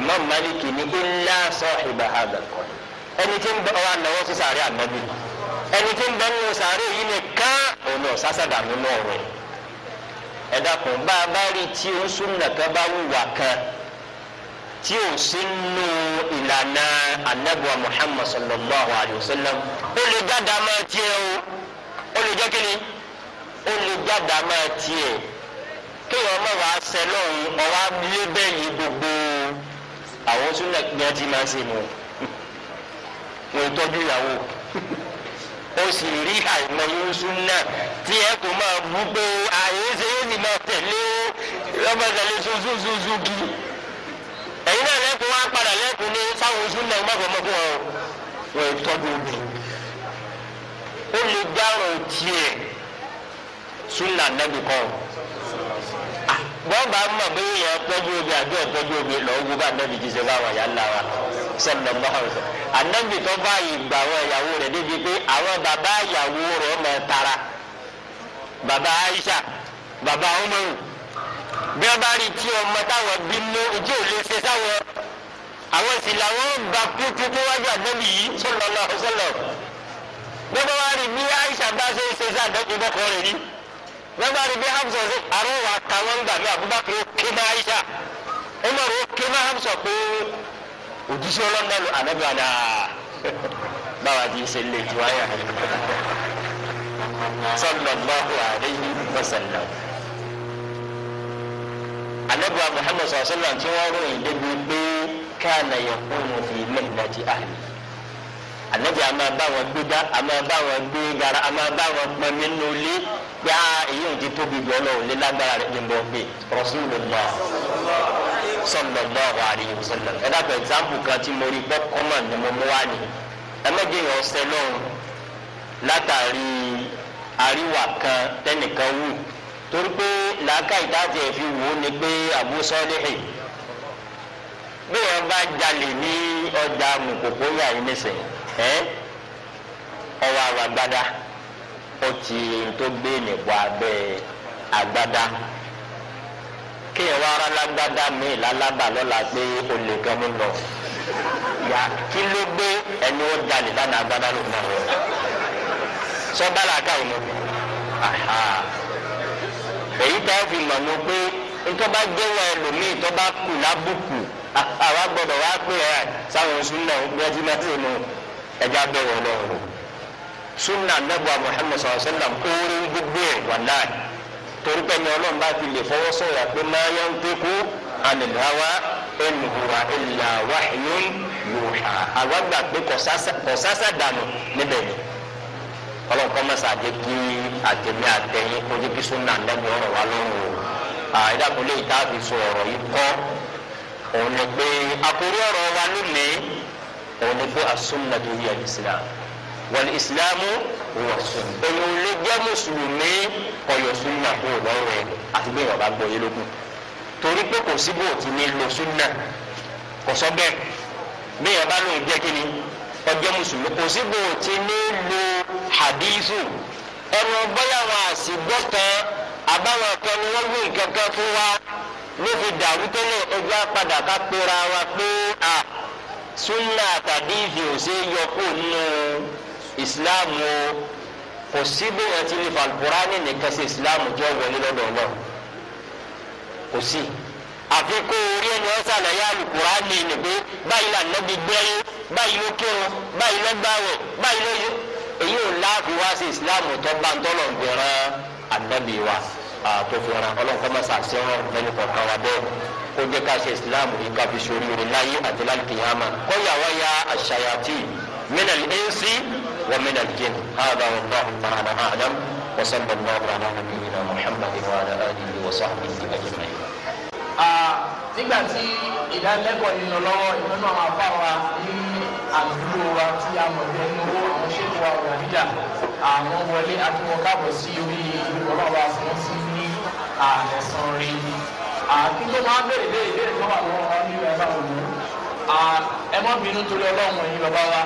Imam Malik ní illa sahiba hadha ẹni tí ń bẹ ọ anáwó sí sàárẹ̀ ànábì ẹni tí ń bẹ nínú sàárẹ̀ yìí nìkan òun ọ̀ sásàdà nínú ọ̀rọ̀ ẹ̀ ẹ dákun bá a bá rí tí ó súnà kan bá wùwà kan tí ó sì nù ìlànà anábùwà Muhammad sallallahu alayhi wa sallam ó lè jáde àmọ́ tiẹ̀ o ó lè jẹ́ kí ni ó lè jáde àmọ́ tiẹ̀ kéèyàn ọmọ wa sẹ lọ́hùn ọwọ́ abúlé bẹ́ẹ̀ yìí gbogbo àwọn súnà kan ti máa ń sè nù wọn ò ìyàwó o sì rí àìmọ̀ yéésù náà tí ẹ kò máa bú pé àyèsè yéésì máa tẹ̀lé lọ́mọ tẹ̀lé sunsunsunsun kì í ẹ̀yin náà lẹ́kùn wá padà lẹ́kùn ní sáwọn oṣù náà má fọmọ fún wọn o wọn ò ó lè dárò tiẹ̀ sunna nabi kọ́ bọ́ọ̀bù àmọ̀ bẹ́ẹ̀ yẹn tọ́jú obì àbí ọ̀tọ́jú obì lọ́wọ́ bá nabi jíṣẹ́ báwọn yà ń la sọlọmọ ọsọ anabi tó bá ìgbà àwọn ìyàwó rẹ̀ débi pé àwọn bàbá ìyàwó rẹ̀ ọmọ tara bàbá Aisha bàbá Umaru bí wọn bá rí tí ọmọ táwọn bínú ìjẹ ò lè ṣe sáwọn àwọn sì làwọn gba kúkú tó wájú anabi yìí sọlọlọ sọlọ gbogbo wa rí bí Aisha bá ṣe ṣe sá àdókò bọkọ rẹ̀ rí gbogbo wa rí bí Hamza ṣe àrùn wa ta gbàgbé Abubakar ó ké má Aisha Umaru ó ké má Hamza pé òjíṣẹ́ ọlọ́dàlù ànábì àdá ah. báwa ti ṣe lè ju ayà sallallahu alayhi wa sallam ànábì Muhammad sallallahu alayhi wa sallam tí wọ́n ròyìn débi pé kana yakunu fi mihnati ahli ànábì àmà báwọn gbégbá àmà báwọn gbé gara àmà báwọn pọn nínú ilé yá èyí ò ti tóbi jọ lọ òun lé lágbára rẹ̀ ń bọ̀ gbé Rasulullah sallallahu alaihi wasallam ẹ dàpọ̀ ẹ̀xámpù kan tí mo rí pọ́ ni mo mú wá ni ẹ mẹ́jẹ yẹn ọ̀sẹ̀ lọ́hùn látàrí àríwá kan tẹnìkan wù torí pé làákà ìdájẹ́ fi wò ó ni pé Abu Salihi bí wọn bá jalè ní ọjà mùkòkò yà yín nísìn ẹ ọwọ́ àgbàdá ó ti tó gbé nìbọ abẹ́ àgbàdá. Eh? kéèyàn wá ara lágbádá mi lálábà lọ́la pé olè kan mú lọ yà kí ló gbé ẹni ó jalè lánà agbádá ló mọ̀ ọ́ sọ́ba làákà yìí mọ̀ èyí tá a fi mọ̀ ní pé ntọ́ba gbéwọ̀ ẹlòmíì tọ́ba kù lábùkù àwa gbọ́dọ̀ wá pé ẹ sáwọn sunna gbẹ́jú náà ti nù ẹja bẹ̀rẹ̀ lọ́rùn sunna nebo Muhammad sallallahu alaihi wasallam orin gbogbo ẹ̀ wà náà torí pé ní ọlọ́run bá ti lè fọwọ́ sọ̀yà pé máa yọ ń tẹ́kù ànìláwa ẹnùhùwà ẹ̀là wáhìnú lòhà àwágbà pé kọ̀sásà dànù níbẹ̀ ni ọlọ́run kọ́ mọ́sá jẹ́ kí àtẹ̀mí àtẹ̀yìn kó jẹ́ kí súnà lẹ́nu ọ̀rọ̀ wa lọ́rùn o àìdàkùnlé ìta fi so ọ̀rọ̀ yìí kọ́ òun ni pé àkórí ọ̀rọ̀ wa lónìí òun ni pé àsúnnà tó yẹ ìsìlámù wàlí ìsìlámù wọ̀ sùn. òun ló jẹ́ mùsùlùmí ọ̀yọ̀ súnà kó lọ́rùn ẹ̀ àti bí ìwà bá gbọ́ yé lókun. torí pé kò síbò tí ní lo súnà kò sọ bẹ́ẹ̀ bí ìwà bá lóun jẹ́ kí ni ọjọ́ mùsùlùmí kò síbò tí ní lo hadithu ẹnu bóyá wọn àsìgbọ́tàn àbáwọn kan ni wọ́n gbé nǹkan kan fún wa ló fi dàrú tẹ́lẹ̀ ẹgbẹ́ apàdà ká pera wa pé a súnà tàbí ìfihàn ṣe yọ kó nínú islam o kò sí bóyá ti ní falkurani nìkan sí islam jẹ́ wọlé lọ́dọọdọ kò sí àfi orí ẹni wọn sàlàyé alukurani ni pé báyìí là nẹ́bi gbẹ́yé báyìí ló kírun báyìí ló gbàwẹ̀ báyìí ló yó èyí ò láàfin wá sí islam tó bá ń tọ́lọ̀ ń bẹ̀rẹ̀ ànábì wa tó fi ran ọlọ́nkọ́ mẹ́sà sí ọ̀rọ̀ lẹ́nu kọ̀ọ̀kan wa bẹ́ẹ̀ kó jẹ́ ká ṣe islam yìí ká fi ṣoríire láyé àti láti kìyàmà kọ́yà wáyà àṣàyàtì minal insi. ومن الجن هذا والله تعالى أعلم وصلى الله على نبينا محمد وعلى آله وصحبه أجمعين nígbà tí ìdánilẹ́kọ̀ọ́ nínú lọ́wọ́ ìpinnu àwọn afá wa ní àdúgbò wa tí a mọ̀ pé nínú àwọn ṣètò wa ọ̀gá níjà àwọn wọlé akíwọ̀kábọ̀ sí orí ìrọ̀lọ́wọ́ àfọwọ́ sí ní àlẹ́sàn rí àti tó máa bèrè lé ìbéèrè tó wà lọ́wọ́ ní ẹ̀bá òun ẹ bínú torí ọlọ́run ẹ̀yin bàbá wa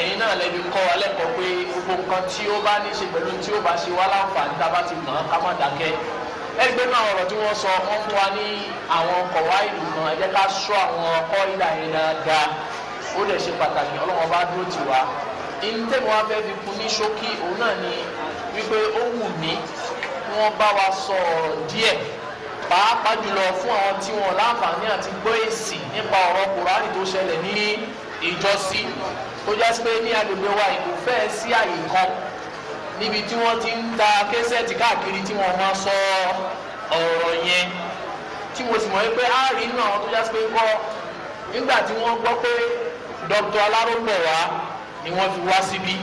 ẹ̀yin náà lẹ́bi kọ́ wa lẹ́kọ̀ọ́ pé gbogbo nǹkan tí ó bá ní ṣe pẹ̀lú tí ó bá ṣe wá láǹfààní tá a bá ti mọ̀ ká má dákẹ́ ẹgbẹ́ náà ọ̀rọ̀ tí wọ́n sọ wọ́n fún wa ní àwọn kọ̀wá ìlú kan ẹ jẹ́ ká sọ àwọn ọkọ̀ ìlà yẹn dáadáa ó dẹ̀ ṣe pàtàkì ọlọ́wọ́n bá dúró tì wá ìtẹ́wọ̀n wa fẹ́ fi kun ní ṣókí òun náà ni wípé ó wù mí wọ́n bá wa sọ díẹ̀ pàápàá jùlọ fún àwọn tí wọn láǹfààní àti gbọ́ èsì nípa ọ̀rọ̀ kùránì tó ṣẹlẹ̀ ní ìjọsí ó jásí pé ní agbègbè wa ìlú fẹ́ẹ́ sí àyè kan níbi tí wọ́n ti ń ta késẹ́ẹ̀tì káàkiri tí wọ́n máa sọ ọ̀rọ̀ yẹn tí mo sì mọ̀ pé a rí inú àwọn tó jásí pé kọ́ nígbà tí wọ́n gbọ́ pé Dr. aláròpọ̀ wá ni wọ́n fi wá síbí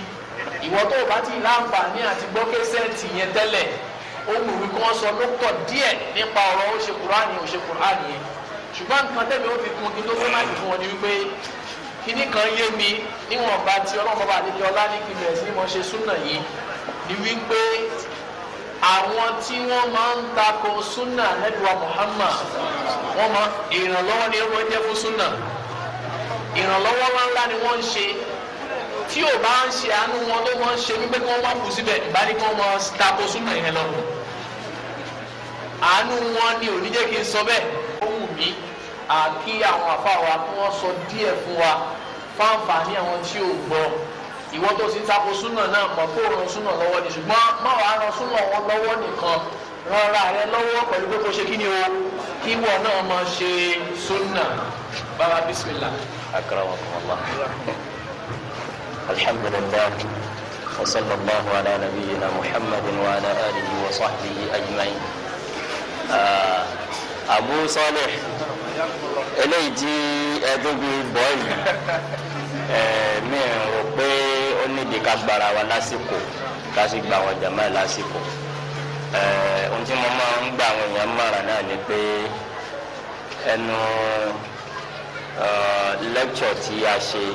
ìwọ tó o bá ti láǹfààní àti gbọ́ késẹ́ẹ̀tì yẹn tẹ́lẹ̀ ó mú wí kí wọ́n sọ lókọ̀ díẹ̀ nípa ọ̀rọ̀ ó ṣe Kùránì ó ṣe Kùránì yẹn ṣùgbọ́n nǹkan tẹ̀mí ó fi kún kí tó fẹ́ máa fi fún wọn ni wípé kíní kan yé mi níwọ̀nba tí ọlọ́run bá nílé ọlá ní ni mo ṣe súnà yìí ni wípé àwọn tí wọ́n máa ń takò súnà lẹ́dùá Muhammad wọ́n máa ìrànlọ́wọ́ ni wọ́n jẹ́ fún súnà ìrànlọ́wọ́ ńláńlá ni wọ́n ń ṣe tí ò bá ń ṣe àánú wọn ló máa ń ṣe wípé kí wọ́n má kú síbẹ̀ ìbá ní kí wọ́n máa takò súnà yẹn lọ àánú wọn ni ò ní jẹ́ kí n sọ bẹ́ẹ̀ ó wù mí àkí àwọn àfa wa kí wọ́n sọ díẹ̀ fún wa fáǹfààní àwọn tí ò gbọ́ ìwọ tó ti ń tako súnà náà mọ̀ kó ran súnà lọ́wọ́ ni ṣùgbọ́n má wàá ran súnà wọn lọ́wọ́ nìkan ran ara rẹ lọ́wọ́ pẹ̀lú pé kó ṣe kí ni o kí wọ́n náà máa ṣe súnà bàbá bísímìlà. akramakum Allah alhamdulillah wa sallallahu ala nabiyyina muhammadin wa ala alihi wa sahbihi ajma'in. Ah, Abu Saleh eléyìí tí ẹdún bíi bọ́ọ̀lù mi rò pé ó níbi ká gbára wa lásìkò ká sì gba àwọn jàmáà lásìkò ohun tí mo máa ń gba àwọn èèyàn mọ̀ra náà ni pé ẹnu lecture tí a ṣe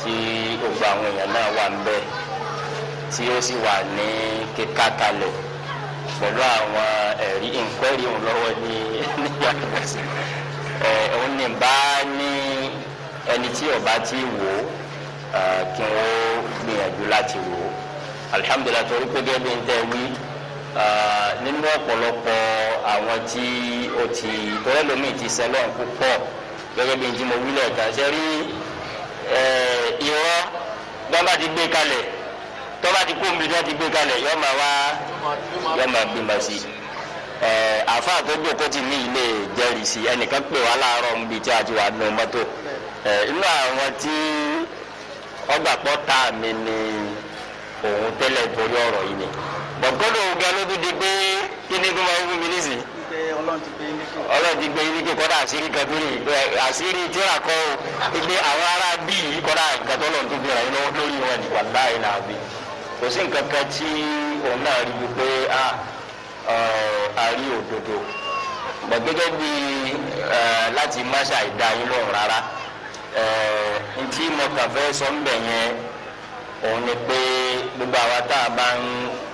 tí gbogbo àwọn èèyàn náà wà ń bẹ̀ tí ó sì wà ní kíkà kalẹ̀ pẹ̀lú àwọn ẹ̀rí ìǹkọ́rí òun lọ́wọ́ ní wà ẹ eh, òun ni bá ní ẹni tí ọba ti wò eh, ó kí wọ́n gbìyànjú láti wò ó alihamudulilayi torí pé gẹ́gẹ́ bí n tẹ́ wí eh, nínú ọ̀pọ̀lọpọ̀ àwọn tí o ti tọ́lẹ́ lómi ti sẹ́lọ̀ púpọ̀ gẹ́gẹ́ bí n tí mo wí lẹ́ẹ̀kan ṣe rí irọ́ bọ́lá ti gbé kalẹ̀ tọ́lá ti kó omi náà ti gbé kalẹ̀ yọ́ọ́ máa wá yọ́ọ́ máa bímọ sí i àfa àtọ́jú kò tí ní ilé jẹ́rìí ẹnìkan pè wá láàárọ̀ níbi tí a ti wà nù mọ́tò inú àwọn tí ọgbà pọ́ tá a mi ni òun tẹ́lẹ̀ torí ọ̀rọ̀ yìí ni bọ̀gọ́dọ̀ ogun alóbi di pé kí ni kí wọ́n wú mi nísìn. ọlọ́run ti gbé iléke kọ́dà àṣírí kan tó yìí àṣírí tíra kọ́ o pé àwọn ará bíi kọ́dà nǹkan tó lọ́n tó bí ra yín lọ́wọ́ lórí wọn ni wàlá yìí náà bí kò sí nǹkan kan tí òun náà rí i pé ah àrí òdodo bọ̀ gẹ́gẹ́ bí láti má ṣàìdá yín lọ́rùn rárá ntí mo kàn fẹ́ sọ ń bẹ̀ yẹn òun ni pé gbogbo àwa tá a bá ń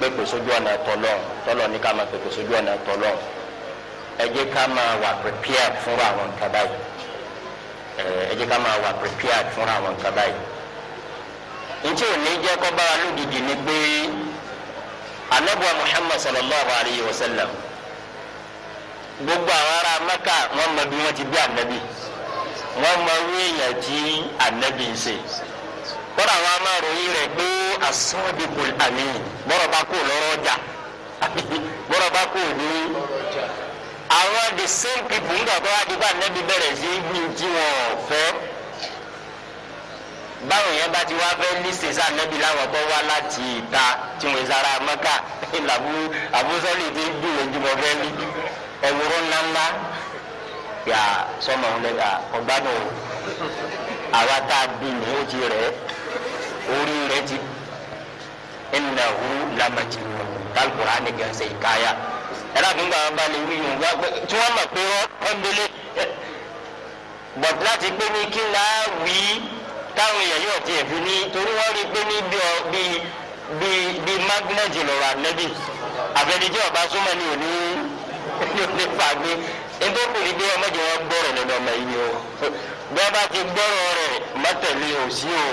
pèpè sójú ọ̀nà tọ̀lọ̀ tọ̀lọ̀ ní ká máa pèpè sójú ọ̀nà tọ̀lọ̀ ẹ jẹ́ ká máa wà prepared fúnra àwọn nǹkan báyìí ẹ jẹ́ ká máa wà prepared fúnra àwọn nǹkan báyìí ntí òní jẹ́ kọ́ bá wa lódìdí ni pé anabuwa muhammad sallallahu alayhi wa sallam gbogbo àwọn ará maka wọn mọ bí wọn ti bí anabi wọn mọ wíyàn tí anabi ń ṣe kódà wọn a máa ròyìn rẹ̀ pé asọ́dìkul amin bọ́rọ̀ bá kó lọ́rọ́ jà bọ́rọ̀ bá kó ní àwọn the same people ń gbàgbọ́ adigun anabi bẹ̀rẹ̀ sí ibi tí wọ́n fẹ́ báwọn yẹn bá ti wá fẹ́ lísè sá nẹ́bí láwọn kọ́ wá láti ìta tí wọ́n sara mẹ́ka làbú àbúsọ́lì ti dùn lójú mọ́ fẹ́ ní ẹ̀wúrọ́ ńláńlá yà sọmọ ọ̀hún lẹ́ka àwa tá a bí ní ó ti rẹ̀ orí rẹ̀ ti ẹnìyàwó lamẹ̀tì kálukura ni gẹ̀ẹ́sẹ̀ ìkáyà ẹ̀rọ àgbẹ̀ngbà wọn bá lè wí yòó gbà pé tí wọ́n mọ̀ pé wọ́n ń délé bọ̀t láti pé ní kí n láà wí táwọn èèyàn yóò tiẹ̀ fi ní torí wọ́n rí pé ní bíi bíi bíi magnet lọ́rọ̀ ànábì àfẹnijẹ́ ọba súnmọ́ ni òní ní òní fàgbé nítorí pé ọmọdé wọn gbọ́rọ̀ lọ́dọ̀ ọmọ yìí o bí wọ́n bá ti gbọ́rọ̀ rẹ̀ mọ́tẹ̀lé e òsì o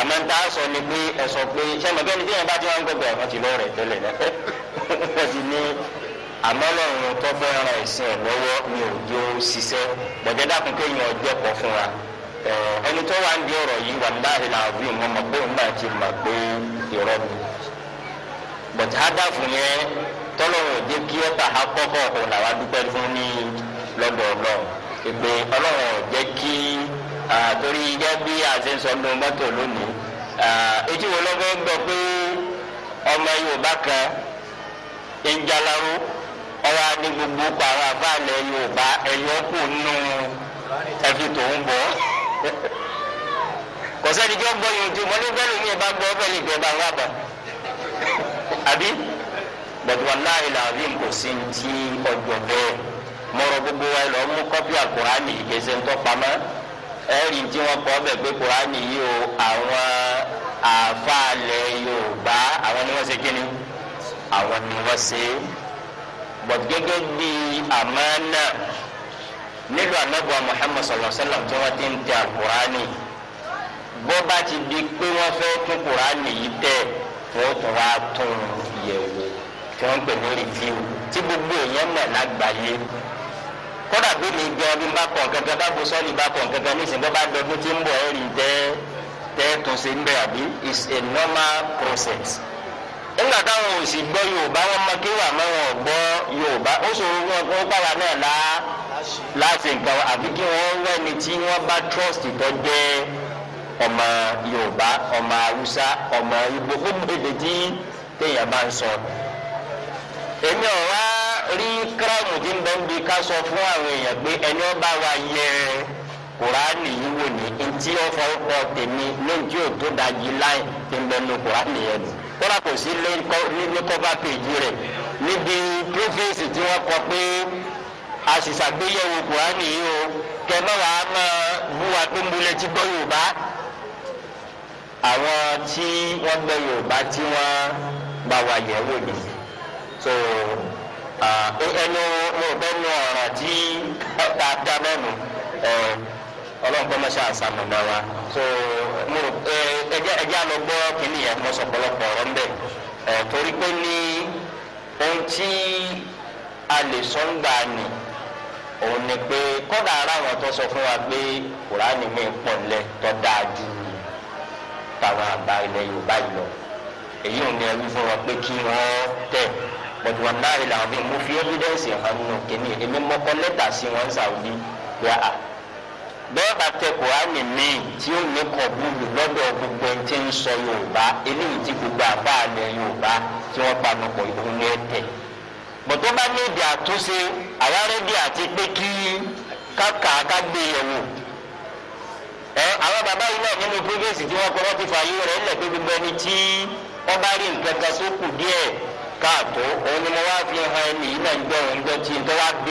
àmọ́ ń tà sọ ni pé ẹ sọ pé sẹ́mi bẹ́ẹ̀ ni bí wọ́n bá ti wọ́n gbọ́dọ̀ àwọn ti lọ rẹ̀ tẹ́lẹ̀ náà wọ́n ti ní àmọ́ lọ́run tó fẹ́ràn ẹ̀sìn ẹ̀ lọ́wọ́ ni òjò ṣiṣẹ́ gbọ̀dẹ́dàkùn kéèyàn ọjọ́ pọ̀ fún wa. Eh, ẹni tó wà ń di ọ̀rọ̀ yìí wà láàyè làwọn mo mọ̀ pé òun náà ti mi bọ̀tí hádàfù yẹn tọ́lọ́run ò kí ẹ bá a kọ́kọ́ òun làwọn dúpẹ́ fún ní lọ́dọ̀ ọlọ́run ìpè ọlọ́run kí torí bí a ṣe ń sọ ní mọ́tò lónìí etí wo lọ́gbọ́n gbọ́ kò sẹ́ni tí ó gbọ́ yòójú mọ́ ní bẹ́ẹ̀ lómi ẹ̀ bá gbọ́ bẹ́ẹ̀ lè gbẹ́ bá wà bọ̀ àbí bọ̀dù aláì làbí kò sí ní ti ọjọ́ bẹ́ẹ̀ mọ̀rọ̀ gbogbo wa lọ mú kọ́pì àkùránì ìgbésẹ̀ ń tọ́pamọ́ ẹ̀rí tí wọ́n kọ́ bẹ̀ pé kùránì yìí o àwọn àfàlẹ̀ Yorùbá àwọn ni wọ́n ṣe kíni àwọn ni wọ́n ṣe bọ̀dù gẹ́gẹ́ bíi àmánà. nílùú anábọ̀ Muhammad sallallahu alaihi wasallam tí ti ń tẹ àkùránì bó bá ti di pé wọ́n fẹ́ tún kùránì yìí tẹ̀ wọ́n tún wá tún tí ní tí gbogbo èèyàn mọ̀ lágbàáyé kódà bí mi gbẹ ọdún bá kàn kankan bá bu sọ́ọ̀lì bá kàn kankan nísìnyí bó bá tí ń bọ̀ tẹ́ tẹ́ tún a normal process nígbà táwọn òsì gbọ́ Yorùbá wọn mọ kí wà mọ́ wọn gbọ́ Yorùbá láti nǹkan àfi kí wọ́n wẹ́ni tí wọ́n bá trust tó jẹ́ ọmọ Yorùbá ọmọ Haúsá ọmọ Ìgbò gbogbo èdè tí téèyàn bá ń sọ. èmi ò wá rí kíráàmù tí ń bẹ ń bi ká sọ fún àwọn èèyàn pé ẹni ó bá wa yẹ kùránì yìí wò ní ntí ọ̀fọ̀ ọ̀pọ̀ tèmi lóńtí ò tó dájú láì tí ń bẹ nu kùránì yẹn nù. kóra kò sí lé ní kọ́fà péjì rẹ̀ níbi prófẹ́sì tí wọ́n kọ pé a sì ṣàgbéyẹ̀wò kùránì yìí o kẹ́mẹ́ wàá máa bú wa pé ń bulẹ̀ ti gbọ́ yorùbá àwọn tí wọ́n gbọ́ yorùbá tí wọ́n bá wa yẹ̀ ni so ẹnu ẹnu ọ̀ràn tí ọ̀tá dá mẹ́nu ọlọ́nkọ́ mọ́ṣá àṣàmùdá wa so ẹjẹ́ àlọ́gbọ́ kìíní yẹn mọ́ sọ̀pọ̀lọpọ̀ ọ̀rọ̀ ń bẹ̀ torí pé ní ohun tí a lè sọ ń gbà ni. òun ni pé kọ́dà ara àwọn tó sọ fún wa pé kùránì mi pọ̀ nílẹ̀ tó dáa ju táwọn àgbà ilẹ̀ yorùbá yìí lọ èyí ò ní ẹrú fún wa pé kí wọ́n tẹ̀ náà mo fi evidence hàn nù kíní èmi mọ́kọ́ lẹ́tà sí wọn sàwùdí pé à ah, bẹ́ẹ̀ bá tẹ kùránì mi tí ó ní kọ̀bùlù lọ́dọ̀ gbogbo ẹni tí ń sọ yorùbá eléyìí bọ̀tọ́ bá ní èdè àtúnṣe àwa rẹ́dí àti pé kí káka kágbé e yẹ̀wò ẹ àwọn bàbá yìí náà nínú pírẹ́sì tí wọ́n kọ́ wọ́n ti fààyè rẹ̀ ńlẹ̀ pé gbogbo ẹni tí wọ́n bá rí nǹkan kan sókù díẹ̀ káàtó òun ni mo wá fi hàn ẹni yìí náà ń gbọ́ òun gbọ́ tí n tó wá gbé.